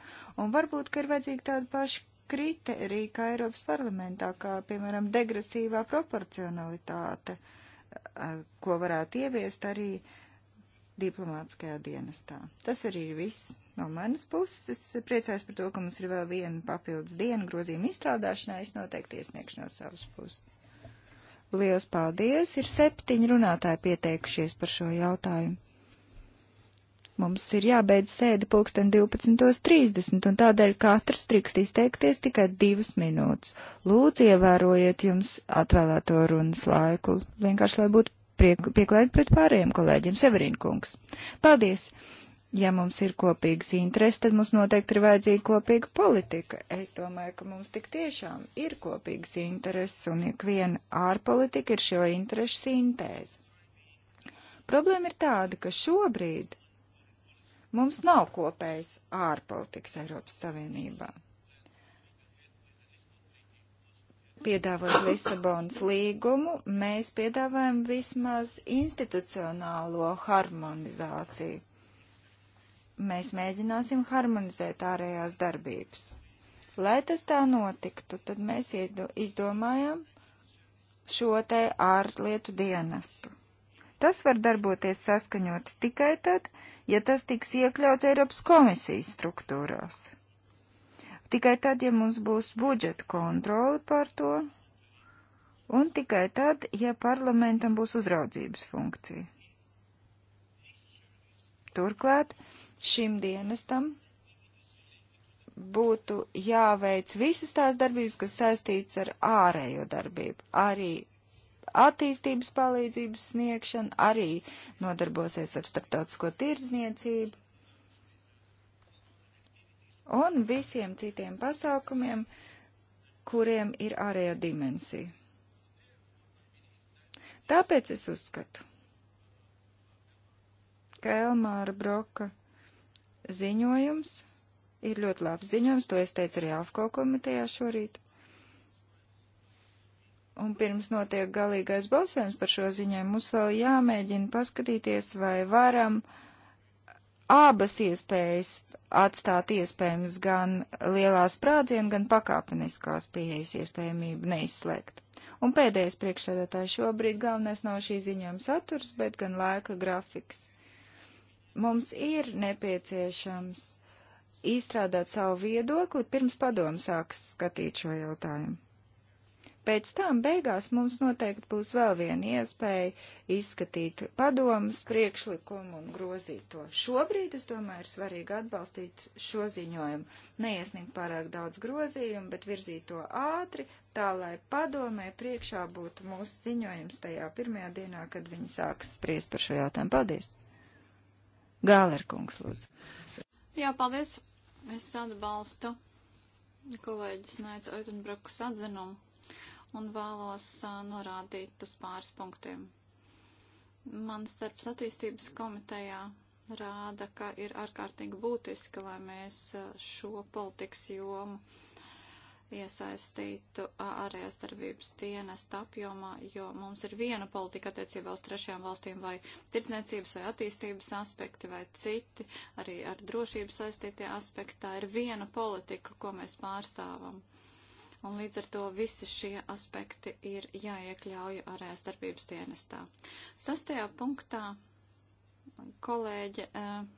Un varbūt, ka ir vajadzīgi tādi paši kriteriji kā Eiropas parlamentā, kā, piemēram, degresīvā proporcionalitāte, ko varētu ieviest arī diplomātskajā dienestā. Tas arī ir viss no manas puses. Es priecājos par to, ka mums ir vēl viena papildus diena grozījuma izstrādāšanā. Es noteikti iesniegšu no savas puses. Lielas paldies! Ir septiņi runātāji pieteikušies par šo jautājumu. Mums ir jābeidz sēde pulksten 12.30, un tādēļ katrs drīkst izteikties tikai divas minūtes. Lūdzu, ievērojiet jums atvēlēto runas laiku, vienkārši lai būtu pieklājīgi pret pārējiem kolēģiem. Severīn kungs. Paldies! Ja mums ir kopīgas intereses, tad mums noteikti ir vajadzīga kopīga politika. Es domāju, ka mums tik tiešām ir kopīgas intereses, un ikviena ārpolitika ir šo interešu sintēze. Problēma ir tāda, ka šobrīd mums nav kopējas ārpolitikas Eiropas Savienībā. Piedāvot Lisabonas līgumu, mēs piedāvājam vismaz institucionālo harmonizāciju mēs mēģināsim harmonizēt ārējās darbības. Lai tas tā notiktu, tad mēs izdomājam šo te ārlietu dienestu. Tas var darboties saskaņot tikai tad, ja tas tiks iekļauts Eiropas komisijas struktūrās. Tikai tad, ja mums būs budžeta kontroli par to, un tikai tad, ja parlamentam būs uzraudzības funkcija. Turklāt, uh, šim dienestam būtu jāveic visas tās darbības, kas saistīts ar ārējo darbību. Arī attīstības palīdzības sniegšana, arī nodarbosies ar starptautisko tirdzniecību un visiem citiem pasākumiem, kuriem ir ārējā dimensija. Tāpēc es uzskatu, ka Elmāra Broka ziņojums ir ļoti labs ziņojums, to es teicu arī Alfko komitejā šorīt. Un pirms notiek galīgais balsojums par šo ziņojumu, mums vēl jāmēģina paskatīties, vai varam abas iespējas atstāt iespējams gan lielās sprādzienu, gan pakāpeniskās pieejas iespējamību neizslēgt. Un pēdējais priekšsēdētājs šobrīd galvenais nav šī ziņojuma saturs, bet gan laika grafiks. Mums ir nepieciešams izstrādāt savu viedokli, pirms padomu sāks skatīt šo jautājumu. Pēc tam beigās mums noteikti būs vēl viena iespēja izskatīt padomus, priekšlikumu un grozīt to. Šobrīd, es domāju, ir svarīgi atbalstīt šo ziņojumu, neiesniegt pārāk daudz grozījumu, bet virzīt to ātri, tā lai padomē priekšā būtu mūsu ziņojums tajā pirmajā dienā, kad viņi sāks spriest par šo jautājumu. Paldies! Gālerkungs, lūdzu. Jā, paldies. Es atbalstu kolēģis Naits Oitenbrukas atzinumu un vēlos uh, norādīt uz pāris punktiem. Mans darbs attīstības komitejā rāda, ka ir ārkārtīgi būtiski, lai mēs uh, šo politikas jomu iesaistītu ārējās darbības dienesta apjomā, jo mums ir viena politika attiecībā uz trešajām valstīm vai tirdzniecības vai attīstības aspekti vai citi, arī ar drošību saistītie aspekti. Tā ir viena politika, ko mēs pārstāvam. Un līdz ar to visi šie aspekti ir jāiekļauj ārējās darbības dienestā. Sastajā punktā kolēģe. Uh,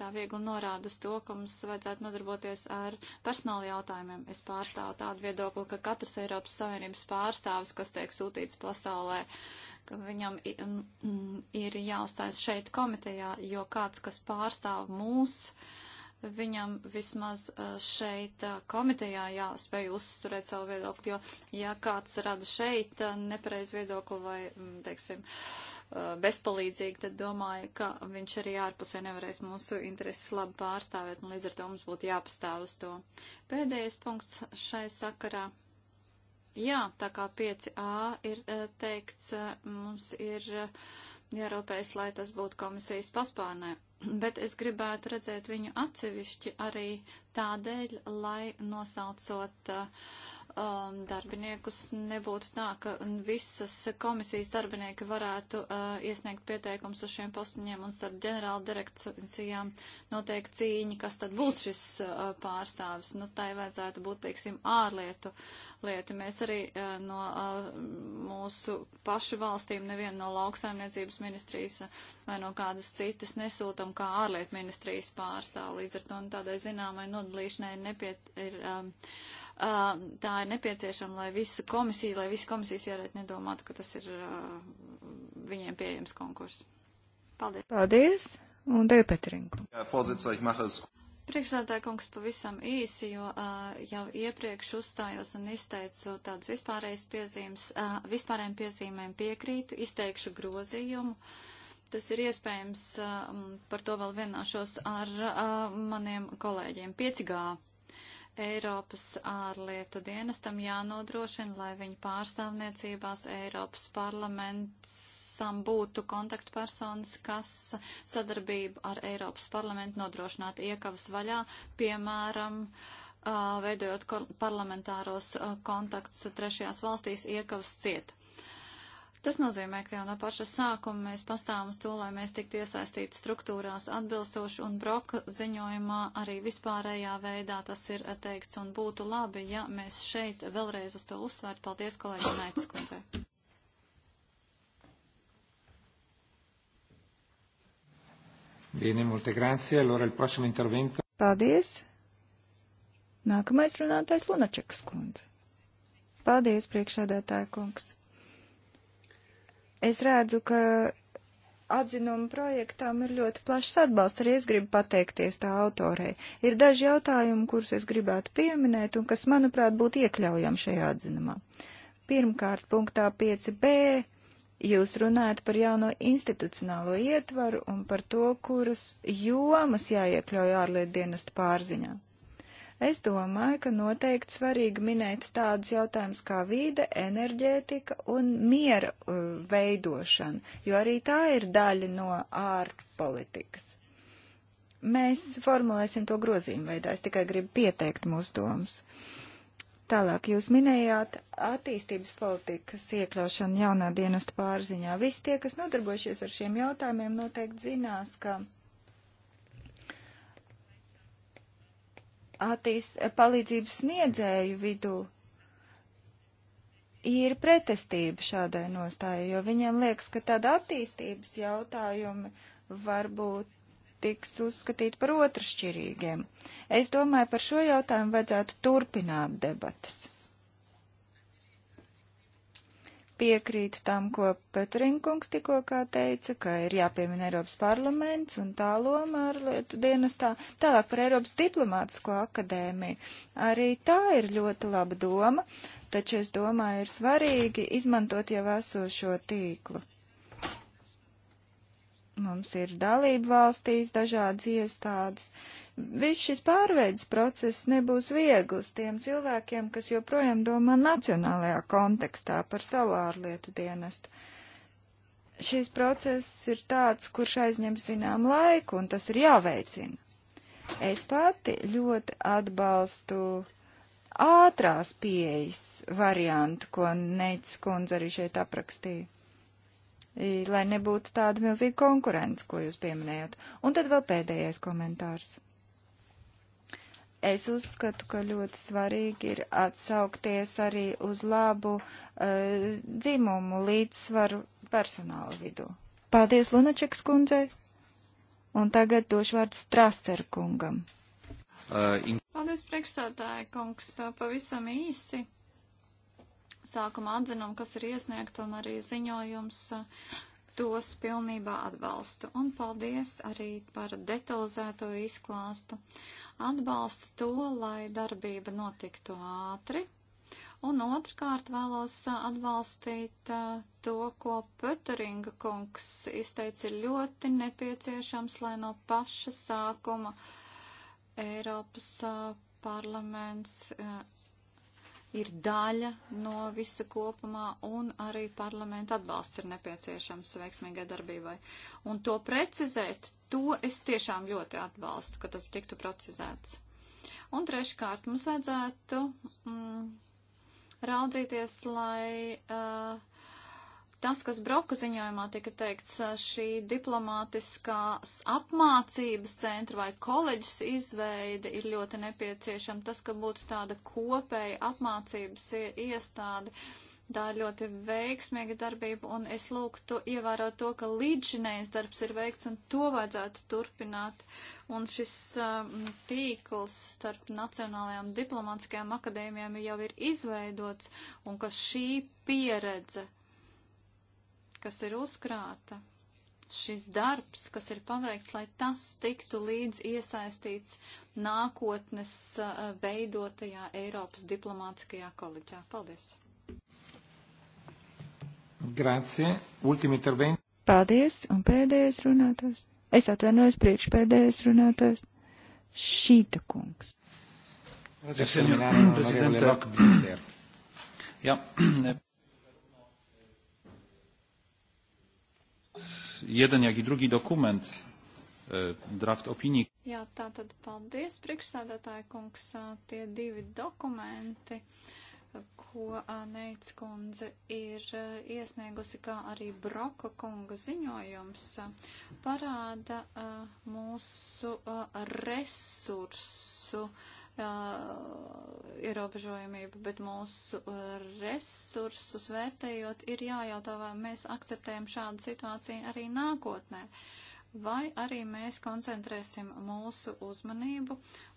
tā viegli norāda uz to, ka mums vajadzētu nodarboties ar personāla jautājumiem. Es pārstāvu tādu viedokli, ka katrs Eiropas Savienības pārstāvis, kas tiek sūtīts pasaulē, ka viņam mm, ir jāuzstājas šeit komitejā, jo kāds, kas pārstāv mūs, viņam vismaz šeit komitejā jāspēj uzturēt savu viedokli, jo ja kāds rada šeit nepareiz viedokli vai, mm, teiksim, uh, Uh, bezpalīdzīgi, tad domāju, ka viņš arī ārpusē nevarēs mūsu intereses labi pārstāvēt, un līdz ar to mums būtu jāpastāv uz to. Pēdējais punkts šai sakarā. Jā, tā kā 5a ir uh, teikts, uh, mums ir jāropējas, lai tas būtu komisijas paspārnē. [CLEARS THROAT] Bet es gribētu redzēt viņu atsevišķi arī tādēļ, lai nosaucot uh, um, darbiniekus, nebūtu tā, ka visas komisijas darbinieki varētu uh, iesniegt pieteikums uz šiem postiņiem un starp ģenerāla direkcijām notiek cīņa, kas tad būs šis uh, pārstāvis. Nu, tai vajadzētu būt, teiksim, ārlietu lieta. Mēs arī uh, no uh, mūsu pašu valstīm nevienu no lauksaimniecības ministrijas uh, vai no kādas citas nesūtam kā ārlietu ministrijas pārstāvu. Līdz ar to nu, tādai zināmai nodalīšanai nepiet ir. Um, tā ir nepieciešama, lai visa komisija, lai visi komisijas ierēt nedomātu, ka tas ir viņiem pieejams konkurss. Paldies. Paldies. Un tev, Petringu. Jā, Fozicā, ich mache es. Priekšsēdētāja kungs pavisam īsi, jo uh, jau iepriekš uzstājos un izteicu tādas vispārējas piezīmes, uh, vispārējiem piezīmēm piekrītu, izteikšu grozījumu. Tas ir iespējams, uh, par to vēl vienāšos ar uh, maniem kolēģiem. 5G Eiropas ārlietu dienestam jānodrošina, lai viņa pārstāvniecībās Eiropas parlamentsam būtu kontaktpersonas, kas sadarbību ar Eiropas parlamentu nodrošinātu iekavas vaļā, piemēram, veidojot parlamentāros kontaktus trešajās valstīs iekavas ciet. Tas nozīmē, ka jau no paša sākuma mēs pastāvam uz to, lai mēs tiktu iesaistīti struktūrās atbilstoši un broka ziņojumā arī vispārējā veidā tas ir eh, teikts un būtu labi, ja mēs šeit vēlreiz uz to uzsvērtu. Paldies, kolēģi Naitas kundze. Bene, molte grazie. Allora il prossimo intervento. Paldies. Nākamais runātājs Lunačekas kundze. Paldies, priekšsēdētāja kungs. Es redzu, ka atzinuma projektām ir ļoti plašs atbalsts, arī es gribu pateikties tā autorei. Ir daži jautājumi, kurus es gribētu pieminēt un kas, manuprāt, būtu iekļaujami šajā atzinumā. Pirmkārt, punktā 5b jūs runājat par jauno institucionālo ietvaru un par to, kuras jomas jāiekļauj ārlietu dienesta pārziņā. Es domāju, ka noteikti svarīgi minēt tādus jautājumus kā vīde, enerģētika un miera uh, veidošana, jo arī tā ir daļa no ārpolitikas. Mēs formulēsim to grozījumu veidā, es tikai gribu pieteikt mūsu domas. Tālāk jūs minējāt attīstības politikas iekļaušanu jaunā dienesta pārziņā. Visi tie, kas nodarbojušies ar šiem jautājumiem, noteikti zinās, ka attīs, eh, palīdzības sniedzēju vidū ir pretestība šādai nostājai, jo viņiem liekas, ka tāda attīstības jautājumi varbūt tiks uzskatīti par otršķirīgiem. Es domāju, par šo jautājumu vajadzētu turpināt debatas piekrītu tam, ko Petrinkungs tikko teica, ka ir jāpiemina Eiropas parlaments un tā loma ārlietu dienestā. Tālāk par Eiropas diplomātisko akadēmiju. Arī tā ir ļoti laba doma, taču es domāju, ir svarīgi izmantot jau esošo tīklu. Mums ir dalību valstīs dažādas iestādes. Uh, Viss šis pārveids process nebūs viegls tiem cilvēkiem, kas joprojām domā nacionālajā kontekstā par savu ārlietu dienestu. Šis process ir tāds, kurš aizņem zinām laiku, un tas ir jāveicina. Es pati ļoti atbalstu ātrās pieejas variantu, ko Neits kundze arī šeit aprakstīja. Lai nebūtu tāda milzīga konkurence, ko jūs pieminējat. Un tad vēl pēdējais komentārs. Es uzskatu, ka ļoti svarīgi ir atsaukties arī uz labu uh, dzimumu līdzsvaru personāla vidū. Paldies Lunačeks kundzei, un tagad došu vārdu Strascer kungam. Uh, in... Paldies priekšsētāja kungs, uh, pavisam īsi. Sākumā atzinām, kas ir iesniegt, un arī ziņojums. Uh, tos pilnībā atbalstu. Un paldies arī par detalizēto izklāstu. Atbalstu to, lai darbība notiktu ātri. Un otrkārt vēlos atbalstīt to, ko Pöteringa kungs izteica ir ļoti nepieciešams, lai no paša sākuma Eiropas parlaments ir daļa no visa kopumā, un arī parlamenta atbalsts ir nepieciešams veiksmīgai darbībai. Un to precizēt, to es tiešām ļoti atbalstu, ka tas tiktu precizēts. Un treškārt, mums vajadzētu mm, raudzīties, lai. Uh, tas, kas Broka ziņojumā tika teikts, šī diplomātiskās apmācības centra vai koleģis izveide ir ļoti nepieciešama. Tas, ka būtu tāda kopēja apmācības iestāde, tā ir ļoti veiksmīga darbība, un es lūgtu ievērot to, ka līdzinējs darbs ir veikts, un to vajadzētu turpināt. Un šis um, tīkls starp nacionālajām diplomātiskajām akadēmijām jau ir izveidots, un ka šī pieredze kas ir uzkrāta, šis darbs, kas ir paveikts, lai tas tiktu līdz iesaistīts nākotnes uh, veidotajā Eiropas diplomātiskajā koledžā. Paldies! Grācie. Ultimi interventi. Paldies, un pēdējais runātājs. Es atvainojos, priekšpēdējais runātājs. Šīta kungs. Grazie, senjor prezidente. Jā. jeden, jak i drugi dokument, e, draft opinii. Jā, tā tad paldies, priekšsādātāja kungs, tie divi dokumenti, ko Neits kundze ir iesniegusi, kā arī Broka kunga ziņojums, parāda mūsu resursu ierobežojamību, bet mūsu resursus vērtējot ir jājautā, vai mēs akceptējam šādu situāciju arī nākotnē. Uh, vai arī mēs koncentrēsim mūsu uzmanību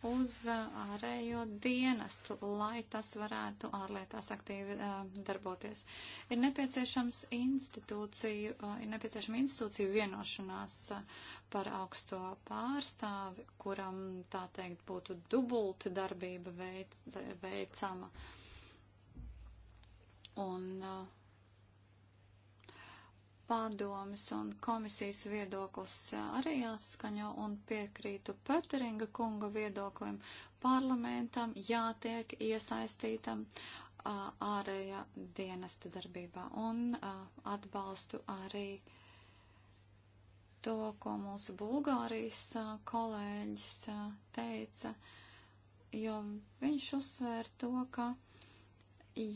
uz uh, ārējo dienestu, lai tas varētu ārlietās aktīvi uh, darboties. Ir nepieciešams institūciju, uh, ir nepieciešama institūciju vienošanās par augsto pārstāvi, kuram tā teikt būtu dubulta darbība veic, veicama. Un uh, padomas un komisijas viedoklis eh, arī jāsaskaņo un piekrītu Pöteringa kunga viedoklim. Parlamentam jātiek iesaistītam ārējā dienesta darbībā un a, atbalstu arī to, ko mūsu Bulgārijas a, kolēģis a, teica, jo viņš uzsvēra to, ka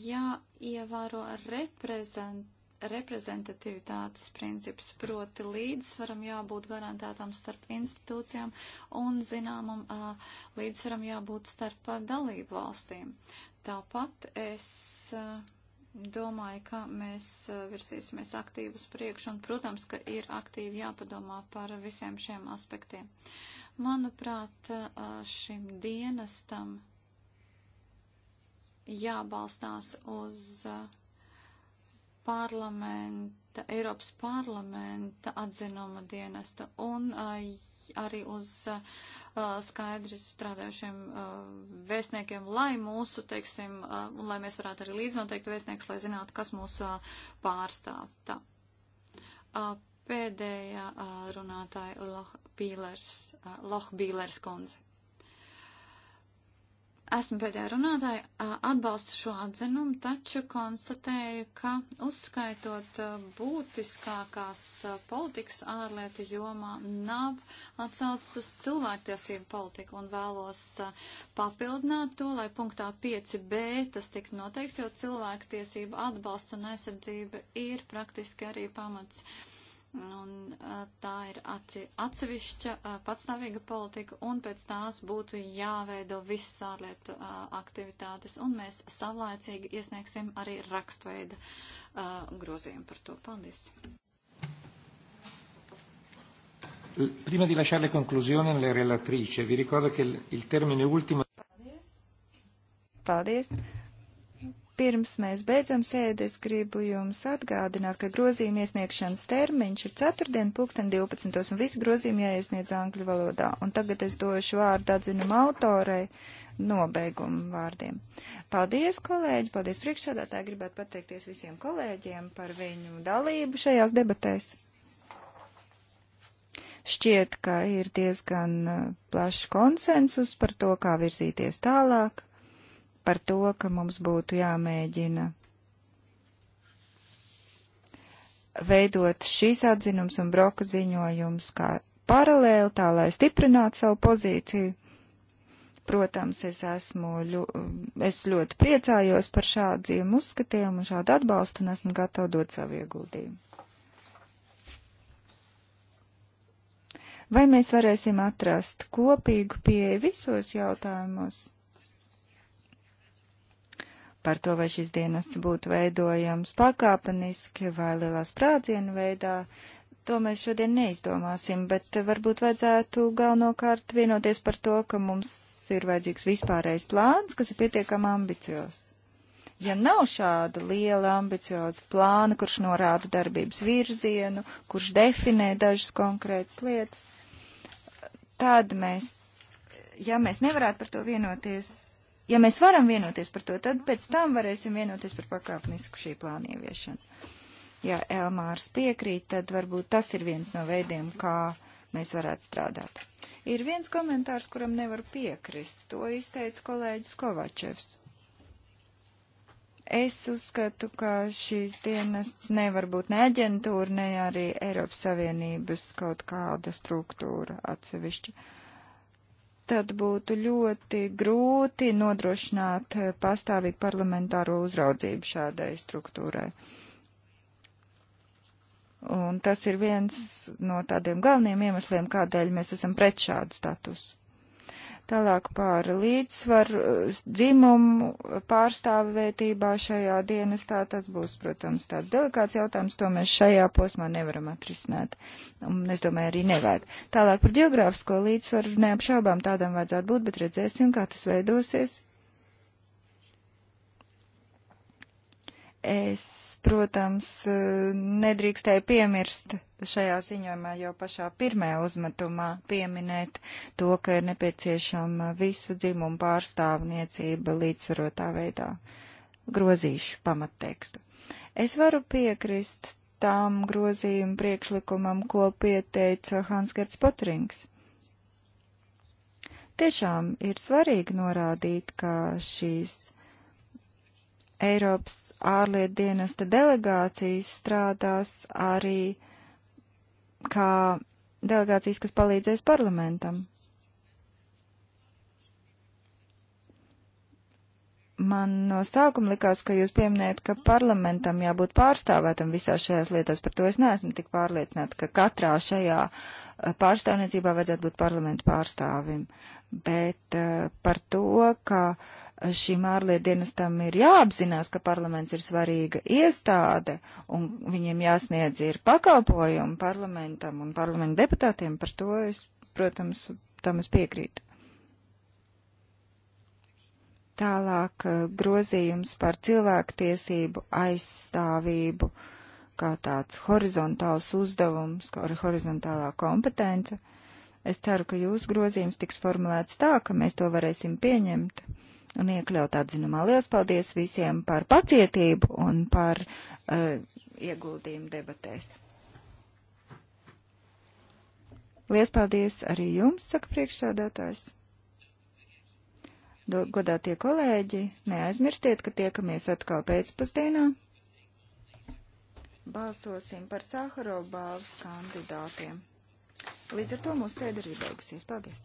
jāievēro reprezent reprezentativitātes princips, proti līdzsvaram jābūt garantētām starp institūcijām un zināmam līdzsvaram jābūt starp dalību valstīm. Tāpat es domāju, ka mēs virsīsimies aktīvi uz priekšu un, protams, ka ir aktīvi jāpadomā par visiem šiem aspektiem. Manuprāt, šim dienestam jābalstās uz uh, parlamenta, Eiropas parlamenta atzinuma dienesta un arī uz skaidri strādājušiem vēstniekiem, lai mūsu, teiksim, un lai mēs varētu arī līdznoteikt vēstnieks, lai zinātu, kas mūs pārstāv. Tā. Pēdējā runātāja Lohbīlers, Lohbīlers kundze. Esmu pēdējā runātāja, atbalstu šo atzinumu, taču konstatēju, ka uzskaitot būtiskākās politikas ārlietu jomā nav atsaucas uz cilvēktiesību politiku un vēlos papildināt to, lai punktā 5b tas tik noteikts, jo cilvēktiesība atbalsts un aizsardzība ir praktiski arī pamats Un tā ir atsevišķa patstāvīga politika, un pēc tās būtu jāveido visas ārlietu aktivitātes, un mēs savlaicīgi iesniegsim arī rakstveida grozījumu par to. Paldies! Prima di lasciare le conclusioni alla relatrice, vi ricordo che il termine ultimo. Paldies. Paldies. Pirms mēs beidzam sēdi, es gribu jums atgādināt, ka grozījuma iesniegšanas termiņš ir ceturtdien, pulksten 12. un visi grozījumi jāiesniedz angļu valodā. Un tagad es došu vārdu atzinumu autorei nobeigumu vārdiem. Paldies, kolēģi, paldies priekšsādātāji, gribētu pateikties visiem kolēģiem par viņu dalību šajās debatēs. Šķiet, ka ir diezgan eh, plašs konsensus par to, kā virzīties tālāk par to, ka mums būtu jāmēģina veidot šīs atzinums un broka ziņojums kā paralēli, tā lai stiprinātu savu pozīciju. Protams, es esmu, ļu, es ļoti priecājos par šādiem uzskatiem un šādu atbalstu un esmu gatava dot savu ieguldījumu. Vai mēs varēsim atrast kopīgu pieeju visos jautājumos? par to, vai šis dienests būtu veidojams pakāpeniski vai lielā sprādziena veidā. To mēs šodien neizdomāsim, bet varbūt vajadzētu galvenokārt vienoties par to, ka mums ir vajadzīgs vispārējais plāns, kas ir pietiekami ambiciozs. Ja nav šāda liela ambicioza plāna, kurš norāda darbības virzienu, kurš definē dažas konkrētas lietas, tad mēs, ja mēs nevarētu par to vienoties, ja mēs varam vienoties par to, tad pēc tam varēsim vienoties par pakāpnisku šī plāna ieviešanu. Ja Elmārs piekrīt, tad varbūt tas ir viens no veidiem, kā mēs varētu strādāt. Ir viens komentārs, kuram nevar piekrist. To izteica kolēģis Kovačevs. Es uzskatu, ka šīs dienests nevar būt ne aģentūra, ne arī Eiropas Savienības kaut kāda struktūra atsevišķa. Uh, tad būtu ļoti grūti nodrošināt eh, pastāvīgu parlamentāro uzraudzību šādai struktūrai. Un tas ir viens no tādiem galvenajiem iemesliem, kādēļ mēs esam pret šādu statusu. Tālāk pār līdzsvaru eh, dzimumu pārstāvvētībā šajā dienestā tas būs, protams, tāds delikāts jautājums, to mēs šajā posmā nevaram atrisināt. Un es domāju, arī nevajag. Tālāk par geogrāfisko līdzsvaru neapšaubām tādam vajadzētu būt, bet redzēsim, kā tas veidosies. Es, protams, nedrīkstēju piemirst šajā ziņojumā jau pašā pirmajā uzmetumā pieminēt to, ka ir nepieciešama visu dzimumu pārstāvniecība līdzsvarotā veidā. Grozīšu pamattekstu. Es varu piekrist tām grozījumu priekšlikumam, ko pieteica Hansgerts Potrings. Tiešām ir svarīgi norādīt, ka šīs Eiropas ārlietu dienesta delegācijas strādās arī kā delegācijas, kas palīdzēs parlamentam. Man no sākuma likās, ka jūs pieminējat, ka parlamentam jābūt pārstāvētam visās šajās lietās. Par to es neesmu tik pārliecināta, ka katrā šajā eh, pārstāvniecībā vajadzētu būt parlamentu pārstāvim. Bet uh, par to, ka uh, šīm ārlietu dienestām ir jāapzinās, ka parlaments ir svarīga iestāde un viņiem jāsniedz ir pakalpojumi parlamentam un parlamentu deputātiem. Par to es, protams, tam es piekrītu. Tālāk eh, grozījums par cilvēktiesību aizstāvību kā tāds horizontāls uzdevums, kā arī horizontālā kompetence. Es ceru, ka jūsu grozījums tiks formulēts tā, ka mēs to varēsim pieņemt un iekļaut atzinumā. Lielas paldies visiem par pacietību un par uh, ieguldījumu debatēs. Lielas paldies arī jums, saka priekšsādātājs. Godātie kolēģi, neaizmirstiet, ka tiekamies atkal pēcpusdienā. Balsosim par Sāharovu balvas kandidātiem. Līdz ar to mūsu sēde ir beigusies. Paldies!